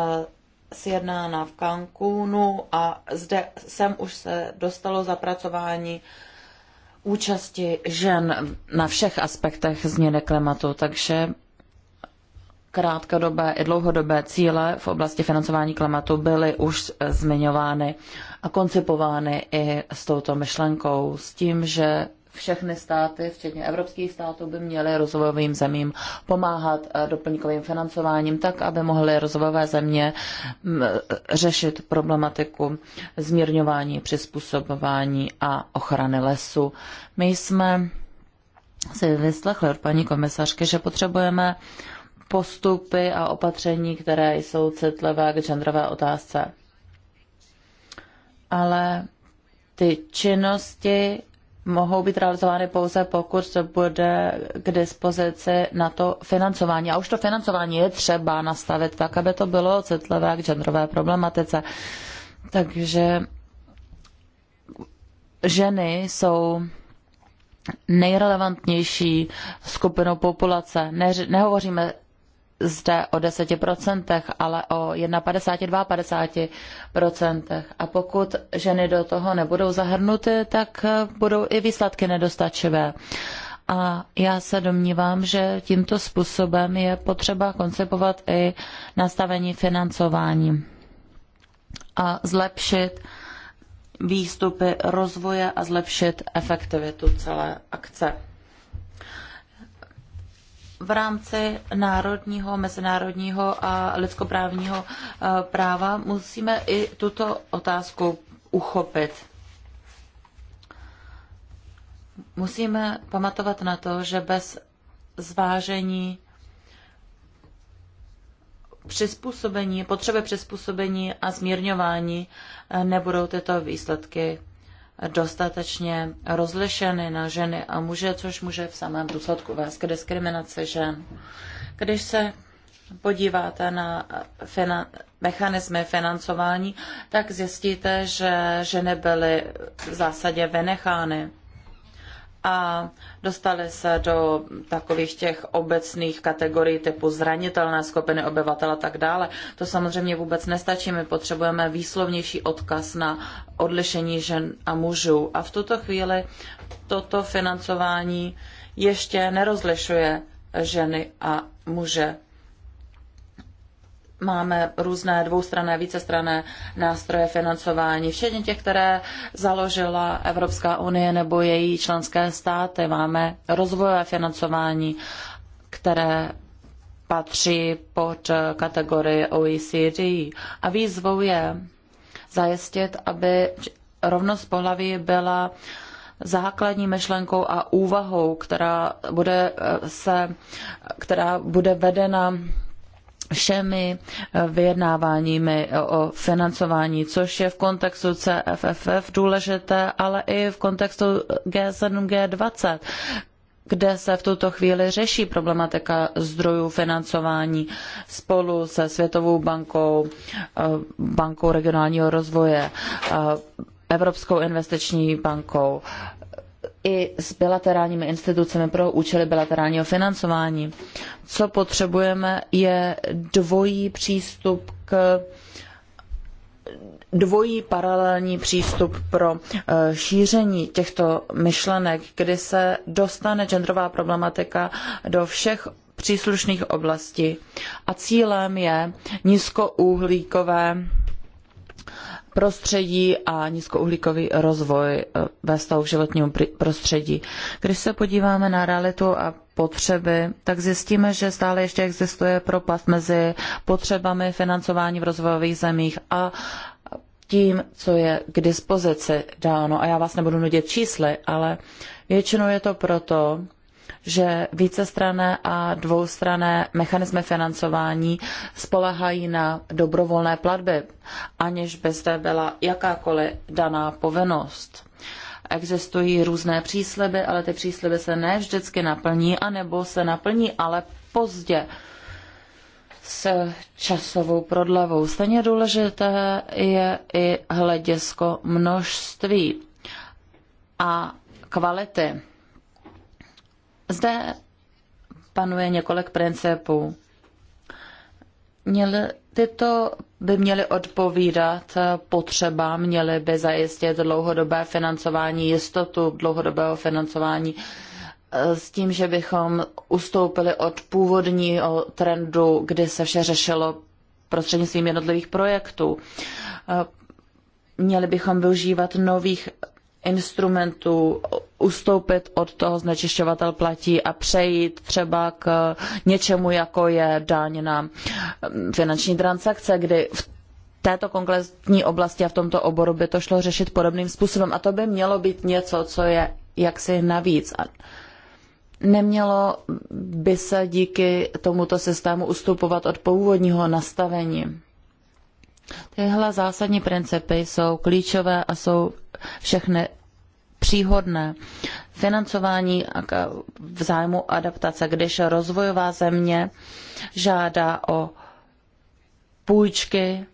Speaker 4: sjednána v Cancúnu a zde sem už se dostalo zapracování účasti žen na všech aspektech změny klimatu, takže krátkodobé i dlouhodobé cíle v oblasti financování klimatu byly už zmiňovány a koncipovány i s touto myšlenkou, s tím, že všechny státy, včetně evropských států, by měly rozvojovým zemím pomáhat eh, doplňkovým financováním tak, aby mohly rozvojové země mm, eh, řešit problematiku zmírňování, přizpůsobování a ochrany lesu. My jsme si vyslechli od paní komisařky, že potřebujeme postupy a opatření, které jsou citlivé k genderové otázce. Ale ty činnosti mohou být realizovány pouze pokud bude k dispozici na to financování. A už to financování je třeba nastavit tak, aby to bylo citlivé k genderové problematice. Takže ženy jsou nejrelevantnější skupinou populace. Ne, nehovoříme zde o 10%, ale o 51-52%. A pokud ženy do toho nebudou zahrnuty, tak budou i výsledky nedostačivé. A já se domnívám, že tímto způsobem je potřeba koncipovat i nastavení financování a zlepšit výstupy rozvoje a zlepšit efektivitu celé akce v rámci národního, mezinárodního a lidskoprávního e, práva musíme i tuto otázku uchopit. Musíme pamatovat na to, že bez zvážení přizpůsobení, potřeby přizpůsobení a zmírňování e, nebudou tyto výsledky dostatečně rozlišeny na ženy a muže, což může v samém důsledku vést k diskriminaci žen. Když se podíváte na finan- mechanismy financování, tak zjistíte, že ženy byly v zásadě vynechány a dostali se do takových těch obecných kategorií typu zranitelné skupiny obyvatel a tak dále. To samozřejmě vůbec nestačí. My potřebujeme výslovnější odkaz na odlišení žen a mužů. A v tuto chvíli toto financování ještě nerozlišuje ženy a muže máme různé dvoustrané, vícestrané nástroje financování, všechny těch, které založila Evropská unie nebo její členské státy. Máme rozvojové financování, které patří pod kategorii OECD. A výzvou je zajistit, aby rovnost pohlaví byla základní myšlenkou a úvahou, která bude, eh, se, která bude vedena všemi eh, vyjednáváními o financování, což je v kontextu CFFF důležité, ale i v kontextu G7, G20, kde se v tuto chvíli řeší problematika zdrojů financování spolu se Světovou bankou, eh, bankou regionálního rozvoje, eh, Evropskou investiční bankou, i s bilaterálními institucemi pro účely bilaterálního financování. Co potřebujeme je dvojí přístup k dvojí paralelní přístup pro eh, šíření těchto myšlenek, kdy se dostane genderová problematika do všech příslušných oblastí. A cílem je nízkouhlíkové prostředí a nízkouhlíkový rozvoj eh, ve vztahu k životnímu prostředí. Když se podíváme na realitu a potřeby, tak zjistíme, že stále ještě existuje propast mezi potřebami financování v rozvojových zemích a tím, co je k dispozici dáno. A já vás nebudu nudit čísly, ale většinou je to proto, že vícestrané a dvoustrané mechanismy financování spolehají na dobrovolné platby, aniž by zde byla jakákoliv daná povinnost. Existují různé přísliby, ale ty přísliby se ne vždycky naplní, anebo se naplní, ale pozdě s časovou prodlevou. Stejně důležité je i hledisko množství a kvality. Zde panuje několik principů. Měli, tyto by měly odpovídat potřebám, měly by zajistit dlouhodobé financování, jistotu dlouhodobého financování eh, s tím, že bychom ustoupili od původního trendu, kdy se vše řešilo prostřednictvím jednotlivých projektů. Eh, měli bychom využívat nových instrumentů, ustoupit od toho znečišťovatel platí a přejít třeba k něčemu, jako je daň na mm, finanční transakce, kdy v této konkrétní oblasti a v tomto oboru by to šlo řešit podobným způsobem. A to by mělo být něco, co je jaksi navíc. A nemělo by se díky tomuto systému ustupovat od původního nastavení. Tyhle zásadní principy jsou klíčové a jsou všechny příhodné. Financování v zájmu adaptace, když rozvojová země žádá o půjčky,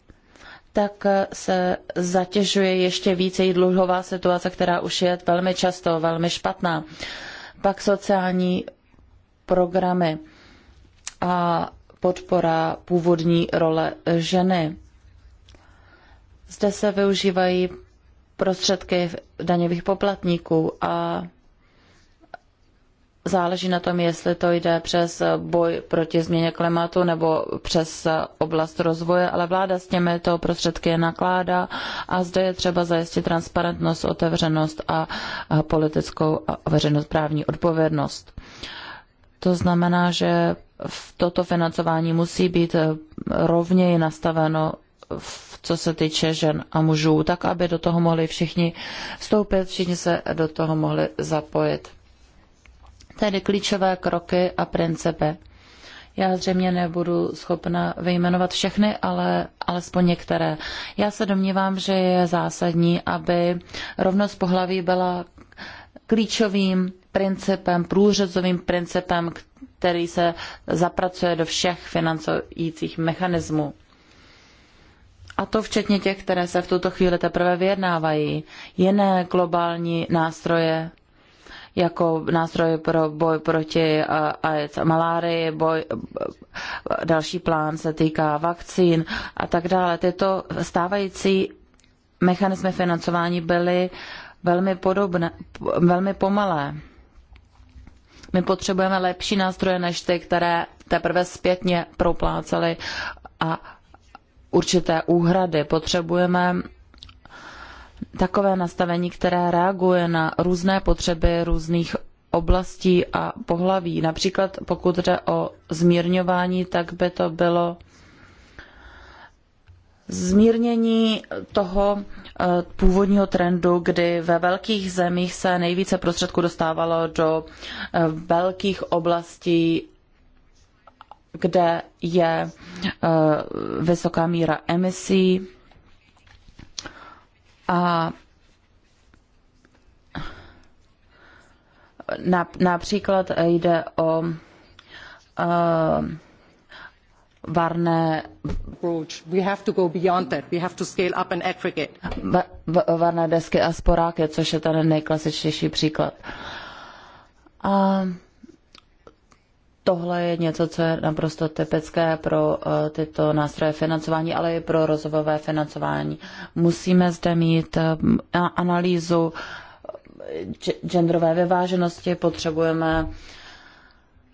Speaker 4: tak se zatěžuje ještě více její dluhová situace, která už je velmi často velmi špatná. Pak sociální programy a podpora původní role ženy. Zde se využívají prostředky daňových poplatníků a záleží na tom, jestli to jde přes boj proti změně klimatu nebo přes oblast rozvoje, ale vláda s to prostředky nakládá a zde je třeba zajistit transparentnost, otevřenost a politickou a právní odpovědnost. To znamená, že toto financování musí být rovněji nastaveno co se týče žen a mužů, tak aby do toho mohli všichni vstoupit, všichni se do toho mohli zapojit. Tedy klíčové kroky a principy. Já zřejmě nebudu schopna vyjmenovat všechny, ale alespoň některé. Já se domnívám, že je zásadní, aby rovnost pohlaví byla klíčovým principem, průřezovým principem, který se zapracuje do všech financujících mechanismů. A to včetně těch, které se v tuto chvíli teprve vyjednávají. Jiné globální nástroje, jako nástroje pro boj proti eh, AIDS a malárii, boj, eh, další plán se týká vakcín a tak dále. Tyto stávající mechanismy financování byly velmi podobné, velmi pomalé. My potřebujeme lepší nástroje než ty, které teprve zpětně proplácely a určité úhrady. Potřebujeme takové nastavení, které reaguje na různé potřeby různých oblastí a pohlaví. Například pokud jde o zmírňování, tak by to bylo zmírnění toho eh, původního trendu, kdy ve velkých zemích se nejvíce prostředků dostávalo do eh, velkých oblastí kde je eh, vysoká míra emisí a například jde o eh, varné varné desky a sporáky, což je ten nejklasičtější příklad. A Tohle je něco, co je naprosto typické pro eh, tyto nástroje financování, ale i pro rozvojové financování. Musíme zde mít eh, analýzu eh, genderové vyváženosti, potřebujeme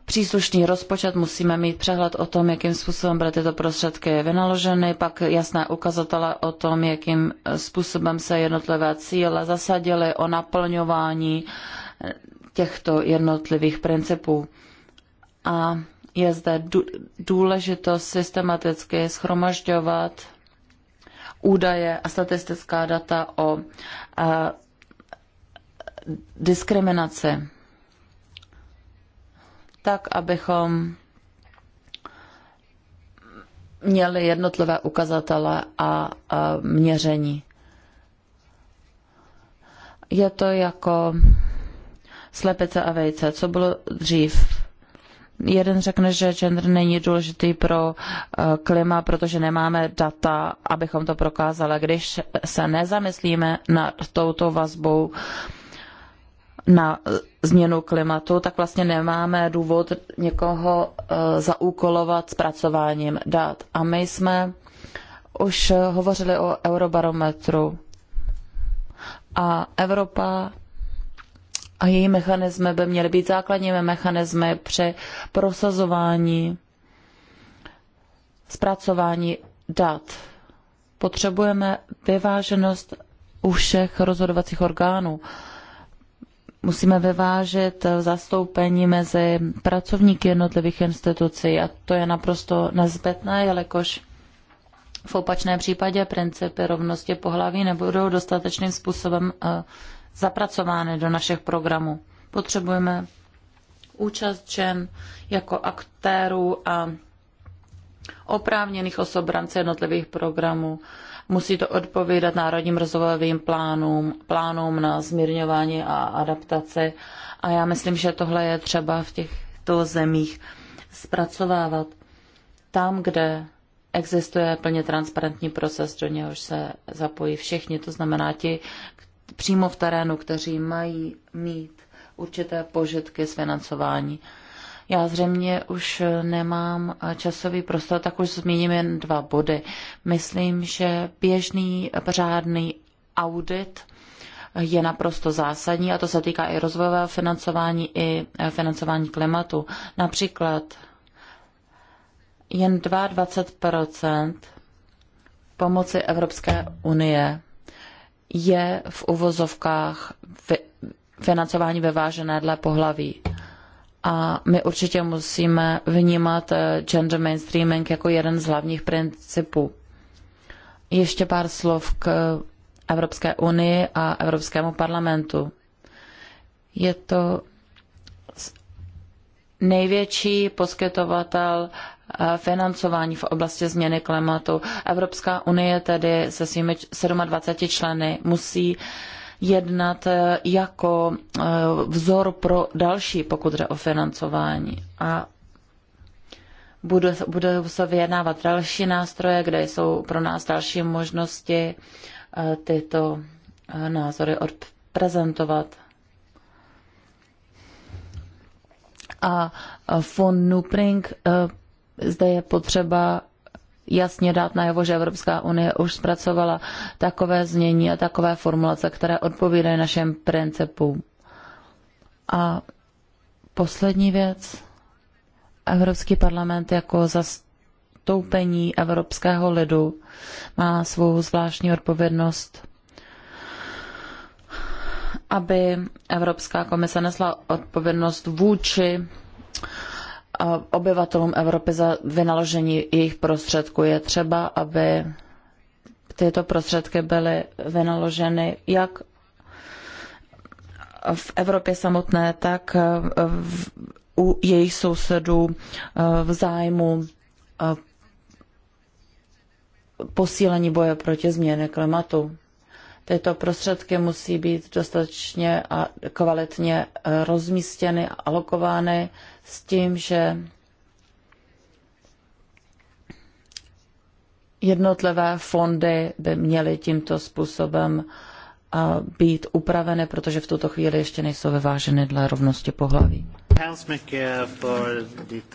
Speaker 4: příslušný rozpočet, musíme mít přehled o tom, jakým způsobem byly tyto prostředky vynaloženy, pak jasné ukazatele o tom, jakým způsobem se jednotlivé cíle zasadily o naplňování těchto jednotlivých principů a je zde důležitost systematicky schromažďovat údaje a statistická data o a, diskriminaci, tak abychom měli jednotlivé ukazatele a, a měření. Je to jako slepice a vejce. Co bylo dřív? jeden řekne, že gender není důležitý pro eh, klima, protože nemáme data, abychom to prokázali. Když se nezamyslíme nad touto vazbou na eh, změnu klimatu, tak vlastně nemáme důvod někoho eh, zaúkolovat zpracováním dat. A my jsme už hovořili o eurobarometru. A Evropa a její mechanismy by měly být základními mechanismy při prosazování, zpracování dat. Potřebujeme vyváženost u všech rozhodovacích orgánů. Musíme vyvážit zastoupení mezi pracovníky jednotlivých institucí a to je naprosto nezbytné, jelikož v opačném případě principy rovnosti pohlaví nebudou dostatečným způsobem eh, zapracovány do našich programů. Potřebujeme účast žen jako aktérů a oprávněných osob v rámci jednotlivých programů. Musí to odpovídat národním rozvojovým plánům, plánům na zmírňování a adaptaci. A já myslím, že tohle je třeba v těchto zemích zpracovávat tam, kde existuje plně transparentní proces, do něhož se zapojí všichni, to znamená ti, přímo v terénu, kteří mají mít určité požitky s financování. Já zřejmě už nemám časový prostor, tak už zmíním jen dva body. Myslím, že běžný řádný audit je naprosto zásadní a to se týká i rozvojového financování, i financování klimatu. Například jen 22 pomoci Evropské unie je v uvozovkách financování vyvážené dle pohlaví. A my určitě musíme vnímat eh, gender mainstreaming jako jeden z hlavních principů. Ještě pár slov k Evropské unii a Evropskému parlamentu. Je to největší poskytovatel Eh, financování v oblasti změny klimatu. Evropská unie tedy se svými 27 členy musí jednat eh, jako eh, vzor pro další, pokud jde o financování. A budou, budou se vyjednávat další nástroje, kde jsou pro nás další možnosti tyto názory odprezentovat. A fond Nupring zde je potřeba jasně dát najevo, že Evropská unie už zpracovala takové znění a takové formulace, které odpovídají našem principům. A poslední věc. Evropský parlament jako zastoupení evropského lidu má svou zvláštní odpovědnost aby Evropská komise nesla odpovědnost vůči obyvatelům Evropy za vynaložení jejich prostředků. Je třeba, aby tyto prostředky byly vynaloženy jak v Evropě samotné, tak v, u jejich sousedů eh, v zájmu eh, posílení boje proti změně klimatu. Tyto prostředky musí být dostatečně a kvalitně eh, rozmístěny a alokovány s tím, že jednotlivé fondy by měly tímto způsobem uh, být upraveny, protože v tuto chvíli ještě nejsou vyváženy dle rovnosti pohlaví.
Speaker 1: Eh,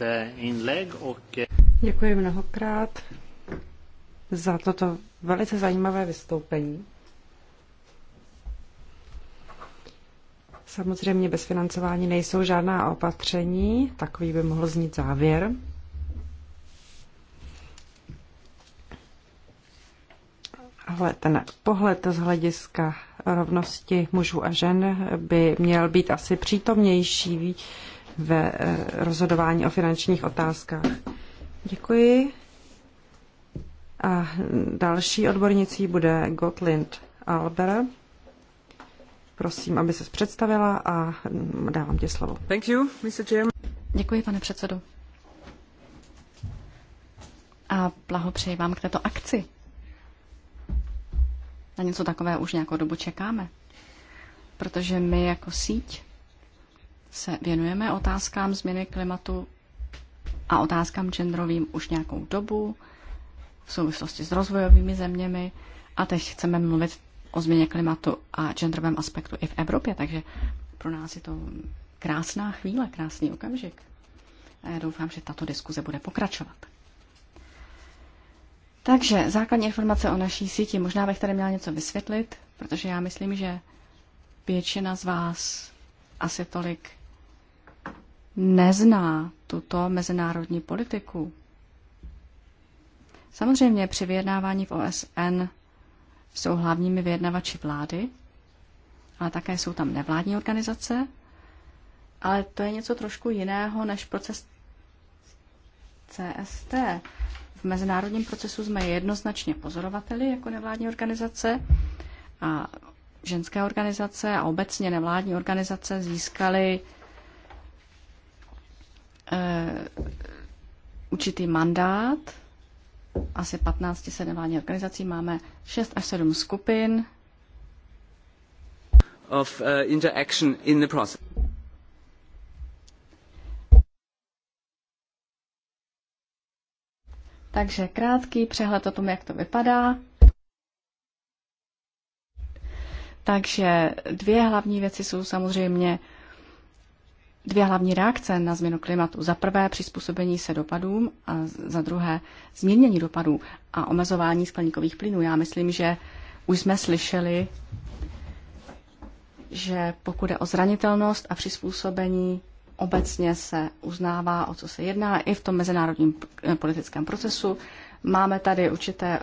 Speaker 1: eh,
Speaker 3: Děkuji mnohokrát za toto velice zajímavé vystoupení. Samozřejmě bez financování nejsou žádná opatření, takový by mohl znít závěr. Ale ten pohled z hlediska rovnosti mužů a žen by měl být asi přítomnější ve eh, rozhodování o finančních otázkách. Děkuji. A další odbornicí bude Gotlind Albert. Prosím, aby se představila a dávám ti slovo.
Speaker 2: Thank you, Mr. Chairman. Děkuji, pane předsedo. A blahopřeji vám k této akci. Na něco takové už nějakou dobu čekáme. Protože my jako síť se věnujeme otázkám změny klimatu a otázkám genderovým už nějakou dobu v souvislosti s rozvojovými zeměmi a teď chceme mluvit o změně klimatu a genderovém aspektu i v Evropě, takže pro nás je to krásná chvíle, krásný okamžik. A já doufám, že tato diskuze bude pokračovat. Takže základní informace o naší síti. Možná bych tady měla něco vysvětlit, protože já myslím, že většina z vás asi tolik nezná tuto mezinárodní politiku. Samozřejmě při vyjednávání v OSN jsou hlavními vyjednavači vlády, ale také jsou tam nevládní organizace. Ale to je něco trošku jiného než proces CST. V mezinárodním procesu jsme jednoznačně pozorovateli jako nevládní organizace a ženské organizace a obecně nevládní organizace získaly e, určitý mandát asi 15 se organizací. Máme 6 až 7 skupin.
Speaker 1: Of, uh, interaction in the process.
Speaker 2: Takže krátký přehled o tom, jak to vypadá. Takže dvě hlavní věci jsou samozřejmě dvě hlavní reakce na změnu klimatu. Za prvé přizpůsobení se dopadům a za druhé zmírnění dopadů a omezování skleníkových plynů. Já myslím, že už jsme slyšeli, že pokud je o zranitelnost a přizpůsobení, obecně se uznává, o co se jedná i v tom mezinárodním politickém procesu. Máme tady určité eh,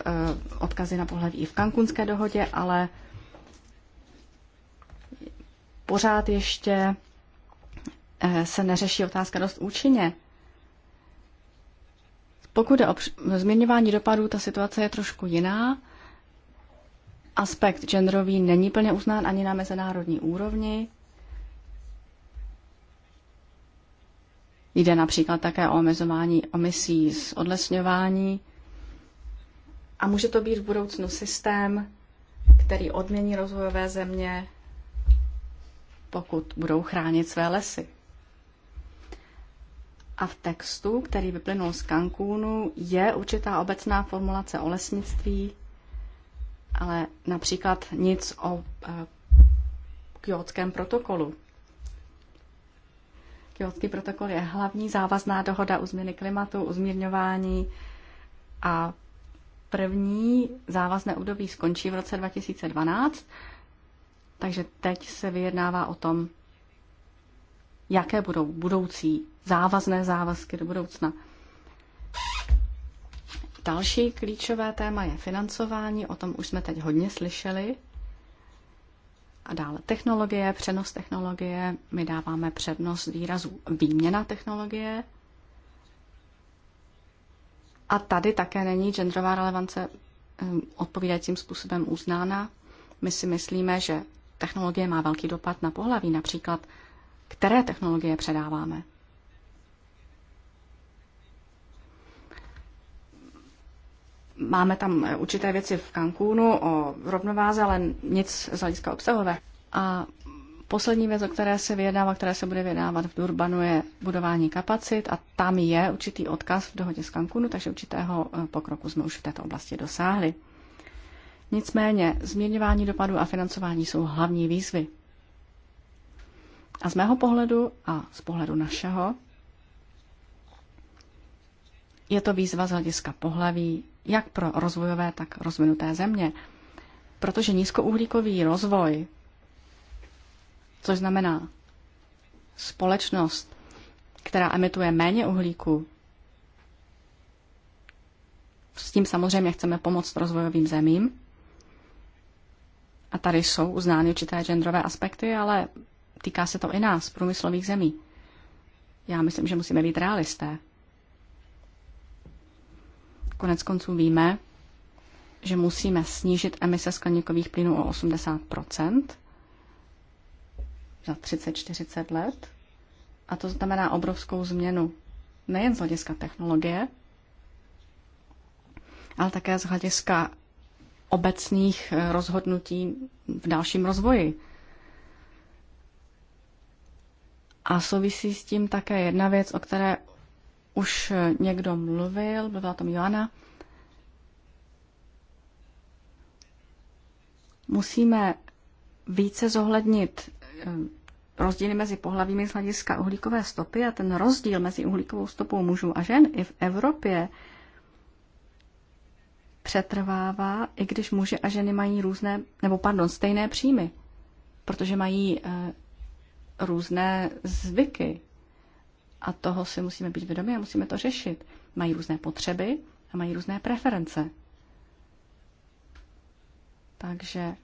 Speaker 2: odkazy na pohled i v kankunské dohodě, ale pořád ještě Eh, se neřeší otázka dost účinně. Pokud je o změňování dopadů, ta situace je trošku jiná. Aspekt genderový není plně uznán ani na mezinárodní úrovni. Jde například také o omezování omisí z odlesňování. A může to být v budoucnu systém, který odmění rozvojové země, pokud budou chránit své lesy. A v textu, který vyplynul z Cancúnu, je určitá obecná formulace o lesnictví, ale například nic o eh, kjótském protokolu. Kjótský protokol je hlavní závazná dohoda u změny klimatu, u a první závazné období skončí v roce 2012, takže teď se vyjednává o tom, jaké budou budoucí závazné závazky do budoucna. Další klíčové téma je financování, o tom už jsme teď hodně slyšeli. A dále technologie, přenos technologie, my dáváme přednost výrazu výměna technologie. A tady také není genderová relevance um, odpovídajícím způsobem uznána. My si myslíme, že technologie má velký dopad na pohlaví. Například které technologie předáváme. Máme tam eh, určité věci v Cancúnu o rovnováze, ale nic z hlediska obsahové. A poslední věc, o které se vyjednává, které se bude vyjednávat v Durbanu, je budování kapacit a tam je určitý odkaz v dohodě s Cancúnu, takže určitého eh, pokroku jsme už v této oblasti dosáhli. Nicméně změňování dopadů a financování jsou hlavní výzvy. A z mého pohledu a z pohledu našeho je to výzva z hlediska pohlaví, jak pro rozvojové, tak rozvinuté země. Protože nízkouhlíkový rozvoj, což znamená společnost, která emituje méně uhlíku, s tím samozřejmě chceme pomoct rozvojovým zemím. A tady jsou uznány určité genderové aspekty, ale týká se to i nás, průmyslových zemí. Já myslím, že musíme být realisté. Konec konců víme, že musíme snížit emise skleníkových plynů o 80 za 30-40 let. A to znamená obrovskou změnu nejen z hlediska technologie, ale také z hlediska obecných rozhodnutí v dalším rozvoji. A souvisí s tím také jedna věc, o které už někdo mluvil, byla tam Joana. Musíme více zohlednit eh, rozdíly mezi pohlavími z hlediska uhlíkové stopy a ten rozdíl mezi uhlíkovou stopou mužů a žen i v Evropě přetrvává, i když muži a ženy mají různé, nebo pardon, stejné příjmy, protože mají eh, různé zvyky. A toho si musíme být vědomi a musíme to řešit. Mají různé potřeby a mají různé preference. Takže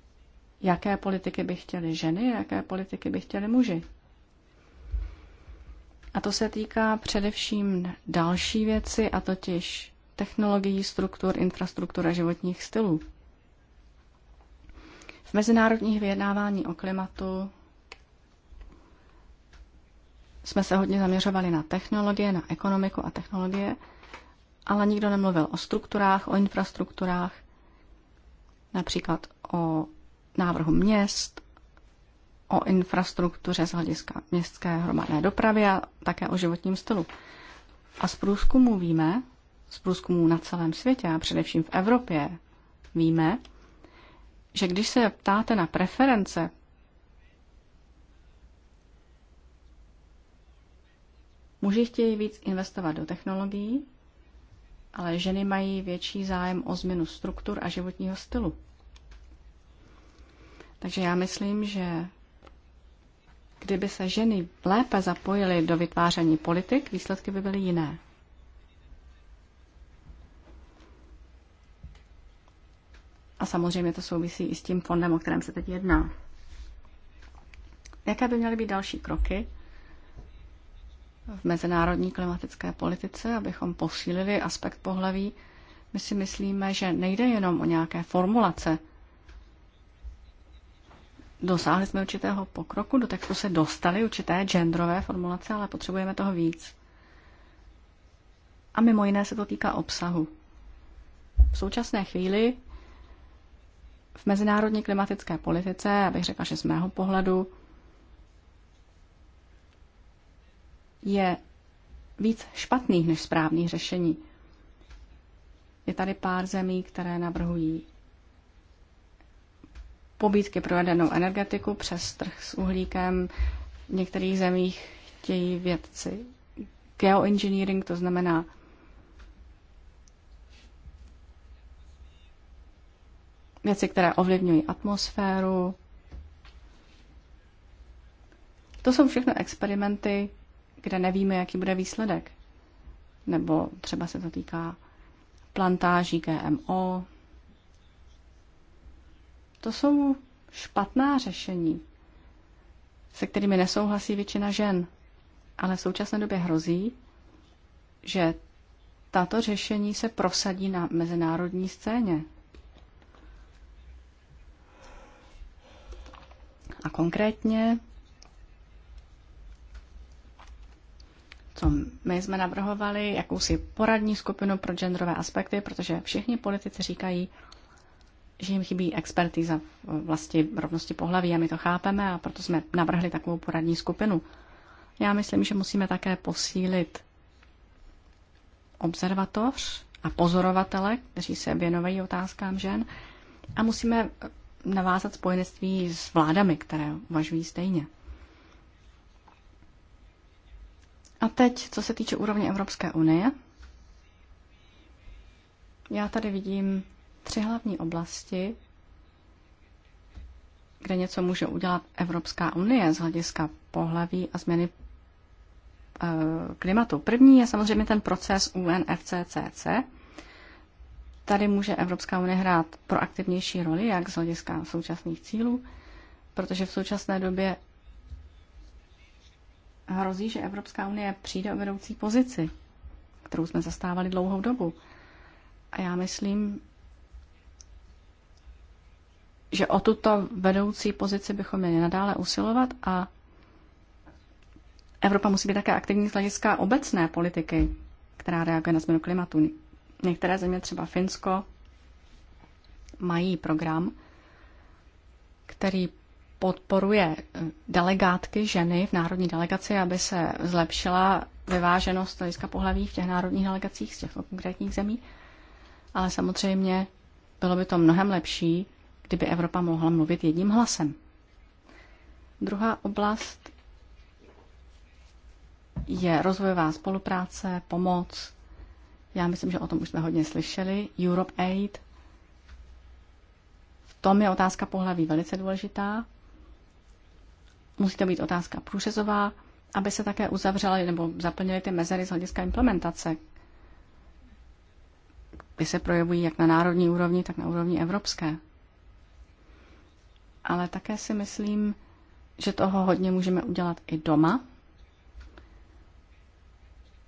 Speaker 2: jaké politiky by chtěly ženy, jaké politiky by chtěly muži. A to se týká především další věci, a totiž technologií, struktur, infrastruktur a životních stylů. V mezinárodních vyjednávání o klimatu jsme se hodně zaměřovali na technologie, na ekonomiku a technologie, ale nikdo nemluvil o strukturách, o infrastrukturách, například o návrhu měst, o infrastruktuře z hlediska městské hromadné dopravy a také o životním stylu. A z průzkumu víme, z průzkumu na celém světě a především v Evropě víme, že když se ptáte na preference Muži chtějí víc investovat do technologií, ale ženy mají větší zájem o změnu struktur a životního stylu. Takže já myslím, že kdyby se ženy lépe zapojily do vytváření politik, výsledky by byly jiné. A samozřejmě to souvisí i s tím fondem, o kterém se teď jedná. Jaké by měly být další kroky, v mezinárodní klimatické politice, abychom posílili aspekt pohlaví. My si myslíme, že nejde jenom o nějaké formulace. Dosáhli jsme určitého pokroku, do textu se dostaly určité genderové formulace, ale potřebujeme toho víc. A mimo jiné se to týká obsahu. V současné chvíli v mezinárodní klimatické politice, abych řekla, že z mého pohledu, je víc špatných než správných řešení. Je tady pár zemí, které navrhují pobídky pro jadernou energetiku přes trh s uhlíkem. V některých zemích chtějí vědci geoengineering, to znamená věci, které ovlivňují atmosféru. To jsou všechno experimenty, kde nevíme, jaký bude výsledek. Nebo třeba se to týká plantáží GMO. To jsou špatná řešení, se kterými nesouhlasí většina žen. Ale v současné době hrozí, že tato řešení se prosadí na mezinárodní scéně. A konkrétně co my jsme navrhovali, jakousi poradní skupinu pro genderové aspekty, protože všichni politici říkají, že jim chybí expertíza vlasti rovnosti pohlaví a my to chápeme a proto jsme navrhli takovou poradní skupinu. Já myslím, že musíme také posílit observatoř a pozorovatele, kteří se věnovají otázkám žen a musíme navázat spojenectví s vládami, které uvažují stejně. A teď, co se týče úrovně Evropské unie, já tady vidím tři hlavní oblasti, kde něco může udělat Evropská unie z hlediska pohlaví a změny eh, klimatu. První je samozřejmě ten proces UNFCCC. Tady může Evropská unie hrát proaktivnější roli, jak z hlediska současných cílů, protože v současné době hrozí, že Evropská unie přijde o vedoucí pozici, kterou jsme zastávali dlouhou dobu. A já myslím, že o tuto vedoucí pozici bychom měli nadále usilovat a Evropa musí být také aktivní z hlediska obecné politiky, která reaguje na změnu klimatu. Některé země, třeba Finsko, mají program, který podporuje eh, delegátky ženy v národní delegaci, aby se zlepšila vyváženost hlediska pohlaví v těch národních delegacích z těch konkrétních zemí. Ale samozřejmě bylo by to mnohem lepší, kdyby Evropa mohla mluvit jedním hlasem. Druhá oblast je rozvojová spolupráce, pomoc. Já myslím, že o tom už jsme hodně slyšeli. Europe Aid. V tom je otázka pohlaví velice důležitá musí to být otázka průřezová, aby se také uzavřely nebo zaplnily ty mezery z hlediska implementace, kdy se projevují jak na národní úrovni, tak na úrovni evropské. Ale také si myslím, že toho hodně můžeme udělat i doma.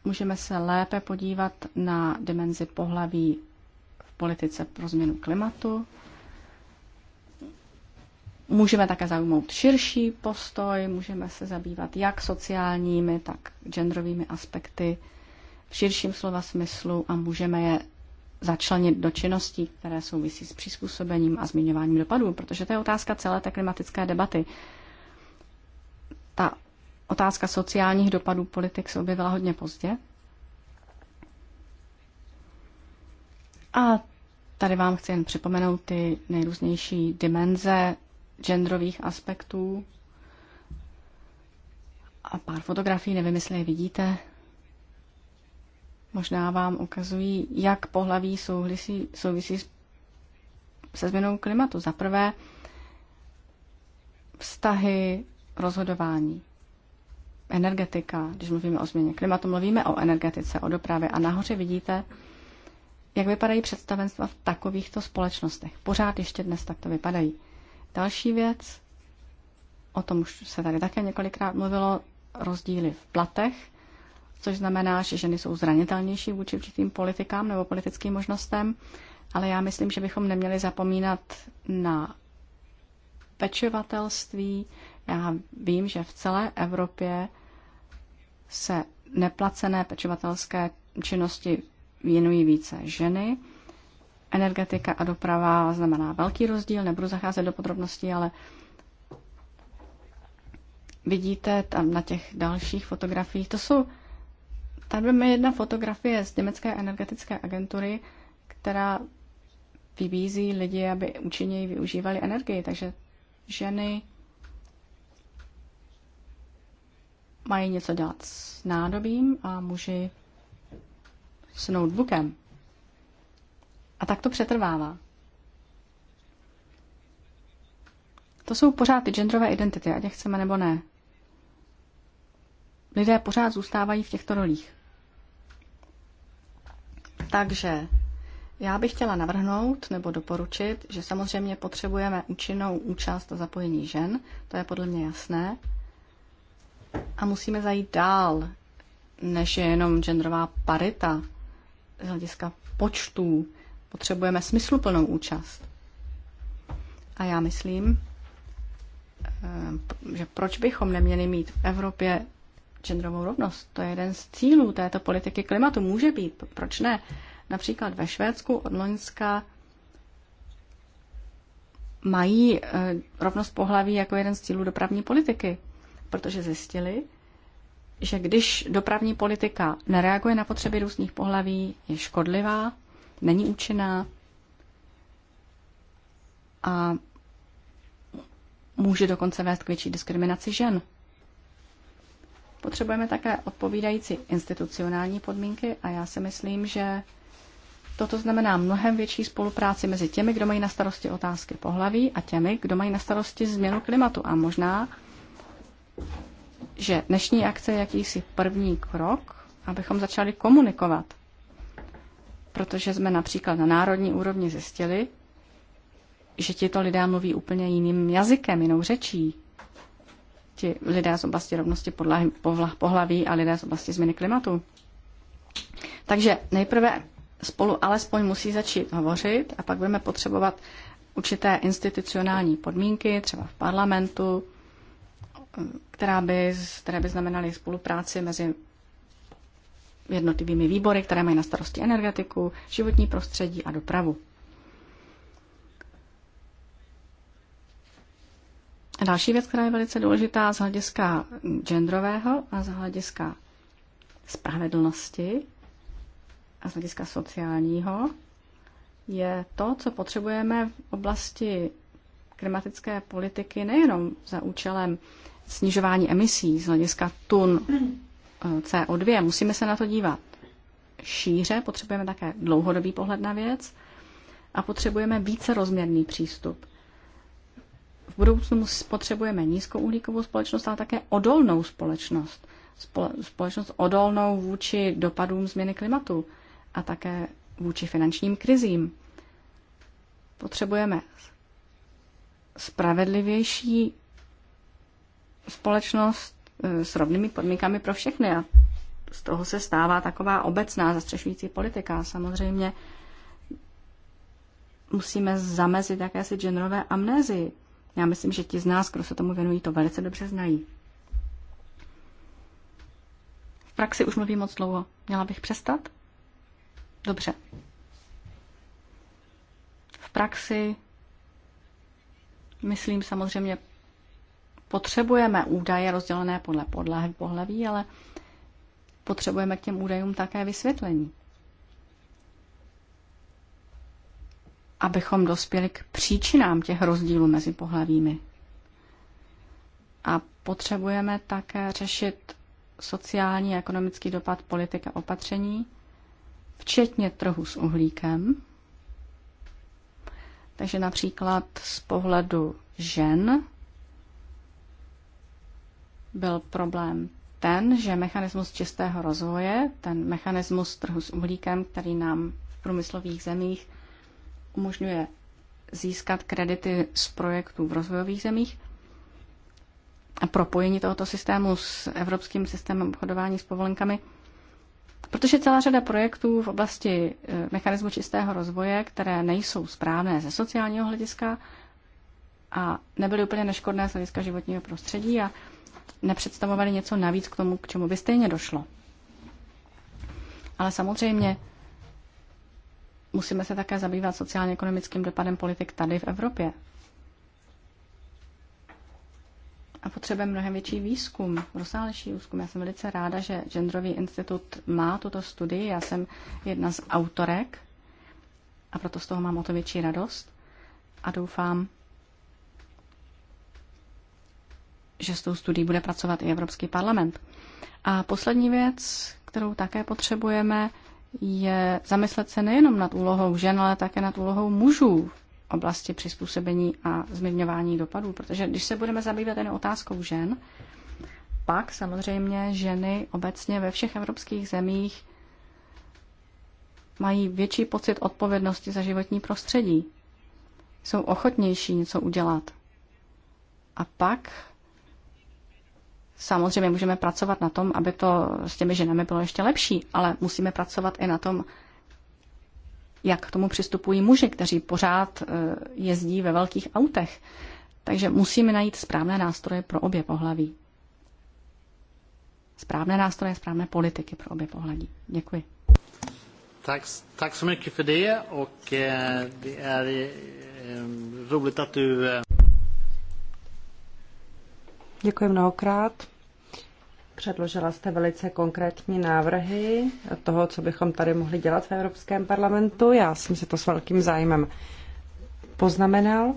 Speaker 2: Můžeme se lépe podívat na dimenzi pohlaví v politice pro změnu klimatu, Můžeme také zaujmout širší postoj, můžeme se zabývat jak sociálními, tak genderovými aspekty v širším slova smyslu a můžeme je začlenit do činností, které souvisí s přizpůsobením a zmiňováním dopadů, protože to je otázka celé té klimatické debaty. Ta otázka sociálních dopadů politik se objevila hodně pozdě. A tady vám chci jen připomenout ty nejrůznější dimenze genderových aspektů a pár fotografií, nevím, jestli je vidíte. Možná vám ukazují, jak pohlaví souvisí, souvisí se změnou klimatu. Za prvé, vztahy, rozhodování, energetika, když mluvíme o změně klimatu, mluvíme o energetice, o dopravě a nahoře vidíte, jak vypadají představenstva v takovýchto společnostech. Pořád ještě dnes tak to vypadají. Další věc, o tom už se tady také několikrát mluvilo, rozdíly v platech, což znamená, že ženy jsou zranitelnější vůči určitým politikám nebo politickým možnostem, ale já myslím, že bychom neměli zapomínat na pečovatelství. Já vím, že v celé Evropě se neplacené pečovatelské činnosti věnují více ženy energetika a doprava znamená velký rozdíl, nebudu zacházet do podrobností, ale vidíte tam na těch dalších fotografiích, to jsou, tady máme jedna fotografie z německé energetické agentury, která vybízí lidi, aby účinněji využívali energii, takže ženy mají něco dělat s nádobím a muži s notebookem. A tak to přetrvává. To jsou pořád ty genderové identity, ať je chceme nebo ne. Lidé pořád zůstávají v těchto rolích. Takže já bych chtěla navrhnout nebo doporučit, že samozřejmě potřebujeme účinnou účast a zapojení žen, to je podle mě jasné. A musíme zajít dál, než je jenom genderová parita z hlediska počtů, Potřebujeme smysluplnou účast. A já myslím, eh, že proč bychom neměli mít v Evropě genderovou rovnost? To je jeden z cílů této politiky klimatu. Může být, proč ne? Například ve Švédsku od Loňska mají eh, rovnost pohlaví jako jeden z cílů dopravní politiky, protože zjistili, že když dopravní politika nereaguje na potřeby různých pohlaví, je škodlivá není účinná a může dokonce vést k větší diskriminaci žen. Potřebujeme také odpovídající institucionální podmínky a já si myslím, že toto znamená mnohem větší spolupráci mezi těmi, kdo mají na starosti otázky pohlaví a těmi, kdo mají na starosti změnu klimatu. A možná, že dnešní akce je jakýsi první krok, abychom začali komunikovat protože jsme například na národní úrovni zjistili, že tito lidé mluví úplně jiným jazykem, jinou řečí. Ti lidé z oblasti rovnosti podlahy, pohlaví a lidé z oblasti změny klimatu. Takže nejprve spolu alespoň musí začít hovořit a pak budeme potřebovat určité institucionální podmínky, třeba v parlamentu, eh, která by, které by znamenaly spolupráci mezi jednotlivými výbory, které mají na starosti energetiku, životní prostředí a dopravu. A další věc, která je velice důležitá z hlediska genderového a z hlediska spravedlnosti a z hlediska sociálního, je to, co potřebujeme v oblasti klimatické politiky nejenom za účelem snižování emisí z hlediska tun CO2. Musíme se na to dívat šíře, potřebujeme také dlouhodobý pohled na věc a potřebujeme více rozměrný přístup. V budoucnu potřebujeme nízkouhlíkovou společnost, ale také odolnou společnost. Společnost odolnou vůči dopadům změny klimatu a také vůči finančním krizím. Potřebujeme spravedlivější společnost s rovnými podmínkami pro všechny. A z toho se stává taková obecná zastřešující politika. Samozřejmě musíme zamezit jakési genderové amnézii. Já myslím, že ti z nás, kdo se tomu věnují, to velice dobře znají. V praxi už mluvím moc dlouho. Měla bych přestat? Dobře. V praxi myslím samozřejmě Potřebujeme údaje rozdělené podle podlahy, pohlaví, ale potřebujeme k těm údajům také vysvětlení. Abychom dospěli k příčinám těch rozdílů mezi pohlavími. A potřebujeme také řešit sociální a ekonomický dopad politika opatření, včetně trhu s uhlíkem. Takže například z pohledu žen byl problém ten, že mechanismus čistého rozvoje, ten mechanismus trhu s uhlíkem, který nám v průmyslových zemích umožňuje získat kredity z projektů v rozvojových zemích a propojení tohoto systému s evropským systémem obchodování s povolenkami, protože celá řada projektů v oblasti eh, mechanismu čistého rozvoje, které nejsou správné ze sociálního hlediska a nebyly úplně neškodné z hlediska životního prostředí a nepředstavovali něco navíc k tomu, k čemu by stejně došlo. Ale samozřejmě musíme se také zabývat sociálně-ekonomickým dopadem politik tady v Evropě. A potřebujeme mnohem větší výzkum, rozsáhlejší výzkum. Já jsem velice ráda, že Genderový institut má tuto studii. Já jsem jedna z autorek a proto z toho mám o to větší radost. A doufám, že s tou studií bude pracovat i Evropský parlament. A poslední věc, kterou také potřebujeme, je zamyslet se nejenom nad úlohou žen, ale také nad úlohou mužů v oblasti přizpůsobení a zmírňování dopadů. Protože když se budeme zabývat jen otázkou žen, pak samozřejmě ženy obecně ve všech evropských zemích mají větší pocit odpovědnosti za životní prostředí. Jsou ochotnější něco udělat. A pak Samozřejmě můžeme pracovat na tom, aby to s těmi ženami bylo ještě lepší, ale musíme pracovat i na tom, jak k tomu přistupují muži, kteří pořád eh, jezdí ve velkých autech. Takže musíme najít správné nástroje pro obě pohlaví. Správné nástroje, správné politiky pro obě pohlaví. Děkuji.
Speaker 1: Tak, tak så mycket för det och eh, det är eh, roligt att du
Speaker 3: Děkuji mnohokrát. Předložila jste velice konkrétní návrhy toho, co bychom tady mohli dělat v Evropském parlamentu. Já jsem si to s velkým zájmem poznamenal.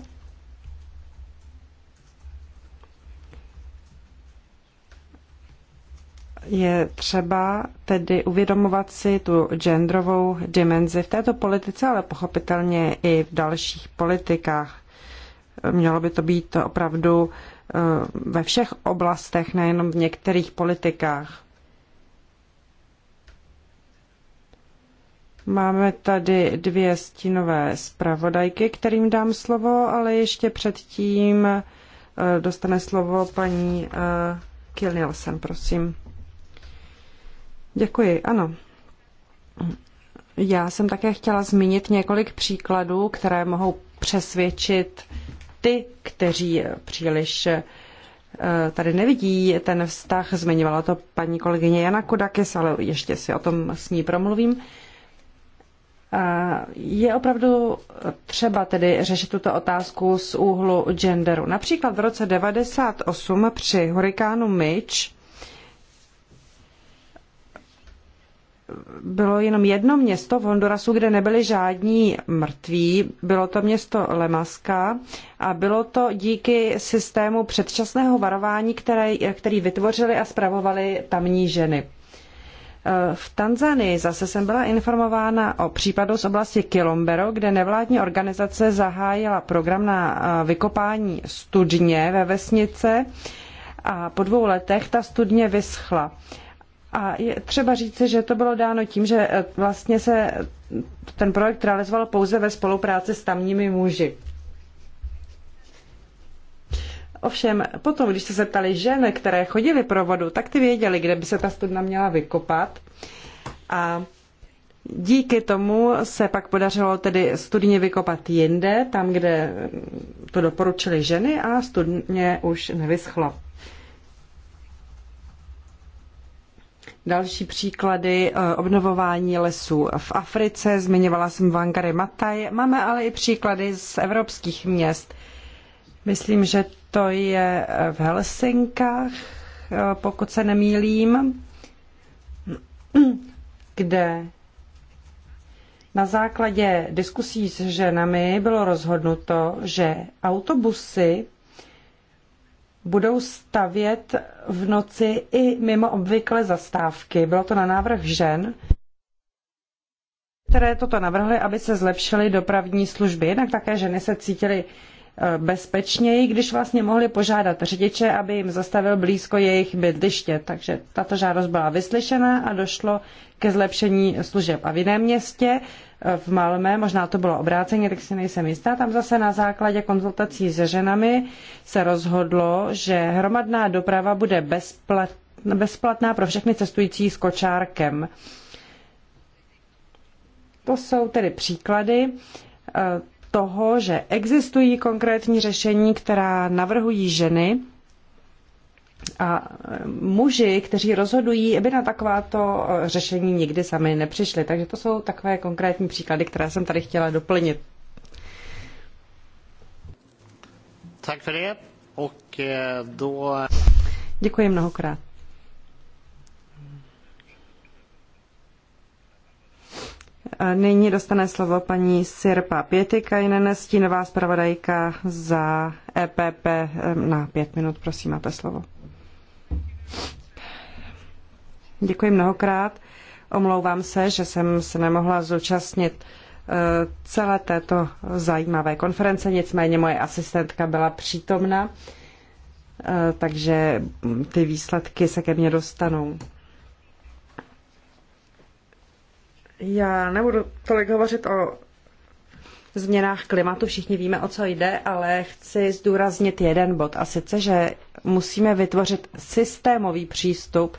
Speaker 3: je třeba tedy uvědomovat si tu genderovou dimenzi v této politice, ale pochopitelně i v dalších politikách. Mělo by to být opravdu Eh, ve všech oblastech, nejenom v některých politikách. Máme tady dvě stínové zpravodajky, kterým dám slovo, ale ještě předtím eh, dostane slovo paní eh, Kilnielsen, prosím. Děkuji, ano. Já jsem také chtěla zmínit několik příkladů, které mohou přesvědčit uh, ty, kteří příliš eh, tady nevidí ten vztah. Zmiňovala to paní kolegyně Jana Kodakis, ale ještě si o tom s ní promluvím. Je opravdu třeba tedy řešit tuto otázku z úhlu genderu. Například v roce 98 při hurikánu Mitch bylo jenom jedno město v Hondurasu, kde nebyli žádní mrtví. Bylo to město Lemaska a bylo to díky systému předčasného varování, které, který vytvořili a spravovali tamní ženy. V Tanzanii zase jsem byla informována o případu z oblasti Kilombero, kde nevládní organizace zahájila program na vykopání studně ve vesnice a po dvou letech ta studně vyschla. A je třeba říci, že to bylo dáno tím, že eh, vlastně se ten projekt realizoval pouze ve spolupráci s tamními muži. Ovšem, potom, když se zeptali žen, které chodily pro vodu, tak ty věděli, kde by se ta studna měla vykopat. A díky tomu se pak podařilo tedy studně vykopat jinde, tam, kde to doporučili ženy a studně už nevyschlo. Další příklady eh, obnovování lesů v Africe, zmiňovala jsem Vangary Mataj. Máme ale i příklady z evropských měst. Myslím, že to je eh, v Helsinkách, eh, pokud se nemýlím, kde na základě diskusí s ženami bylo rozhodnuto, že autobusy budou stavět v noci i mimo obvykle zastávky. Bylo to na návrh žen, které toto navrhly, aby se zlepšily dopravní služby. Jednak také ženy se cítily e, bezpečněji, když vlastně mohli požádat řidiče, aby jim zastavil blízko jejich bydliště. Takže tato žádost byla vyslyšena a došlo ke zlepšení služeb. A v jiném městě v Malmé, možná to bylo obráceně, tak si nejsem jistá, tam zase na základě konzultací se ženami se rozhodlo, že hromadná doprava bude bezplatná bezplatná pro všechny cestující s kočárkem. To jsou tedy příklady eh, toho, že existují konkrétní řešení, která navrhují ženy a e, muži, kteří rozhodují, by na takováto e, řešení nikdy sami nepřišli. Takže to jsou takové konkrétní příklady, které jsem tady chtěla doplnit.
Speaker 1: Tak för e,
Speaker 3: Děkuji mnohokrát. A nyní dostane slovo paní Sirpa jiné stínová zpravodajka za EPP na pět minut. Prosím, máte slovo. Děkuji mnohokrát. Omlouvám se, že jsem se nemohla zúčastnit eh, celé této zajímavé konference, nicméně moje asistentka byla přítomna, eh, takže ty výsledky se ke mně dostanou. Já nebudu tolik hovořit o změnách klimatu. Všichni víme, o co jde, ale chci zdůraznit jeden bod a sice, že musíme vytvořit systémový přístup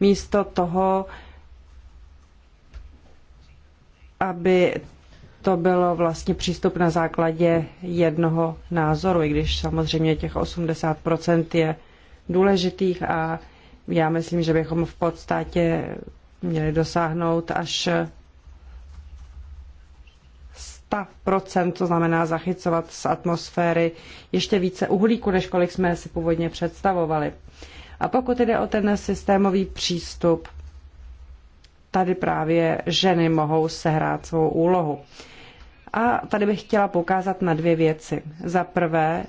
Speaker 3: místo toho, aby to bylo vlastně přístup na základě jednoho názoru, i když samozřejmě těch 80% je důležitých a já myslím, že bychom v podstatě měli dosáhnout až 100%, to znamená zachycovat z atmosféry ještě více uhlíku, než kolik jsme si původně představovali. A pokud jde o ten systémový přístup, tady právě ženy mohou sehrát svou úlohu. A tady bych chtěla poukázat na dvě věci. Za prvé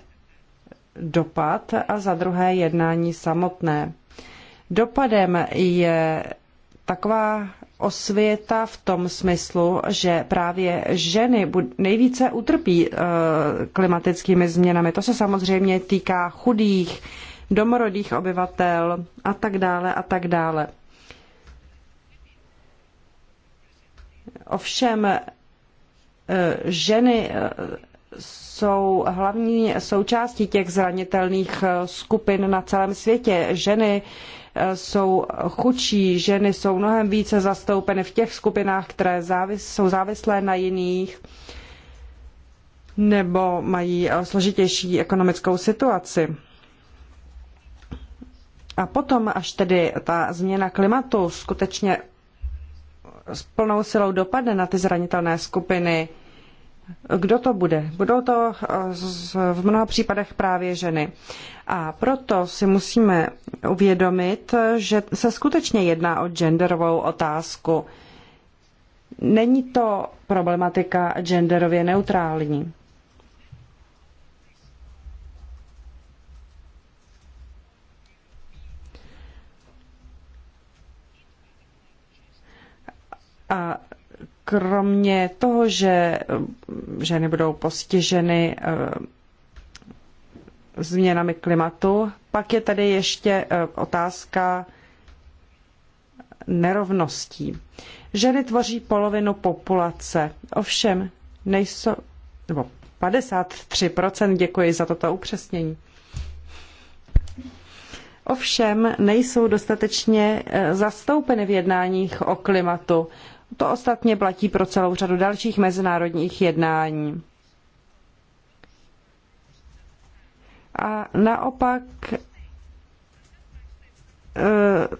Speaker 3: dopad a za druhé jednání samotné. Dopadem je taková osvěta v tom smyslu, že právě ženy nejvíce utrpí eh, klimatickými změnami. To se samozřejmě týká chudých, domorodých obyvatel a tak dále a tak dále. Ovšem eh, ženy eh, jsou hlavní součástí těch zranitelných skupin na celém světě. Ženy jsou chudší, ženy jsou mnohem více zastoupeny v těch skupinách, které závis, jsou závislé na jiných nebo mají eh, složitější ekonomickou situaci. A potom, až tedy ta změna klimatu skutečně s plnou silou dopadne na ty zranitelné skupiny, kdo to bude? Budou to eh, v mnoha případech právě ženy. A proto si musíme uvědomit, že se skutečně jedná o genderovou otázku. Není to problematika genderově neutrální. A kromě toho, že ženy budou postiženy eh, změnami klimatu, pak je tady ještě eh, otázka nerovností. Ženy tvoří polovinu populace, ovšem nejsou, nebo 53%, děkuji za toto upřesnění. Ovšem nejsou dostatečně eh, zastoupeny v jednáních o klimatu to ostatně platí pro celou řadu dalších mezinárodních jednání. A naopak e,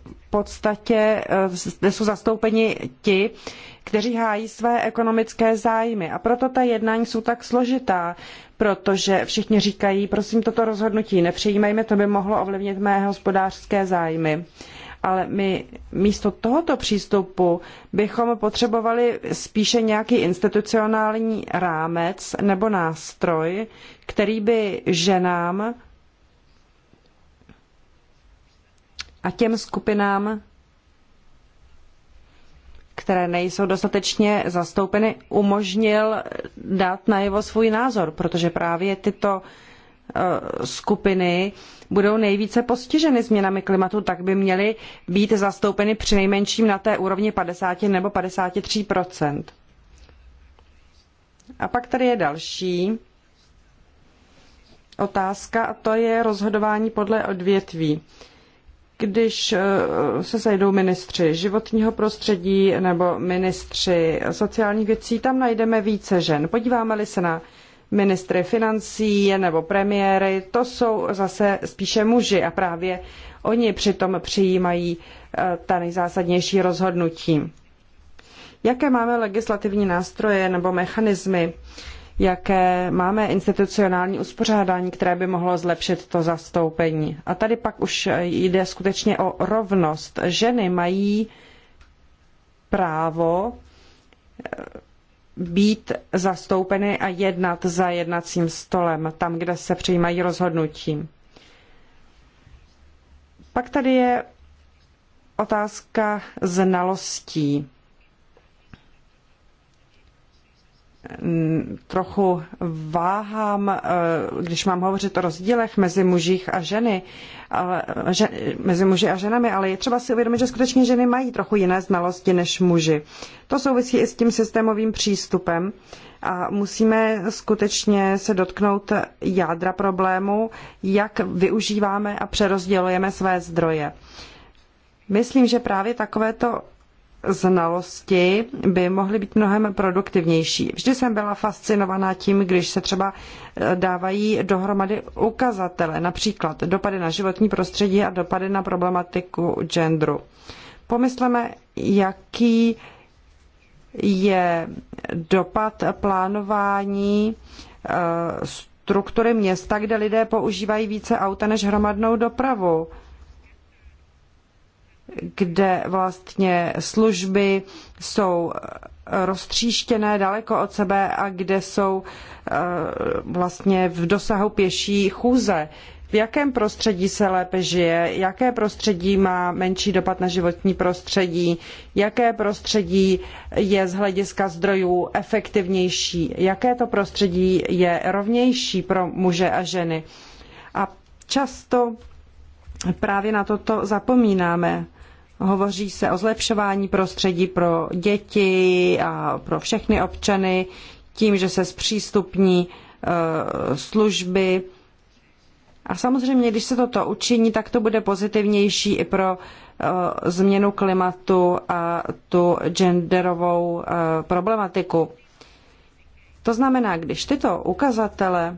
Speaker 3: v podstatě zde jsou zastoupeni ti, kteří hájí své ekonomické zájmy. A proto ta jednání jsou tak složitá, protože všichni říkají, prosím, toto rozhodnutí nepřijímejme, to by mohlo ovlivnit mé hospodářské zájmy ale my místo tohoto přístupu bychom potřebovali spíše nějaký institucionální rámec nebo nástroj, který by ženám a těm skupinám, které nejsou dostatečně zastoupeny, umožnil dát najevo svůj názor, protože právě tyto uh, Eh, skupiny budou nejvíce postiženy změnami klimatu, tak by měly být zastoupeny přinejmenším na té úrovni 50 nebo 53 A pak tady je další otázka a to je rozhodování podle odvětví. Když eh, se sejdou ministři životního prostředí nebo ministři sociálních věcí, tam najdeme více žen. Podíváme-li se na ministry financí nebo premiéry, to jsou zase spíše muži a právě oni přitom přijímají eh, ta nejzásadnější rozhodnutí. Jaké máme legislativní nástroje nebo mechanismy, jaké máme institucionální uspořádání, které by mohlo zlepšit to zastoupení. A tady pak už jde skutečně o rovnost. Ženy mají právo eh, být zastoupeny a jednat za jednacím stolem, tam, kde se přijímají rozhodnutí. Pak tady je otázka znalostí. trochu váhám, eh, když mám hovořit o rozdílech mezi mužích a ženy, ale, že, mezi muži a ženami, ale je třeba si uvědomit, že skutečně ženy mají trochu jiné znalosti než muži. To souvisí i s tím systémovým přístupem a musíme skutečně se dotknout jádra problému, jak využíváme a přerozdělujeme své zdroje. Myslím, že právě takovéto znalosti by mohly být mnohem produktivnější. Vždy jsem byla fascinovaná tím, když se třeba eh, dávají dohromady ukazatele, například dopady na životní prostředí a dopady na problematiku genderu. Pomysleme, jaký je dopad plánování eh, struktury města, kde lidé používají více auta než hromadnou dopravu kde vlastně služby jsou roztříštěné daleko od sebe a kde jsou eh, vlastně v dosahu pěší chůze. V jakém prostředí se lépe žije, jaké prostředí má menší dopad na životní prostředí, jaké prostředí je z hlediska zdrojů efektivnější, jaké to prostředí je rovnější pro muže a ženy. A často právě na toto zapomínáme. Hovoří se o zlepšování prostředí pro děti a pro všechny občany tím, že se zpřístupní e, služby. A samozřejmě, když se toto učiní, tak to bude pozitivnější i pro e, změnu klimatu a tu genderovou e, problematiku. To znamená, když tyto ukazatele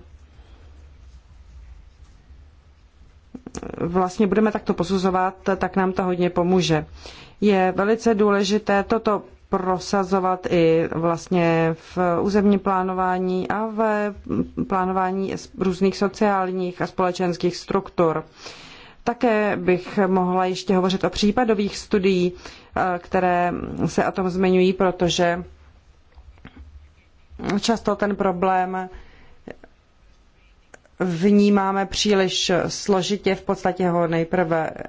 Speaker 3: vlastně budeme takto posuzovat, tak nám to hodně pomůže. Je velice důležité toto prosazovat i vlastně v územním plánování a v plánování různých sociálních a společenských struktur. Také bych mohla ještě hovořit o případových studií, které se o tom zmiňují, protože často ten problém vnímáme příliš složitě, v podstatě ho nejprve eh,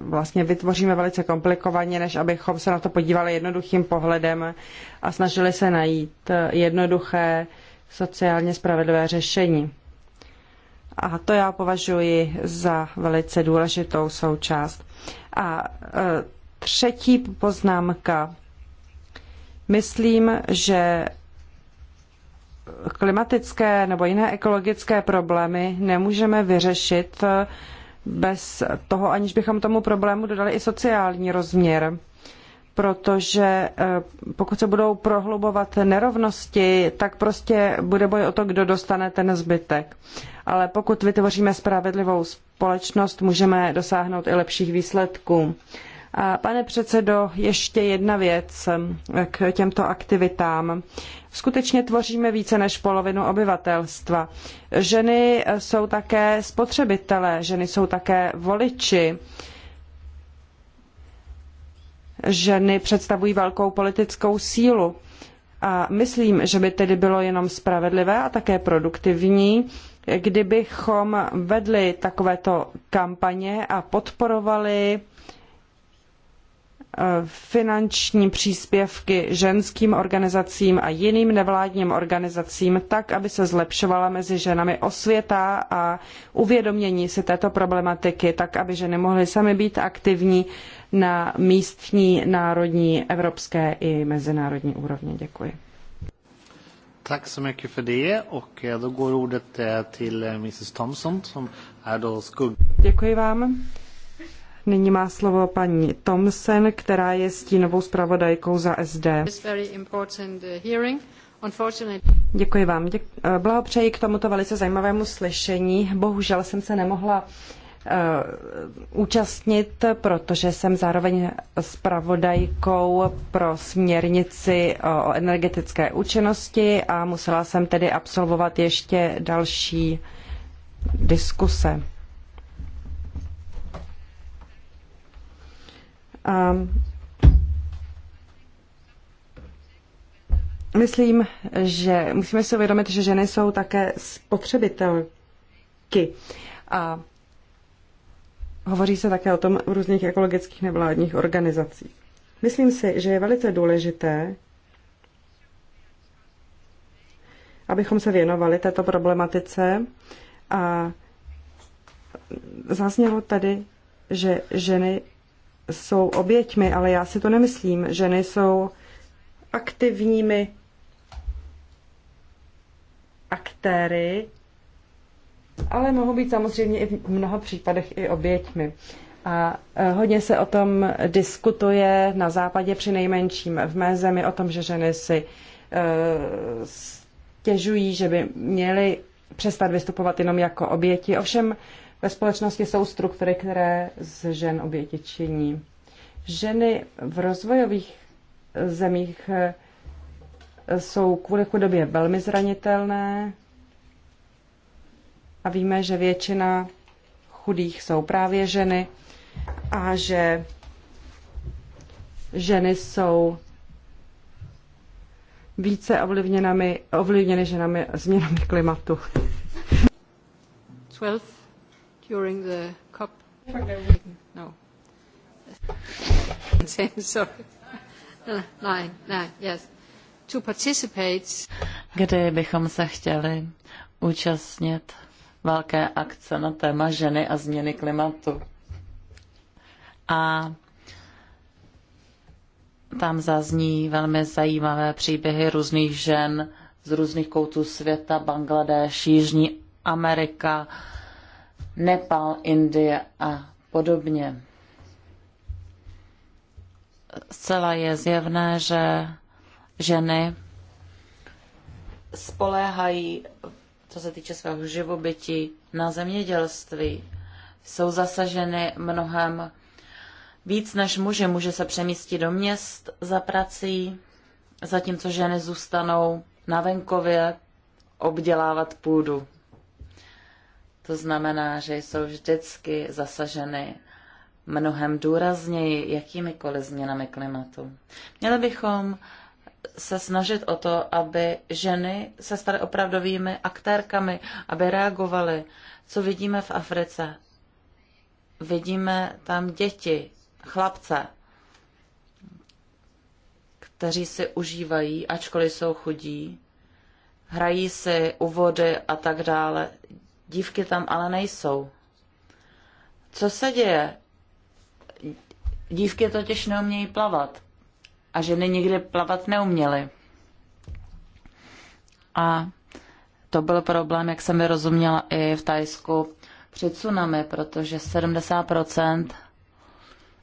Speaker 3: vlastně vytvoříme velice komplikovaně, než abychom se na to podívali jednoduchým pohledem a snažili se najít eh, jednoduché sociálně spravedlivé řešení. A to já považuji za velice důležitou součást. A eh, třetí poznámka. Myslím, že klimatické nebo jiné ekologické problémy nemůžeme vyřešit bez toho, aniž bychom tomu problému dodali i sociální rozměr. Protože eh, pokud se budou prohlubovat nerovnosti, tak prostě bude boj o to, kdo dostane ten zbytek. Ale pokud vytvoříme spravedlivou společnost, můžeme dosáhnout i lepších výsledků. A pane předsedo, ještě jedna věc k těmto aktivitám skutečně tvoříme více než polovinu obyvatelstva. Ženy jsou také spotřebitelé, ženy jsou také voliči. Ženy představují velkou politickou sílu. A myslím, že by tedy bylo jenom spravedlivé a také produktivní, kdybychom vedli takovéto kampaně a podporovali finanční příspěvky ženským organizacím a jiným nevládním organizacím tak, aby se zlepšovala mezi ženami osvěta a uvědomění si této problematiky, tak, aby ženy mohly sami být aktivní na místní, národní, evropské i mezinárodní úrovni. Děkuji.
Speaker 1: Tack så mycket för det och eh, då går ordet eh, till eh, Mrs Thompson som är då skugg... Děkuji vám.
Speaker 3: Nyní má slovo paní Thomsen, která je stínovou zpravodajkou za SD.
Speaker 2: Uh,
Speaker 3: Děkuji vám. Děk, eh, blahopřeji k tomuto velice zajímavému slyšení. Bohužel jsem se nemohla eh, účastnit, protože jsem zároveň spravodajkou pro směrnici eh, o energetické účinnosti a musela jsem tedy absolvovat ještě další diskuse. A myslím, že musíme si uvědomit, že ženy jsou také spotřebitelky. A hovoří se také o tom v různých ekologických nevládních organizacích. Myslím si, že je velice důležité, abychom se věnovali této problematice a zaznělo tady, že ženy jsou oběťmi, ale já si to nemyslím. Ženy jsou aktivními aktéry, ale mohou být samozřejmě i v mnoha případech i oběťmi. A e, hodně se o tom diskutuje na západě při nejmenším v mé zemi o tom, že ženy si e, stěžují, že by měly přestat vystupovat jenom jako oběti. Ovšem ve společnosti jsou struktury, které z žen oběti činí. Ženy v rozvojových zemích eh, jsou kvůli chudobě velmi zranitelné a víme, že většina chudých jsou právě ženy a že ženy jsou více ovlivněnami, ovlivněny ženami změnami klimatu.
Speaker 2: 12 during the COP? No. Sorry. Nine, nine, yes. To participate.
Speaker 4: bychom se chtěli účastnit velké akce na téma ženy a změny klimatu. A tam zazní velmi zajímavé příběhy různých žen z různých koutů světa, Bangladeš, Jižní Amerika, Nepal, Indie a podobně. Zcela je zjevné, že ženy spoléhají, co se týče svého živobytí, na zemědělství. Jsou zasaženy mnohem víc než muže. Muže se přemístí do měst za prací, zatímco ženy zůstanou na venkově obdělávat půdu. To znamená, že jsou vždycky zasaženy mnohem důrazněji jakýmikoliv změnami klimatu. Měli bychom se snažit o to, aby ženy se staly opravdovými aktérkami, aby reagovaly. Co vidíme v Africe? Vidíme tam děti, chlapce, kteří si užívají, ačkoliv jsou chudí, hrají si u vody a tak dále. Dívky tam ale nejsou. Co se děje? Dívky totiž neumějí plavat. A ženy nikdy plavat neuměly. A to byl problém, jak jsem vyrozuměla i v Tajsku před tsunami, protože 70%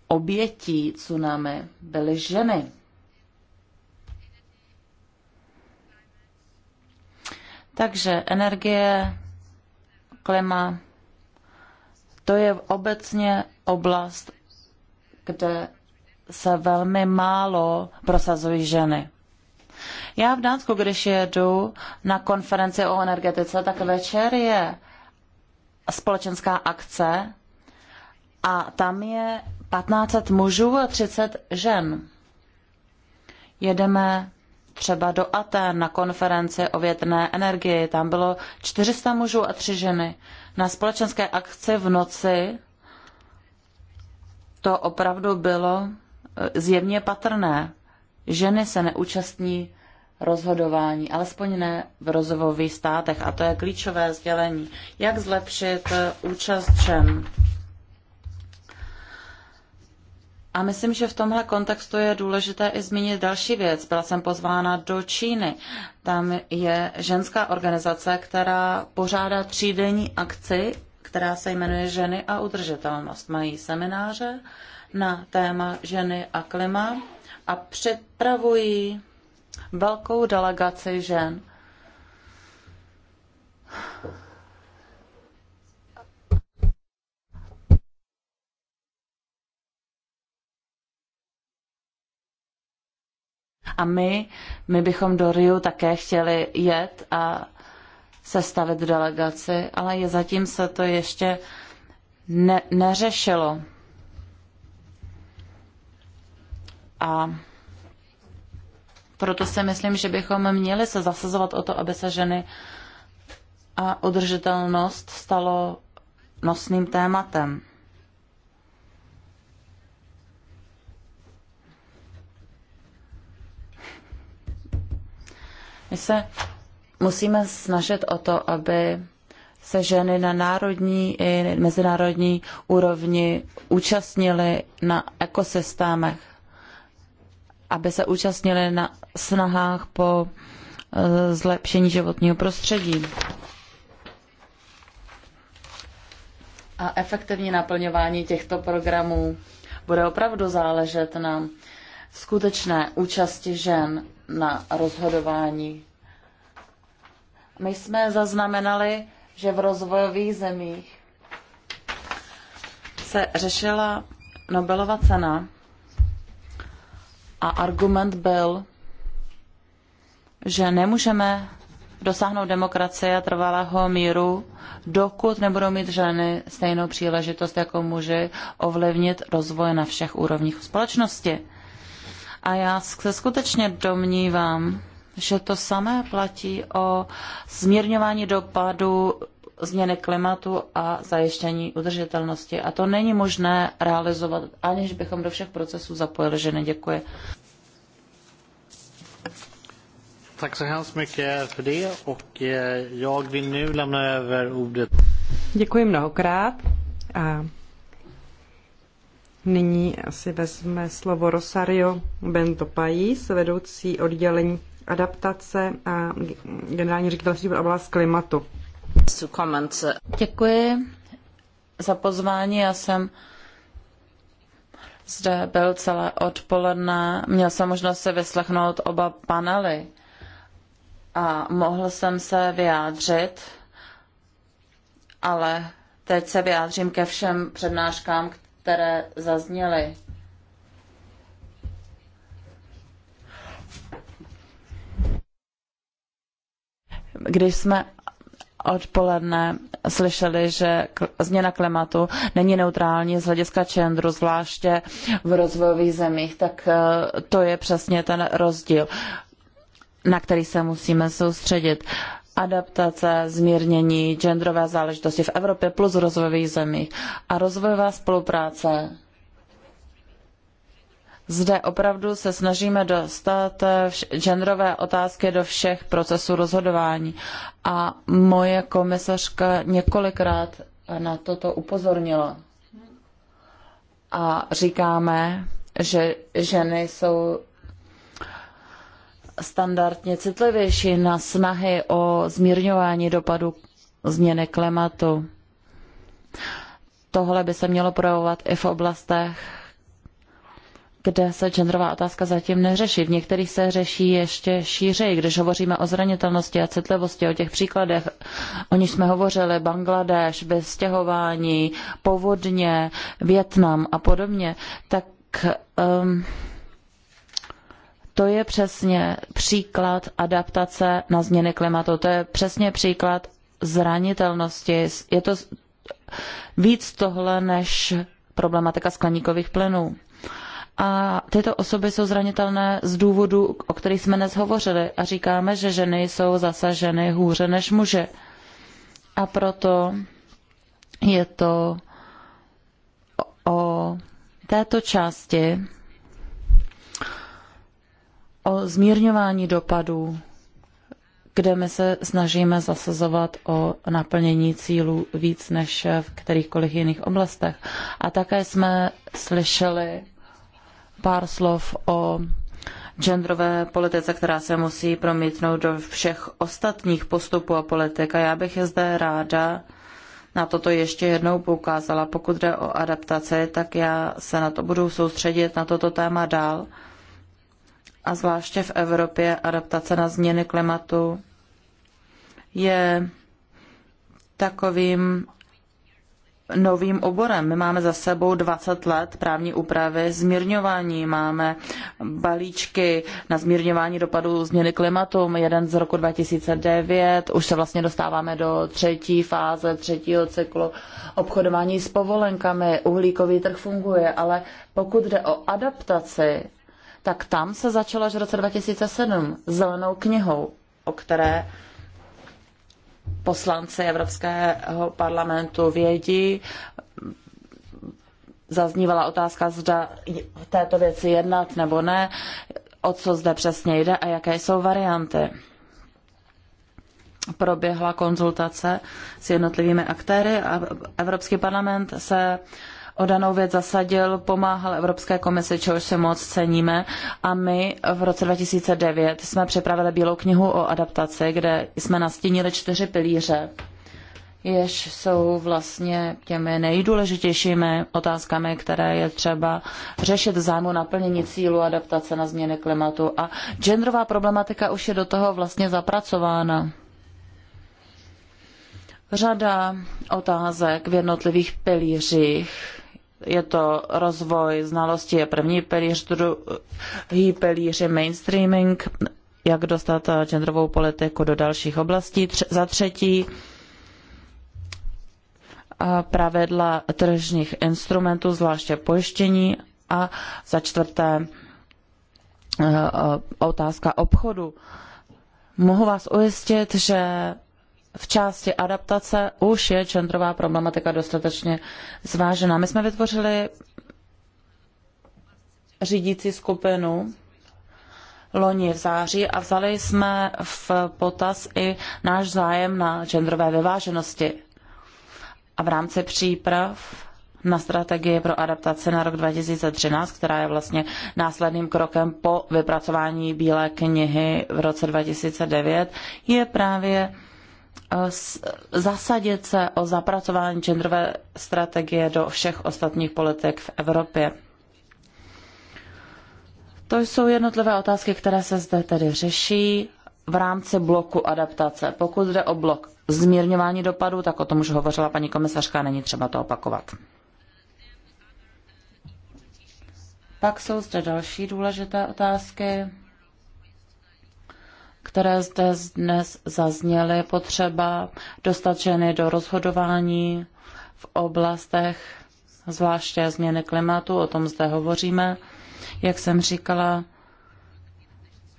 Speaker 4: obětí tsunami byly ženy. Takže energie klima, to je obecně oblast, kde se velmi málo prosazují ženy. Já v Dánsku, když jedu na konferenci o energetice, tak večer je společenská akce a tam je 15 mužů a 30 žen. Jedeme třeba do Aten na konferenci o větrné energii. Tam bylo 400 mužů a tři ženy. Na společenské akci v noci to opravdu bylo eh, zjevně patrné. Ženy se neúčastní rozhodování, alespoň ne v rozvojových státech. A to je klíčové sdělení. Jak zlepšit eh, účast žen? A myslím, že v tomhle kontextu je důležité i zmínit další věc. Byla jsem pozvána do Číny. Tam je ženská organizace, která pořádá třídenní akci, která se jmenuje Ženy a udržitelnost. Mají semináře na téma ženy a klima a připravují velkou delegaci žen A my, my bychom do Riu také chtěli jet a sestavit delegaci, ale je zatím se to ještě ne, neřešilo. A proto si myslím, že bychom měli se zasazovat o to, aby se ženy a udržitelnost stalo nosným tématem. My se musíme snažit o to, aby se ženy na národní i mezinárodní úrovni účastnily na ekosystémech, aby se účastnily na snahách po eh, zlepšení životního prostředí. A efektivní naplňování těchto programů bude opravdu záležet na skutečné účasti žen na rozhodování. My jsme zaznamenali, že v rozvojových zemích se řešila Nobelova cena a argument byl, že nemůžeme dosáhnout demokracie a trvalého míru, dokud nebudou mít ženy stejnou příležitost jako muži ovlivnit rozvoj na všech úrovních společnosti. A já se skutečně domnívám, že to samé platí o zmírňování dopadu změny klimatu a zajištění udržitelnosti. A to není možné realizovat, aniž bychom do všech procesů zapojili ženy. Děkuji.
Speaker 1: Tak se hans mycket för det och eh, jag vill nu lämna över ordet. Děkuji
Speaker 3: mnohokrát a Nyní asi vezme slovo Rosario Bento Pais, vedoucí oddělení adaptace
Speaker 4: a generální ředitelství pro oblast klimatu. Děkuji za pozvání. Já jsem zde byl celé odpoledne. Měl jsem možnost se vyslechnout oba panely a mohl jsem se vyjádřit, ale teď se vyjádřím ke všem přednáškám, které zazněly. Když jsme odpoledne slyšeli, že změna klimatu není neutrální z hlediska čendru, zvláště v rozvojových zemích, tak eh, to je přesně ten rozdíl, na který se musíme soustředit adaptace, zmírnění, genderové záležitosti v Evropě plus rozvojových zemích a rozvojová spolupráce. Zde opravdu se snažíme dostat eh, genderové otázky do všech procesů rozhodování a moje komisařka několikrát na toto upozornila. A říkáme, že ženy jsou standardně citlivější na snahy o zmírňování dopadu změny klimatu. Tohle by se mělo projevovat i v oblastech, kde se genderová otázka zatím neřeší. V některých se řeší ještě šířeji, když hovoříme o zranitelnosti a citlivosti, o těch příkladech, o nich jsme hovořili, Bangladeš, vystěhování, povodně, Větnam a podobně, tak um, to je přesně příklad adaptace na změny klimatu. To je přesně příklad zranitelnosti. Je to víc tohle než problematika skleníkových plynů. A tyto osoby jsou zranitelné z důvodu, o kterých jsme dnes hovořili. A říkáme, že ženy jsou zasaženy hůře než muži. A proto je to o této části o zmírňování dopadů, kde my se snažíme zasazovat o naplnění cílů víc než v kterýchkoliv jiných oblastech. A také jsme slyšeli pár slov o genderové politice, která se musí promítnout do všech ostatních postupů a politik. A já bych je zde ráda na toto ještě jednou poukázala. Pokud jde o adaptaci, tak já se na to budu soustředit, na toto téma dál a zvláště v Evropě adaptace na změny klimatu je takovým novým oborem. My máme za sebou 20 let právní úpravy zmírňování, máme balíčky na zmírňování dopadů změny klimatu, jeden z roku 2009, už se vlastně dostáváme do třetí fáze, třetího cyklu obchodování s povolenkami, uhlíkový trh funguje, ale pokud jde o adaptaci tak tam se začalo až v roce 2007 zelenou knihou, o které poslanci Evropského parlamentu vědí. Zaznívala otázka, zda v této věci jednat nebo ne, o co zde přesně jde a jaké jsou varianty. Proběhla konzultace s jednotlivými aktéry a Evropský parlament se uh, o danou věc zasadil, pomáhal Evropské komisi, čehož se moc ceníme. A my v roce 2009 jsme připravili Bílou knihu o adaptaci, kde jsme nastínili čtyři pilíře, jež jsou vlastně těmi nejdůležitějšími otázkami, které je třeba řešit v zájmu naplnění cílu adaptace na změny klimatu. A genderová problematika už je do toho vlastně zapracována řada otázek v jednotlivých pilířích je to rozvoj znalosti je první pilíř, druhý pilíř je mainstreaming, jak dostat eh, genderovou politiku do dalších oblastí. za třetí eh, pravidla tržních instrumentů, zvláště pojištění a za čtvrté eh, otázka obchodu. Mohu vás ujistit, že v části adaptace už je genderová problematika dostatečně zvážená. My jsme vytvořili řídící skupinu loni v září a vzali jsme v potaz i náš zájem na genderové vyváženosti. A v rámci příprav na strategii pro adaptaci na rok 2013, která je vlastně následným krokem po vypracování Bílé knihy v roce 2009, je právě Eh, zasadit se o zapracování genderové strategie do všech ostatních politik v Evropě. To jsou jednotlivé otázky, které se zde tedy řeší v rámci bloku adaptace. Pokud jde o blok zmírňování dopadů, tak o tom už hovořila paní komisařka, není třeba to opakovat. Pak jsou zde další důležité otázky které zde dnes zazněly, potřeba dostat ženy do rozhodování v oblastech, zvláště změny klimatu, o tom zde hovoříme. Jak jsem říkala,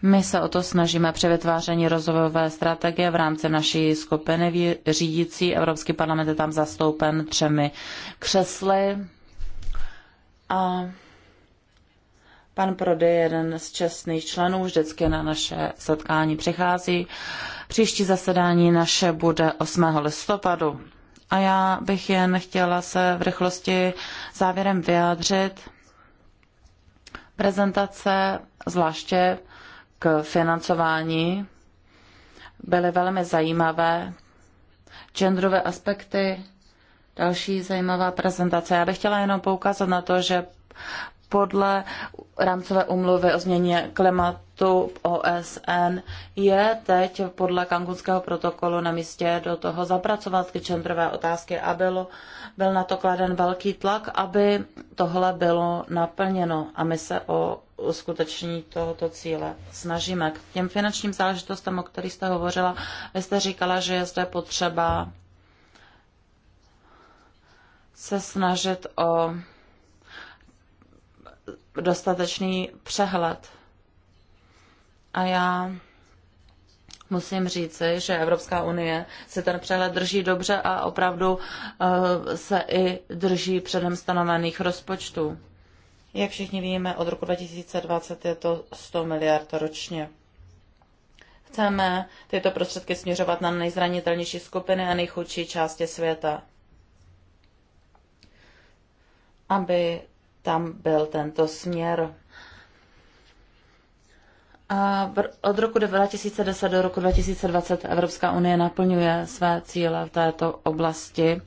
Speaker 4: my se o to snažíme při vytváření rozvojové strategie v rámci naší skupiny řídící. Evropský parlament je tam zastoupen třemi křesly. A Pan Prody, jeden z čestných členů, vždycky na naše setkání přichází. Příští zasedání naše bude 8. listopadu. A já bych jen chtěla se v rychlosti závěrem vyjádřit. Prezentace, zvláště k financování, byly velmi zajímavé. Genderové aspekty, další zajímavá prezentace. Já bych chtěla jenom poukázat na to, že podle rámcové umluvy o změně klimatu OSN je teď podle kangunského protokolu na místě do toho zapracovat ty čendrové otázky a bylo, byl na to kladen velký tlak, aby tohle bylo naplněno a my se o uskutečnění tohoto cíle snažíme. K těm finančním záležitostem, o kterých jste hovořila, vy jste říkala, že je zde potřeba se snažit o dostatečný přehled. A já musím říci, že Evropská unie se ten přehled drží dobře a opravdu eh, se i drží předem stanovených rozpočtů. Jak všichni víme, od roku 2020 je to 100 miliard ročně. Chceme tyto prostředky směřovat na nejzranitelnější skupiny a nejchudší části světa, aby tam byl tento směr. A od roku 2010 do roku 2020 Evropská unie naplňuje své cíle v této oblasti.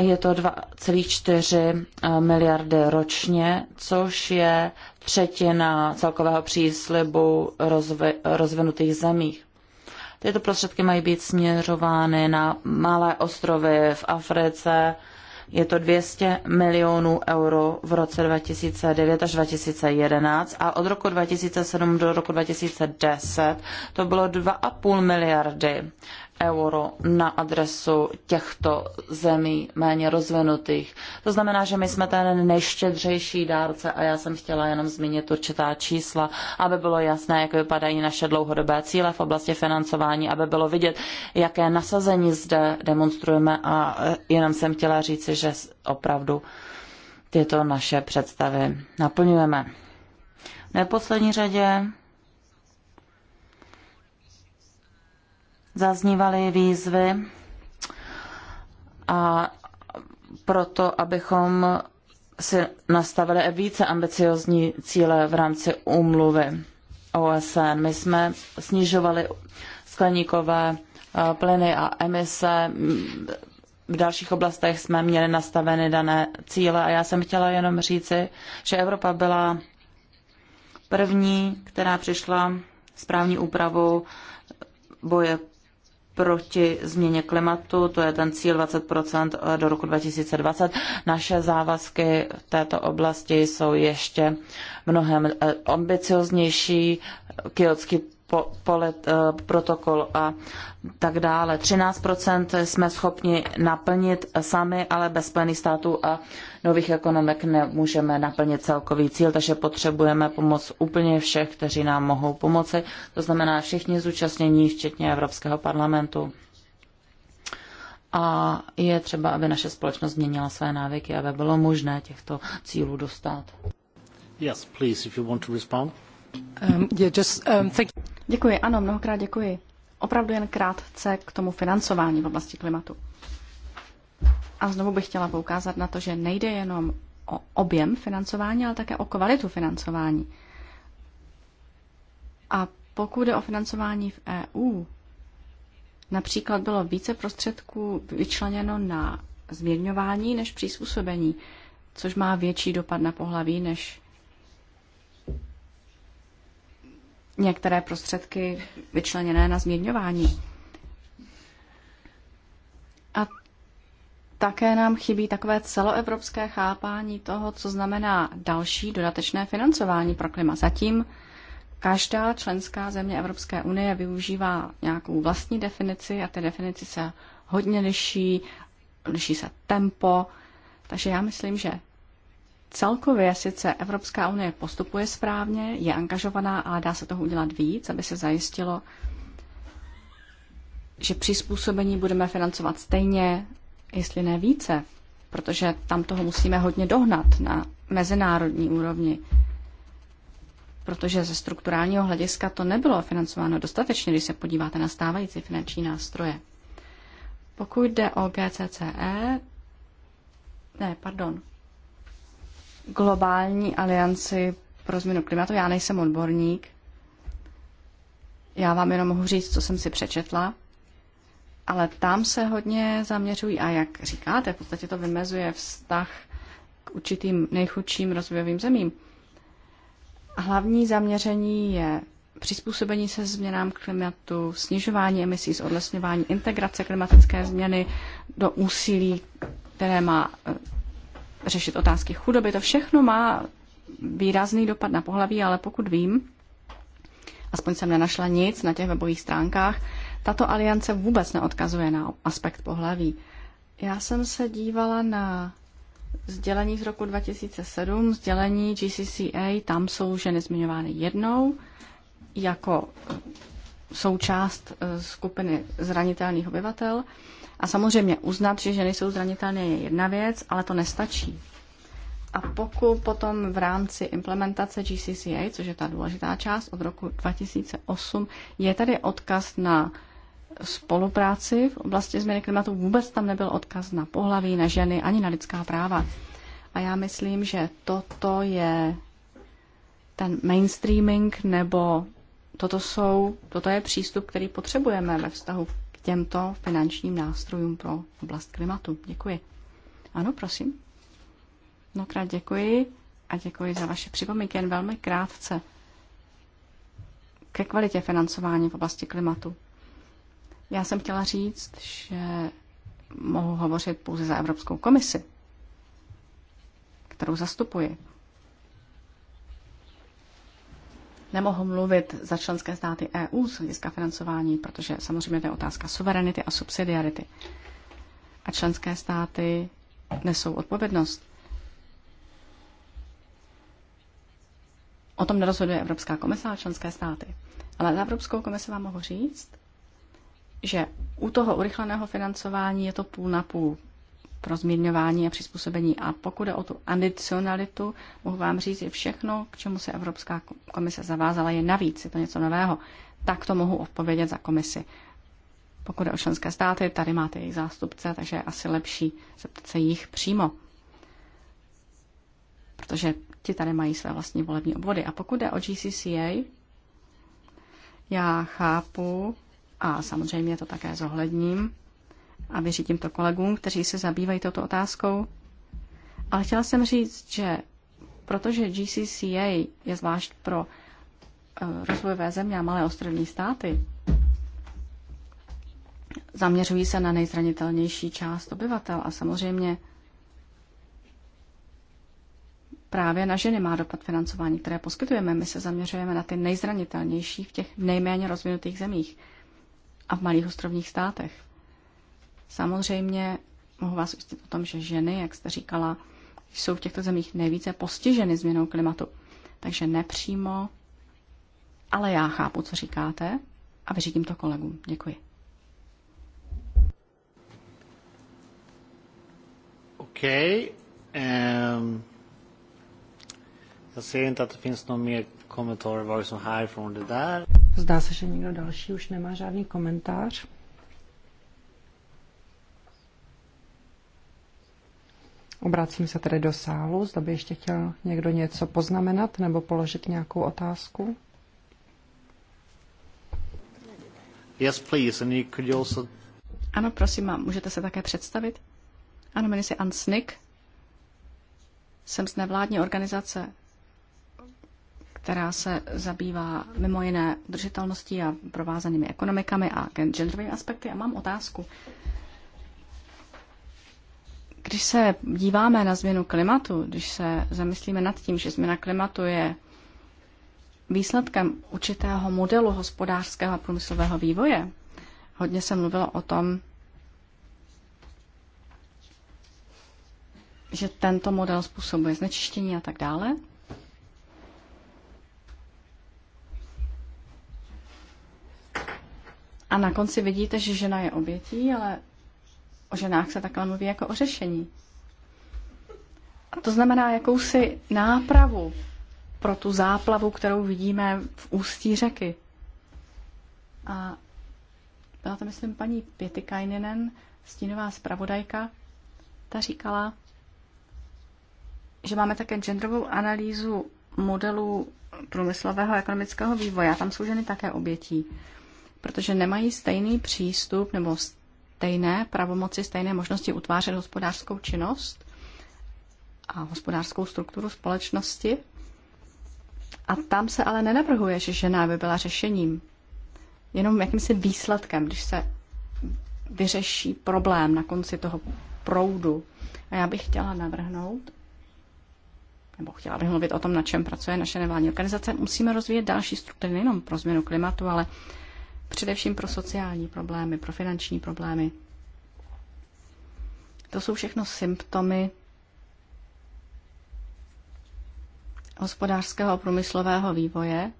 Speaker 4: Je to 2,4 eh, miliardy ročně, což je třetina celkového příslibu rozvi- rozvinutých zemích. Tyto prostředky mají být směřovány na malé ostrovy v Africe, je to 200 milionů euro v roce 2009 až 2011 a od roku 2007 do roku 2010 to bylo 2,5 miliardy euro na adresu těchto zemí méně rozvinutých. To znamená, že my jsme ten nejštědřejší dárce a já jsem chtěla jenom zmínit určitá čísla, aby bylo jasné, jak vypadají naše dlouhodobé cíle v oblasti financování, aby bylo vidět, jaké nasazení zde demonstrujeme a eh, jenom jsem chtěla říci, že opravdu tyto naše představy naplňujeme. V neposlední řadě zaznívaly výzvy a proto, abychom si nastavili více ambiciozní cíle v rámci úmluvy OSN. My jsme snižovali skleníkové eh, plyny a emise. V dalších oblastech jsme měli nastaveny dané cíle a já jsem chtěla jenom říci, že Evropa byla první, která přišla s právní úpravou boje proti změně klimatu, to je ten cíl 20% do roku 2020. Naše závazky v této oblasti jsou ještě mnohem eh, ambicioznější. Kyotský po, eh, protokol a tak dále. 13% jsme schopni naplnit sami, ale bez Spojených států a nových ekonomik nemůžeme naplnit celkový cíl, takže potřebujeme pomoc úplně všech, kteří nám mohou pomoci. To znamená všichni zúčastnění, včetně Evropského parlamentu. A je třeba, aby naše společnost změnila své návyky, aby bylo možné těchto cílů dostat.
Speaker 1: Yes, please,
Speaker 2: if you want to respond. Um, um, děkuji, ano, mnohokrát děkuji. Opravdu jen krátce k tomu financování v oblasti klimatu. A znovu bych chtěla poukázat na to, že nejde jenom o objem financování, ale také o kvalitu financování. A pokud je o financování v EU, například bylo více prostředků vyčleněno na zmírňování než přizpůsobení, což má větší dopad na pohlaví než některé prostředky vyčleněné na změňování. A také nám chybí takové celoevropské chápání toho, co znamená další dodatečné financování pro klima. Zatím každá členská země Evropské unie využívá nějakou vlastní definici a ty definici se hodně liší, liší se tempo. Takže já myslím, že Celkově sice Evropská unie postupuje správně, je angažovaná, ale dá se toho udělat víc, aby se zajistilo, že přizpůsobení budeme financovat stejně, jestli ne více, protože tam toho musíme hodně dohnat na mezinárodní úrovni, protože ze strukturálního hlediska to nebylo financováno dostatečně, když se podíváte na stávající finanční nástroje. Pokud jde o GCCE, ne, pardon, globální alianci pro změnu klimatu. Já nejsem odborník. Já vám jenom mohu říct, co jsem si přečetla. Ale tam se hodně zaměřují a jak říkáte, v podstatě to vymezuje vztah k určitým nejchudším rozvojovým zemím. Hlavní zaměření je přizpůsobení se změnám klimatu, snižování emisí z odlesňování, integrace klimatické změny do úsilí, které má řešit otázky chudoby. To všechno má výrazný dopad na pohlaví, ale pokud vím, aspoň jsem nenašla nic na těch webových stránkách, tato aliance vůbec neodkazuje na aspekt pohlaví. Já jsem se dívala na sdělení z roku 2007, sdělení GCCA, tam jsou ženy zmiňovány jednou jako součást eh, skupiny zranitelných obyvatel. A samozřejmě uznat, že ženy jsou zranitelné, je jedna věc, ale to nestačí. A pokud potom v rámci implementace GCCA, což je ta důležitá část od roku 2008, je tady odkaz na spolupráci v oblasti změny klimatu, vůbec tam nebyl odkaz na pohlaví, na ženy, ani na lidská práva. A já myslím, že toto je ten mainstreaming, nebo toto, jsou, toto je přístup, který potřebujeme ve vztahu těmto finančním nástrojům pro oblast klimatu. Děkuji. Ano, prosím. Mnohokrát děkuji a děkuji za vaše připomínky jen velmi krátce ke kvalitě financování v oblasti klimatu. Já jsem chtěla říct, že mohu hovořit pouze za Evropskou komisi, kterou zastupuji. nemohu mluvit za členské státy EU z hlediska financování, protože samozřejmě to je otázka suverenity a subsidiarity. A členské státy nesou odpovědnost. O tom nerozhoduje Evropská komise a členské státy. Ale za Evropskou komisi vám mohu říct, že u toho urychleného financování je to půl na půl pro zmírňování a přizpůsobení. A pokud je o tu adicionalitu, mohu vám říct, že všechno, k čemu se Evropská komise zavázala, je navíc, je to něco nového. Tak to mohu odpovědět za komisi. Pokud je o členské státy, tady máte jejich zástupce, takže je asi lepší zeptat se jich přímo. Protože ti tady mají své vlastní volební obvody. A pokud je o GCCA, já chápu a samozřejmě to také zohledním, a vyřídím tímto kolegům, kteří se zabývají touto otázkou. Ale chtěla jsem říct, že protože GCCA je zvlášť pro eh, rozvojové země a malé ostrovní státy, zaměřují se na nejzranitelnější část obyvatel a samozřejmě právě na ženy má dopad financování, které poskytujeme. My se zaměřujeme na ty nejzranitelnější v těch nejméně rozvinutých zemích a v malých ostrovních státech. Samozřejmě mohu vás ujistit o tom, že ženy, jak jste říkala, jsou v těchto zemích nejvíce postiženy změnou klimatu. Takže nepřímo, ale já chápu, co říkáte a vyřídím to kolegům. Děkuji.
Speaker 1: OK. Um, ehm, já ser inte att det finns någon mer kommentar vare sig det där.
Speaker 3: Zdá se, že nikdo další už nemá žádný komentář. Obracím se tedy do sálu, zda by ještě chtěl někdo něco poznamenat nebo položit
Speaker 2: nějakou otázku.
Speaker 1: Yes, please. And you could also...
Speaker 2: Ano, prosím, mám. můžete se také představit? Ano, jmenuji se Ansnik. Jsem z nevládní organizace, která se zabývá mimo jiné držitelností a provázanými ekonomikami a genderovými aspekty. A mám otázku. Když se díváme na změnu klimatu, když se zamyslíme nad tím, že změna klimatu je výsledkem určitého modelu hospodářského a průmyslového vývoje, hodně se mluvilo o tom, že tento model způsobuje znečištění a tak dále. A na konci vidíte, že žena je obětí, ale O ženách se takhle mluví jako o řešení. A to znamená jakousi nápravu pro tu záplavu, kterou vidíme v ústí řeky. A byla to, myslím, paní Pětikajninen, stínová zpravodajka, ta říkala, že máme také genderovou analýzu modelů průmyslového a ekonomického vývoje. A tam jsou ženy také obětí, protože nemají stejný přístup nebo stejné pravomoci, stejné možnosti utvářet hospodářskou činnost a hospodářskou strukturu společnosti. A tam se ale nenavrhuje, že žena by byla řešením, jenom jakýmsi výsledkem, když se vyřeší problém na konci toho proudu. A já bych chtěla navrhnout, nebo chtěla bych mluvit o tom, na čem pracuje naše nevládní organizace, musíme rozvíjet další struktury nejenom pro změnu klimatu, ale především pro sociální problémy, pro finanční problémy. To jsou všechno symptomy hospodářského a průmyslového vývoje,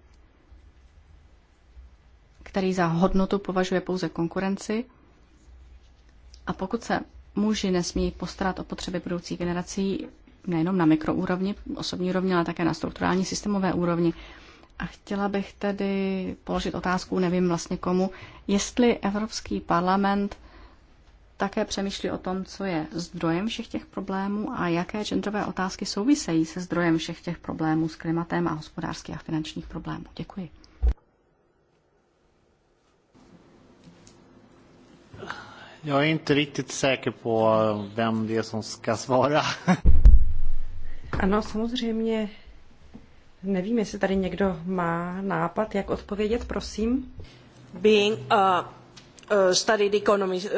Speaker 2: který za hodnotu považuje pouze konkurenci. A pokud se muži nesmí postarat o potřeby budoucích generací, nejenom na mikroúrovni, osobní úrovni, ale také na strukturální systémové úrovni, a chtěla bych tedy položit otázku, nevím vlastně komu, jestli Evropský parlament také přemýšlí o tom, co je zdrojem všech těch problémů a jaké genderové otázky souvisejí se zdrojem všech těch problémů s klimatem a hospodářských a finančních problémů. Děkuji.
Speaker 1: Já är inte riktigt säker po, vem det som ska svara.
Speaker 3: Ano, samozřejmě Nevím, jestli tady někdo má nápad, jak odpovědět, prosím.
Speaker 2: Being a, a studied economist.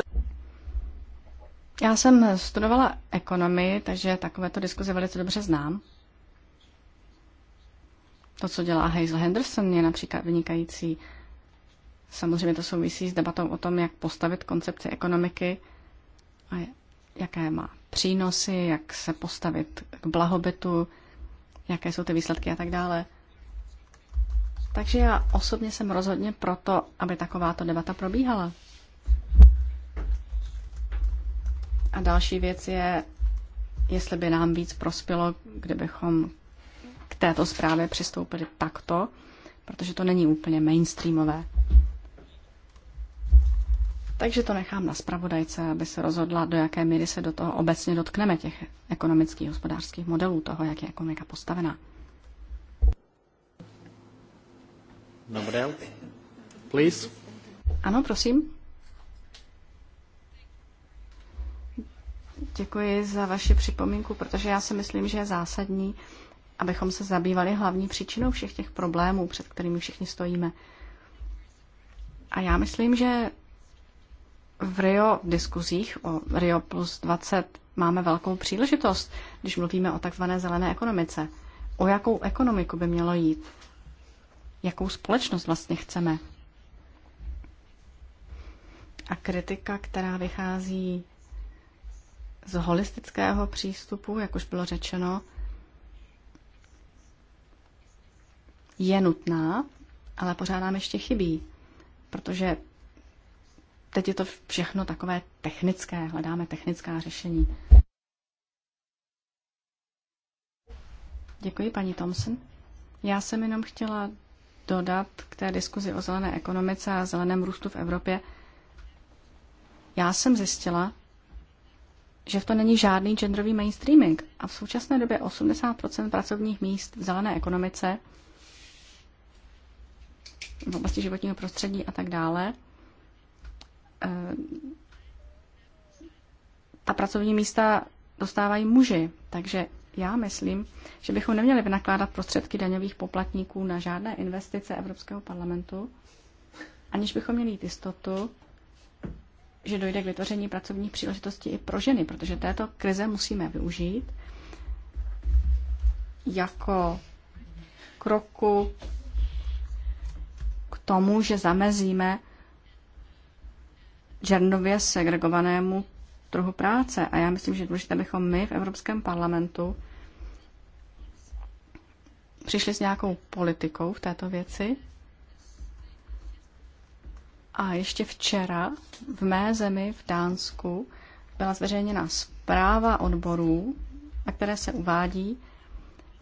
Speaker 2: Já jsem studovala ekonomii, takže takovéto diskuze velice dobře znám. To, co dělá Hazel Henderson, je například vynikající. Samozřejmě to souvisí s debatou o tom, jak postavit koncepci ekonomiky a jaké má přínosy, jak se postavit k blahobytu, jaké jsou ty výsledky a tak dále. Takže já osobně jsem rozhodně proto, aby takováto debata probíhala. A další věc je, jestli by nám víc prospělo, kdybychom k této zprávě přistoupili takto, protože to není úplně mainstreamové. Takže to nechám na spravodajce, aby se rozhodla, do jaké míry se do toho obecně dotkneme těch ekonomických, hospodářských modelů, toho, jak je ekonomika postavená.
Speaker 1: Dobré. Please.
Speaker 2: Ano, prosím. Děkuji za vaši připomínku, protože já si myslím, že je zásadní, abychom se zabývali hlavní příčinou všech těch problémů, před kterými všichni stojíme. A já myslím, že v Rio v diskuzích o Rio plus 20 máme velkou příležitost, když mluvíme o takzvané zelené ekonomice. O jakou ekonomiku by mělo jít? Jakou společnost vlastně chceme? A kritika, která vychází z holistického přístupu, jak už bylo řečeno, je nutná, ale pořád nám ještě chybí, protože teď je to všechno takové technické, hledáme technická řešení. Děkuji, paní Thompson. Já jsem jenom chtěla dodat k té diskuzi o zelené ekonomice a zeleném růstu v Evropě. Já jsem zjistila, že v to není žádný genderový mainstreaming a v současné době 80% pracovních míst v zelené ekonomice v oblasti životního prostředí a tak dále – Eh, ta pracovní místa dostávají muži. Takže já myslím, že bychom neměli vynakládat prostředky daňových poplatníků na žádné investice Evropského parlamentu, aniž bychom měli jistotu, že dojde k vytvoření pracovních příležitostí i pro ženy, protože této krize musíme využít jako kroku k tomu, že zamezíme genderově segregovanému trhu práce. A já myslím, že je důležité, abychom my v Evropském parlamentu přišli s nějakou politikou v této věci. A ještě včera v mé zemi v Dánsku byla zveřejněna zpráva odborů, na které se uvádí,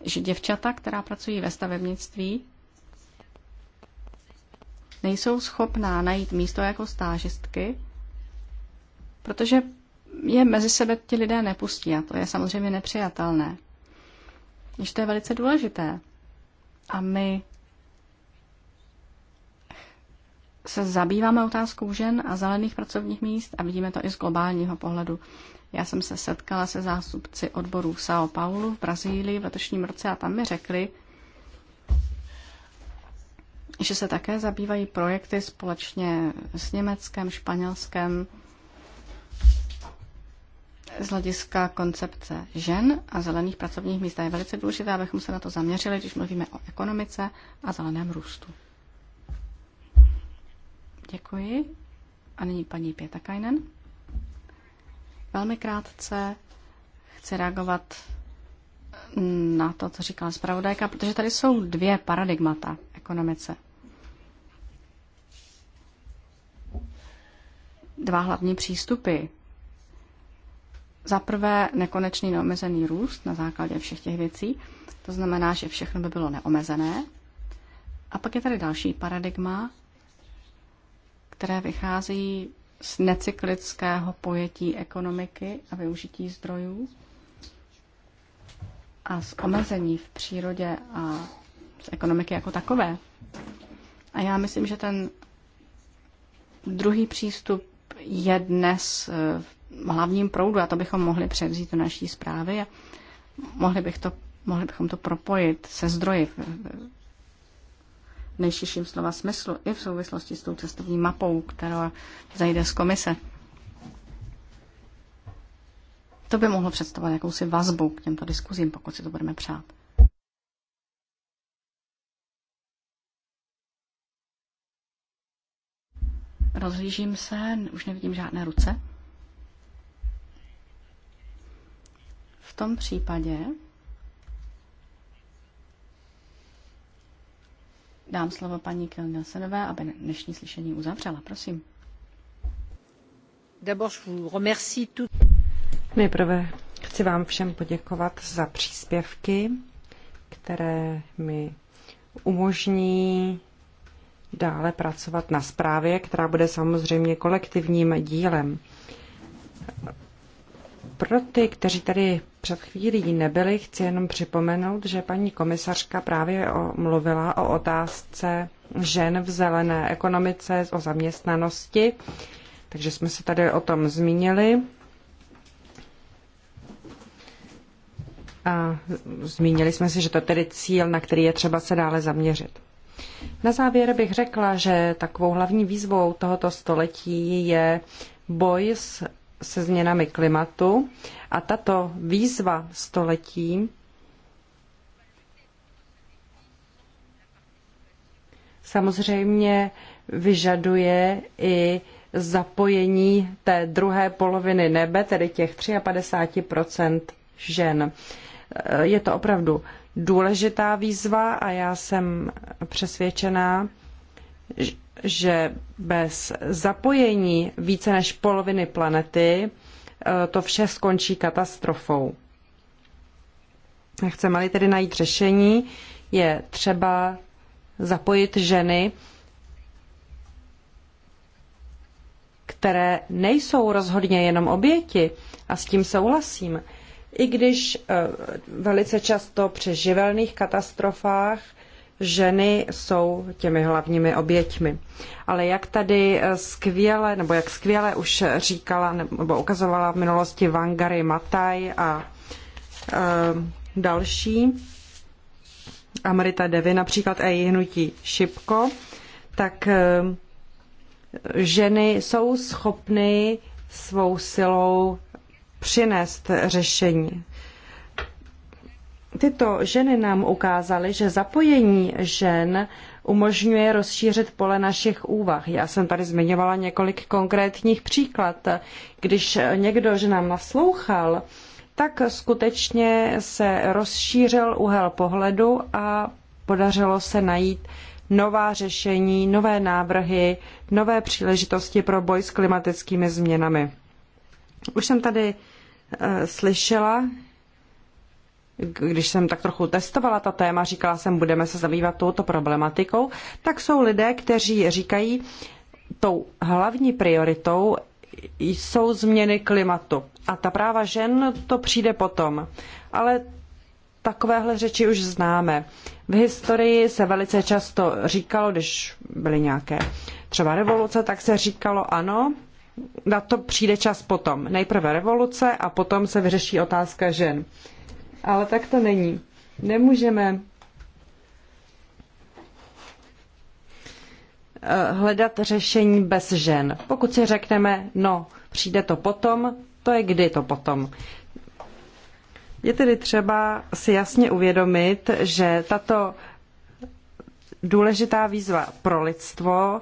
Speaker 2: že děvčata, která pracují ve stavebnictví, nejsou schopná najít místo jako stážistky, protože je mezi sebe ti lidé nepustí a to je samozřejmě nepřijatelné. Když to je velice důležité. A my se zabýváme otázkou žen a zelených pracovních míst a vidíme to i z globálního pohledu. Já jsem se setkala se zástupci odborů v São Paulo v Brazílii v letošním roce a tam mi řekli, že se také zabývají projekty společně s Německem, Španělskem, z hlediska koncepce žen a zelených pracovních míst. je velice důležité, abychom se na to zaměřili, když mluvíme o ekonomice a zeleném růstu. Děkuji. A nyní paní Pětakajnen. Velmi krátce chci reagovat na to, co říkala zpravodajka, protože tady jsou dvě paradigmata ekonomice. Dva hlavní přístupy za prvé nekonečný neomezený růst na základě všech těch věcí, to znamená, že všechno by bylo neomezené. A pak je tady další paradigma, které vychází z necyklického pojetí ekonomiky a využití zdrojů a z omezení v přírodě a z ekonomiky jako takové. A já myslím, že ten druhý přístup je dnes v eh, hlavním proudu a to bychom mohli převzít do naší zprávy a mohli, bych to, mohli bychom to propojit se zdroji v, nejšiším nejširším slova smyslu i v souvislosti s tou cestovní mapou, která zajde z komise. To by mohlo představovat jakousi vazbu k těmto diskuzím, pokud si to budeme přát. Rozlížím se, už nevidím žádné ruce. V tom případě dám slovo paní Kiel Nilsenové, aby dnešní slyšení uzavřela. Prosím.
Speaker 3: Nejprve chci vám všem poděkovat za příspěvky, které mi umožní dále pracovat na zprávě, která bude samozřejmě kolektivním dílem. Pro ty, kteří tady před chvílí nebyli, chci jenom připomenout, že paní komisařka právě mluvila o otázce žen v zelené ekonomice, o zaměstnanosti, takže jsme se tady o tom zmínili. A zmínili jsme si, že to je tedy cíl, na který je třeba se dále zaměřit. Na závěr bych řekla, že takovou hlavní výzvou tohoto století je boj s se změnami klimatu a tato výzva století samozřejmě vyžaduje i zapojení té druhé poloviny nebe, tedy těch 53 žen. Je to opravdu důležitá výzva a já jsem přesvědčená, že bez zapojení více než poloviny planety e, to vše skončí katastrofou. Chceme-li tedy najít řešení, je třeba zapojit ženy, které nejsou rozhodně jenom oběti, a s tím souhlasím. I když e, velice často při živelných katastrofách ženy jsou těmi hlavními oběťmi. Ale jak tady eh, skvěle, nebo jak skvěle už říkala nebo ukazovala v minulosti Vangary Mataj a e, další, Amrita Devi například a její hnutí Šipko, tak e, ženy jsou schopny svou silou přinést řešení Tyto ženy nám ukázaly, že zapojení žen umožňuje rozšířit pole našich úvah. Já jsem tady zmiňovala několik konkrétních příklad. Když někdo ženám naslouchal, tak skutečně se rozšířil úhel pohledu a podařilo se najít nová řešení, nové návrhy, nové příležitosti pro boj s klimatickými změnami. Už jsem tady eh, slyšela když jsem tak trochu testovala ta téma, říkala jsem, budeme se zabývat touto problematikou, tak jsou lidé, kteří říkají, tou hlavní prioritou jsou změny klimatu. A ta práva žen to přijde potom. Ale takovéhle řeči už známe. V historii se velice často říkalo, když byly nějaké třeba revoluce, tak se říkalo ano, na to přijde čas potom. Nejprve revoluce a potom se vyřeší otázka žen ale tak to není. Nemůžeme eh, hledat řešení bez žen. Pokud si řekneme, no, přijde to potom, to je kdy to potom. Je tedy třeba si jasně uvědomit, že tato důležitá výzva pro lidstvo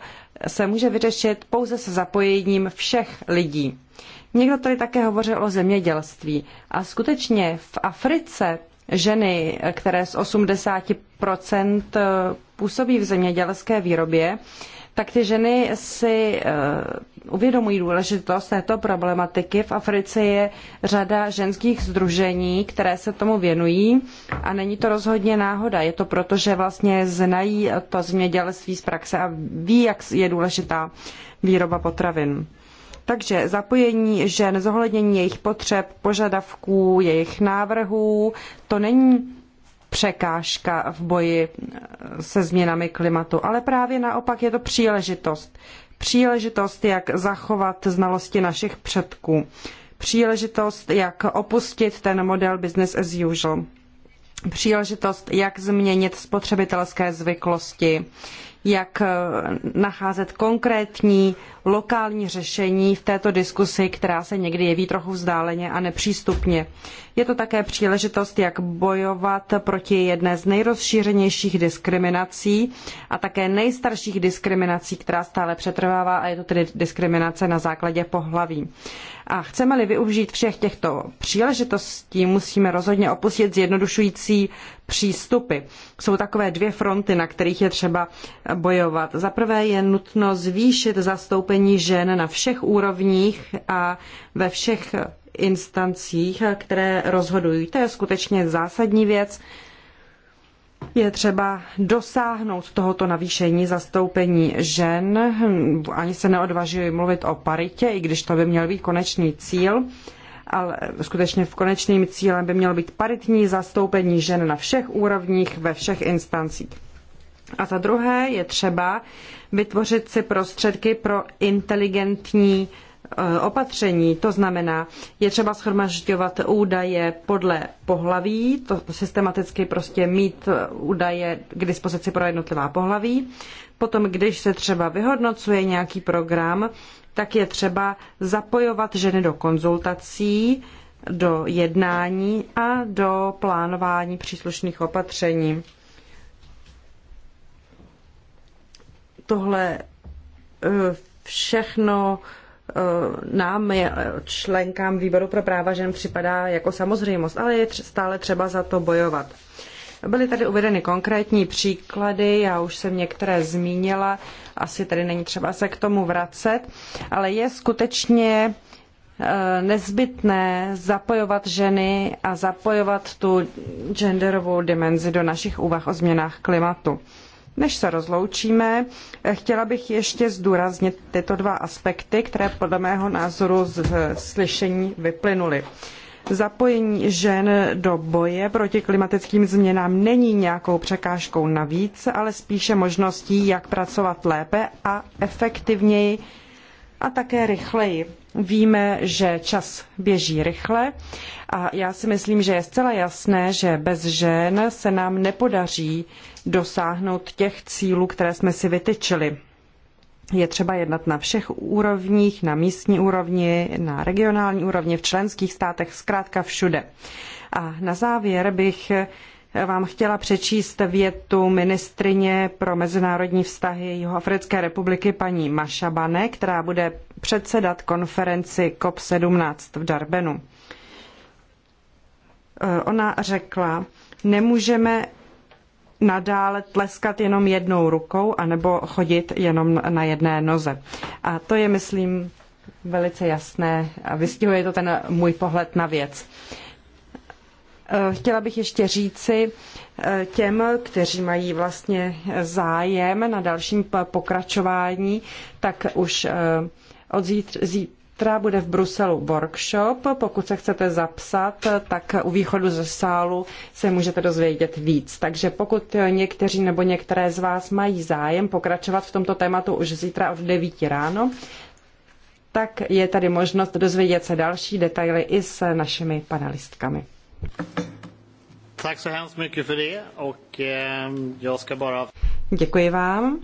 Speaker 3: se může vyřešit pouze se zapojením všech lidí. Někdo tady také hovořil o zemědělství. A skutečně v Africe ženy, které z 80% eh, působí v zemědělské výrobě, tak ty ženy si eh, uvědomují důležitost této problematiky. V Africe je řada ženských združení, které se tomu věnují a není to rozhodně náhoda. Je to proto, že vlastně znají to zemědělství z praxe a ví, jak je důležitá výroba potravin. Takže zapojení žen, zohlednění jejich potřeb, požadavků, jejich návrhů, to není překážka v boji eh, se změnami klimatu, ale právě naopak je to příležitost. Příležitost, jak zachovat znalosti našich předků. Příležitost, jak opustit ten model business as usual. Příležitost, jak změnit spotřebitelské zvyklosti jak eh, nacházet konkrétní lokální řešení v této diskusi, která se někdy jeví trochu vzdáleně a nepřístupně. Je to také příležitost, jak bojovat proti jedné z nejrozšířenějších diskriminací a také nejstarších diskriminací, která stále přetrvává a je to tedy diskriminace na základě pohlaví. A chceme-li využít všech těchto příležitostí, musíme rozhodně opustit zjednodušující přístupy. Jsou takové dvě fronty, na kterých je třeba bojovat. Za prvé je nutno zvýšit zastoupení žen na všech úrovních a ve všech instancích, které rozhodují. To je skutečně zásadní věc. Je třeba dosáhnout tohoto navýšení zastoupení žen. Ani se neodvažuji mluvit o paritě, i když to by měl být konečný cíl ale skutečně v konečným cílem by mělo být paritní zastoupení žen na všech úrovních, ve všech instancích. A za druhé je třeba vytvořit si prostředky pro inteligentní Eh, opatření. To znamená, je třeba schromažďovat údaje podle pohlaví, to systematicky prostě mít eh, údaje k dispozici pro jednotlivá pohlaví. Potom, když se třeba vyhodnocuje nějaký program, tak je třeba zapojovat ženy do konzultací, do jednání a do plánování příslušných opatření. Tohle eh, všechno uh, Eh, nám, eh, členkám výboru pro práva žen, připadá jako samozřejmost, ale je stále třeba za to bojovat. Byly tady uvedeny konkrétní příklady, já už jsem některé zmínila, asi tady není třeba se k tomu vracet, ale je skutečně eh, nezbytné zapojovat ženy a zapojovat tu genderovou dimenzi do našich úvah o změnách klimatu. Než se rozloučíme, chtěla bych ještě zdůraznit tyto dva aspekty, které podle mého názoru z slyšení vyplynuly. Zapojení žen do boje proti klimatickým změnám není nějakou překážkou navíc, ale spíše možností, jak pracovat lépe a efektivněji a také rychleji. Víme, že čas běží rychle a já si myslím, že je zcela jasné, že bez žen se nám nepodaří dosáhnout těch cílů, které jsme si vytyčili. Je třeba jednat na všech úrovních, na místní úrovni, na regionální úrovni, v členských státech, zkrátka všude. A na závěr bych vám chtěla přečíst větu ministrině pro mezinárodní vztahy Jihoafrické republiky paní Mašabane, která bude předsedat konferenci COP17 v Darbenu. Eh, ona řekla, nemůžeme nadále tleskat jenom jednou rukou anebo chodit jenom na jedné noze. A to je, myslím, velice jasné a vystihuje to ten můj pohled na věc. Uh, Eh, chtěla bych ještě říci eh, těm, kteří mají vlastně zájem na dalším pokračování, tak už eh, od zítra bude v Bruselu workshop. Pokud se chcete zapsat, tak u východu ze sálu se můžete dozvědět víc. Takže pokud někteří nebo některé z vás mají zájem pokračovat v tomto tématu už zítra od 9 ráno, tak je tady možnost dozvědět se další detaily i s našimi panelistkami.
Speaker 1: Tak så hemskt mycket för det och ehm, jag ska bara...
Speaker 3: Děkuji vám.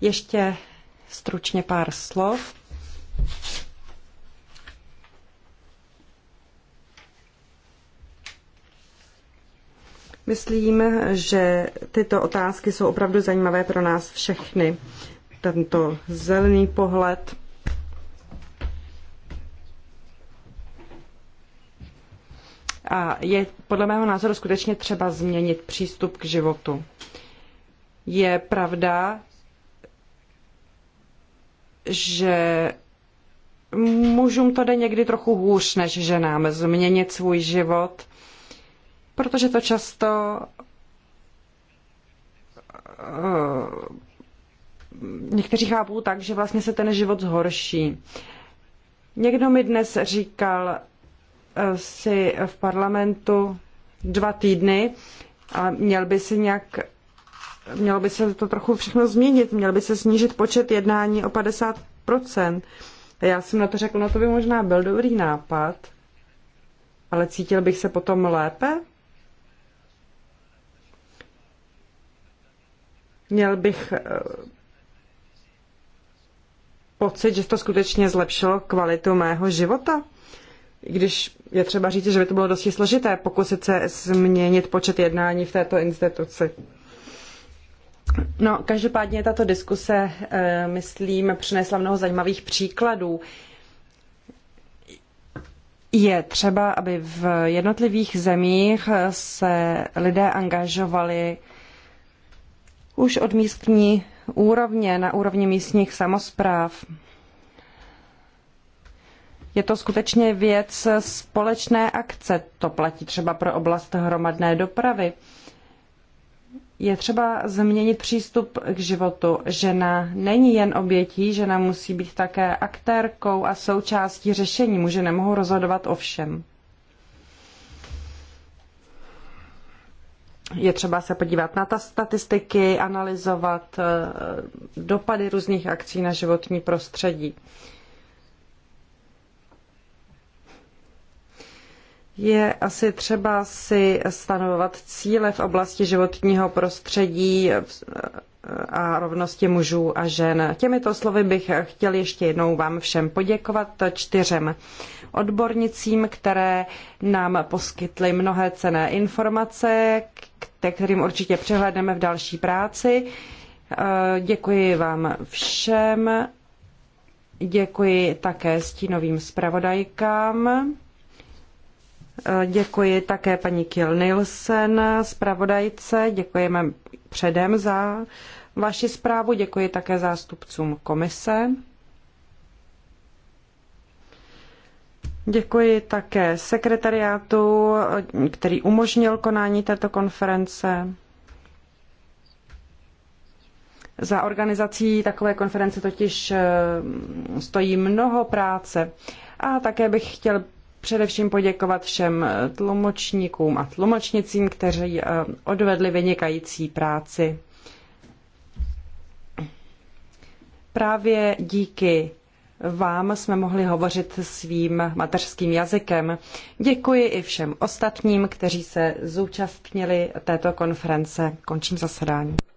Speaker 3: Ještě stručně pár slov. Myslím, že tyto otázky jsou opravdu zajímavé pro nás všechny. Tento zelený pohled A je podle mého názoru skutečně třeba změnit přístup k životu. Je pravda, že mužům to jde někdy trochu hůř než ženám změnit svůj život, protože to často eh, někteří chápou tak, že vlastně se ten život zhorší. Někdo mi dnes říkal, si v parlamentu dva týdny, a měl by si nějak mělo by se to trochu všechno změnit, měl by se snížit počet jednání o 50%. Já jsem na to řekl, no to by možná byl dobrý nápad, ale cítil bych se potom lépe. Měl bych eh, pocit, že to skutečně zlepšilo kvalitu mého života když je třeba říct, že by to bylo dosti složité pokusit se změnit počet jednání v této instituci. No, každopádně tato diskuse, eh, myslím, přinesla mnoho zajímavých příkladů. Je třeba, aby v jednotlivých zemích se lidé angažovali už od místní úrovně, na úrovni místních samospráv je to skutečně věc společné akce. To platí třeba pro oblast hromadné dopravy. Je třeba změnit přístup k životu. Žena není jen obětí, žena musí být také aktérkou a součástí řešení. Muže nemohou rozhodovat o všem. Je třeba se podívat na ta statistiky, analyzovat eh, dopady různých akcí na životní prostředí. je asi třeba si stanovovat cíle v oblasti životního prostředí eh, a rovnosti mužů a žen. Těmito slovy bych chtěl ještě jednou vám všem poděkovat čtyřem odbornicím, které nám poskytly mnohé cené informace, kterým určitě přehledneme v další práci. Eh, děkuji vám všem. Děkuji také stínovým zpravodajkám. Děkuji také paní Kiel Nielsen, zpravodajce. Děkujeme předem za vaši zprávu. Děkuji také zástupcům komise. Děkuji také sekretariátu, který umožnil konání této konference. Za organizací takové konference totiž eh, stojí mnoho práce. A také bych chtěl především poděkovat všem eh, tlumočníkům a tlumočnicím, kteří eh, odvedli vynikající práci. Právě díky vám jsme mohli hovořit svým mateřským jazykem. Děkuji i všem ostatním, kteří se zúčastnili této konference. Končím zasedání.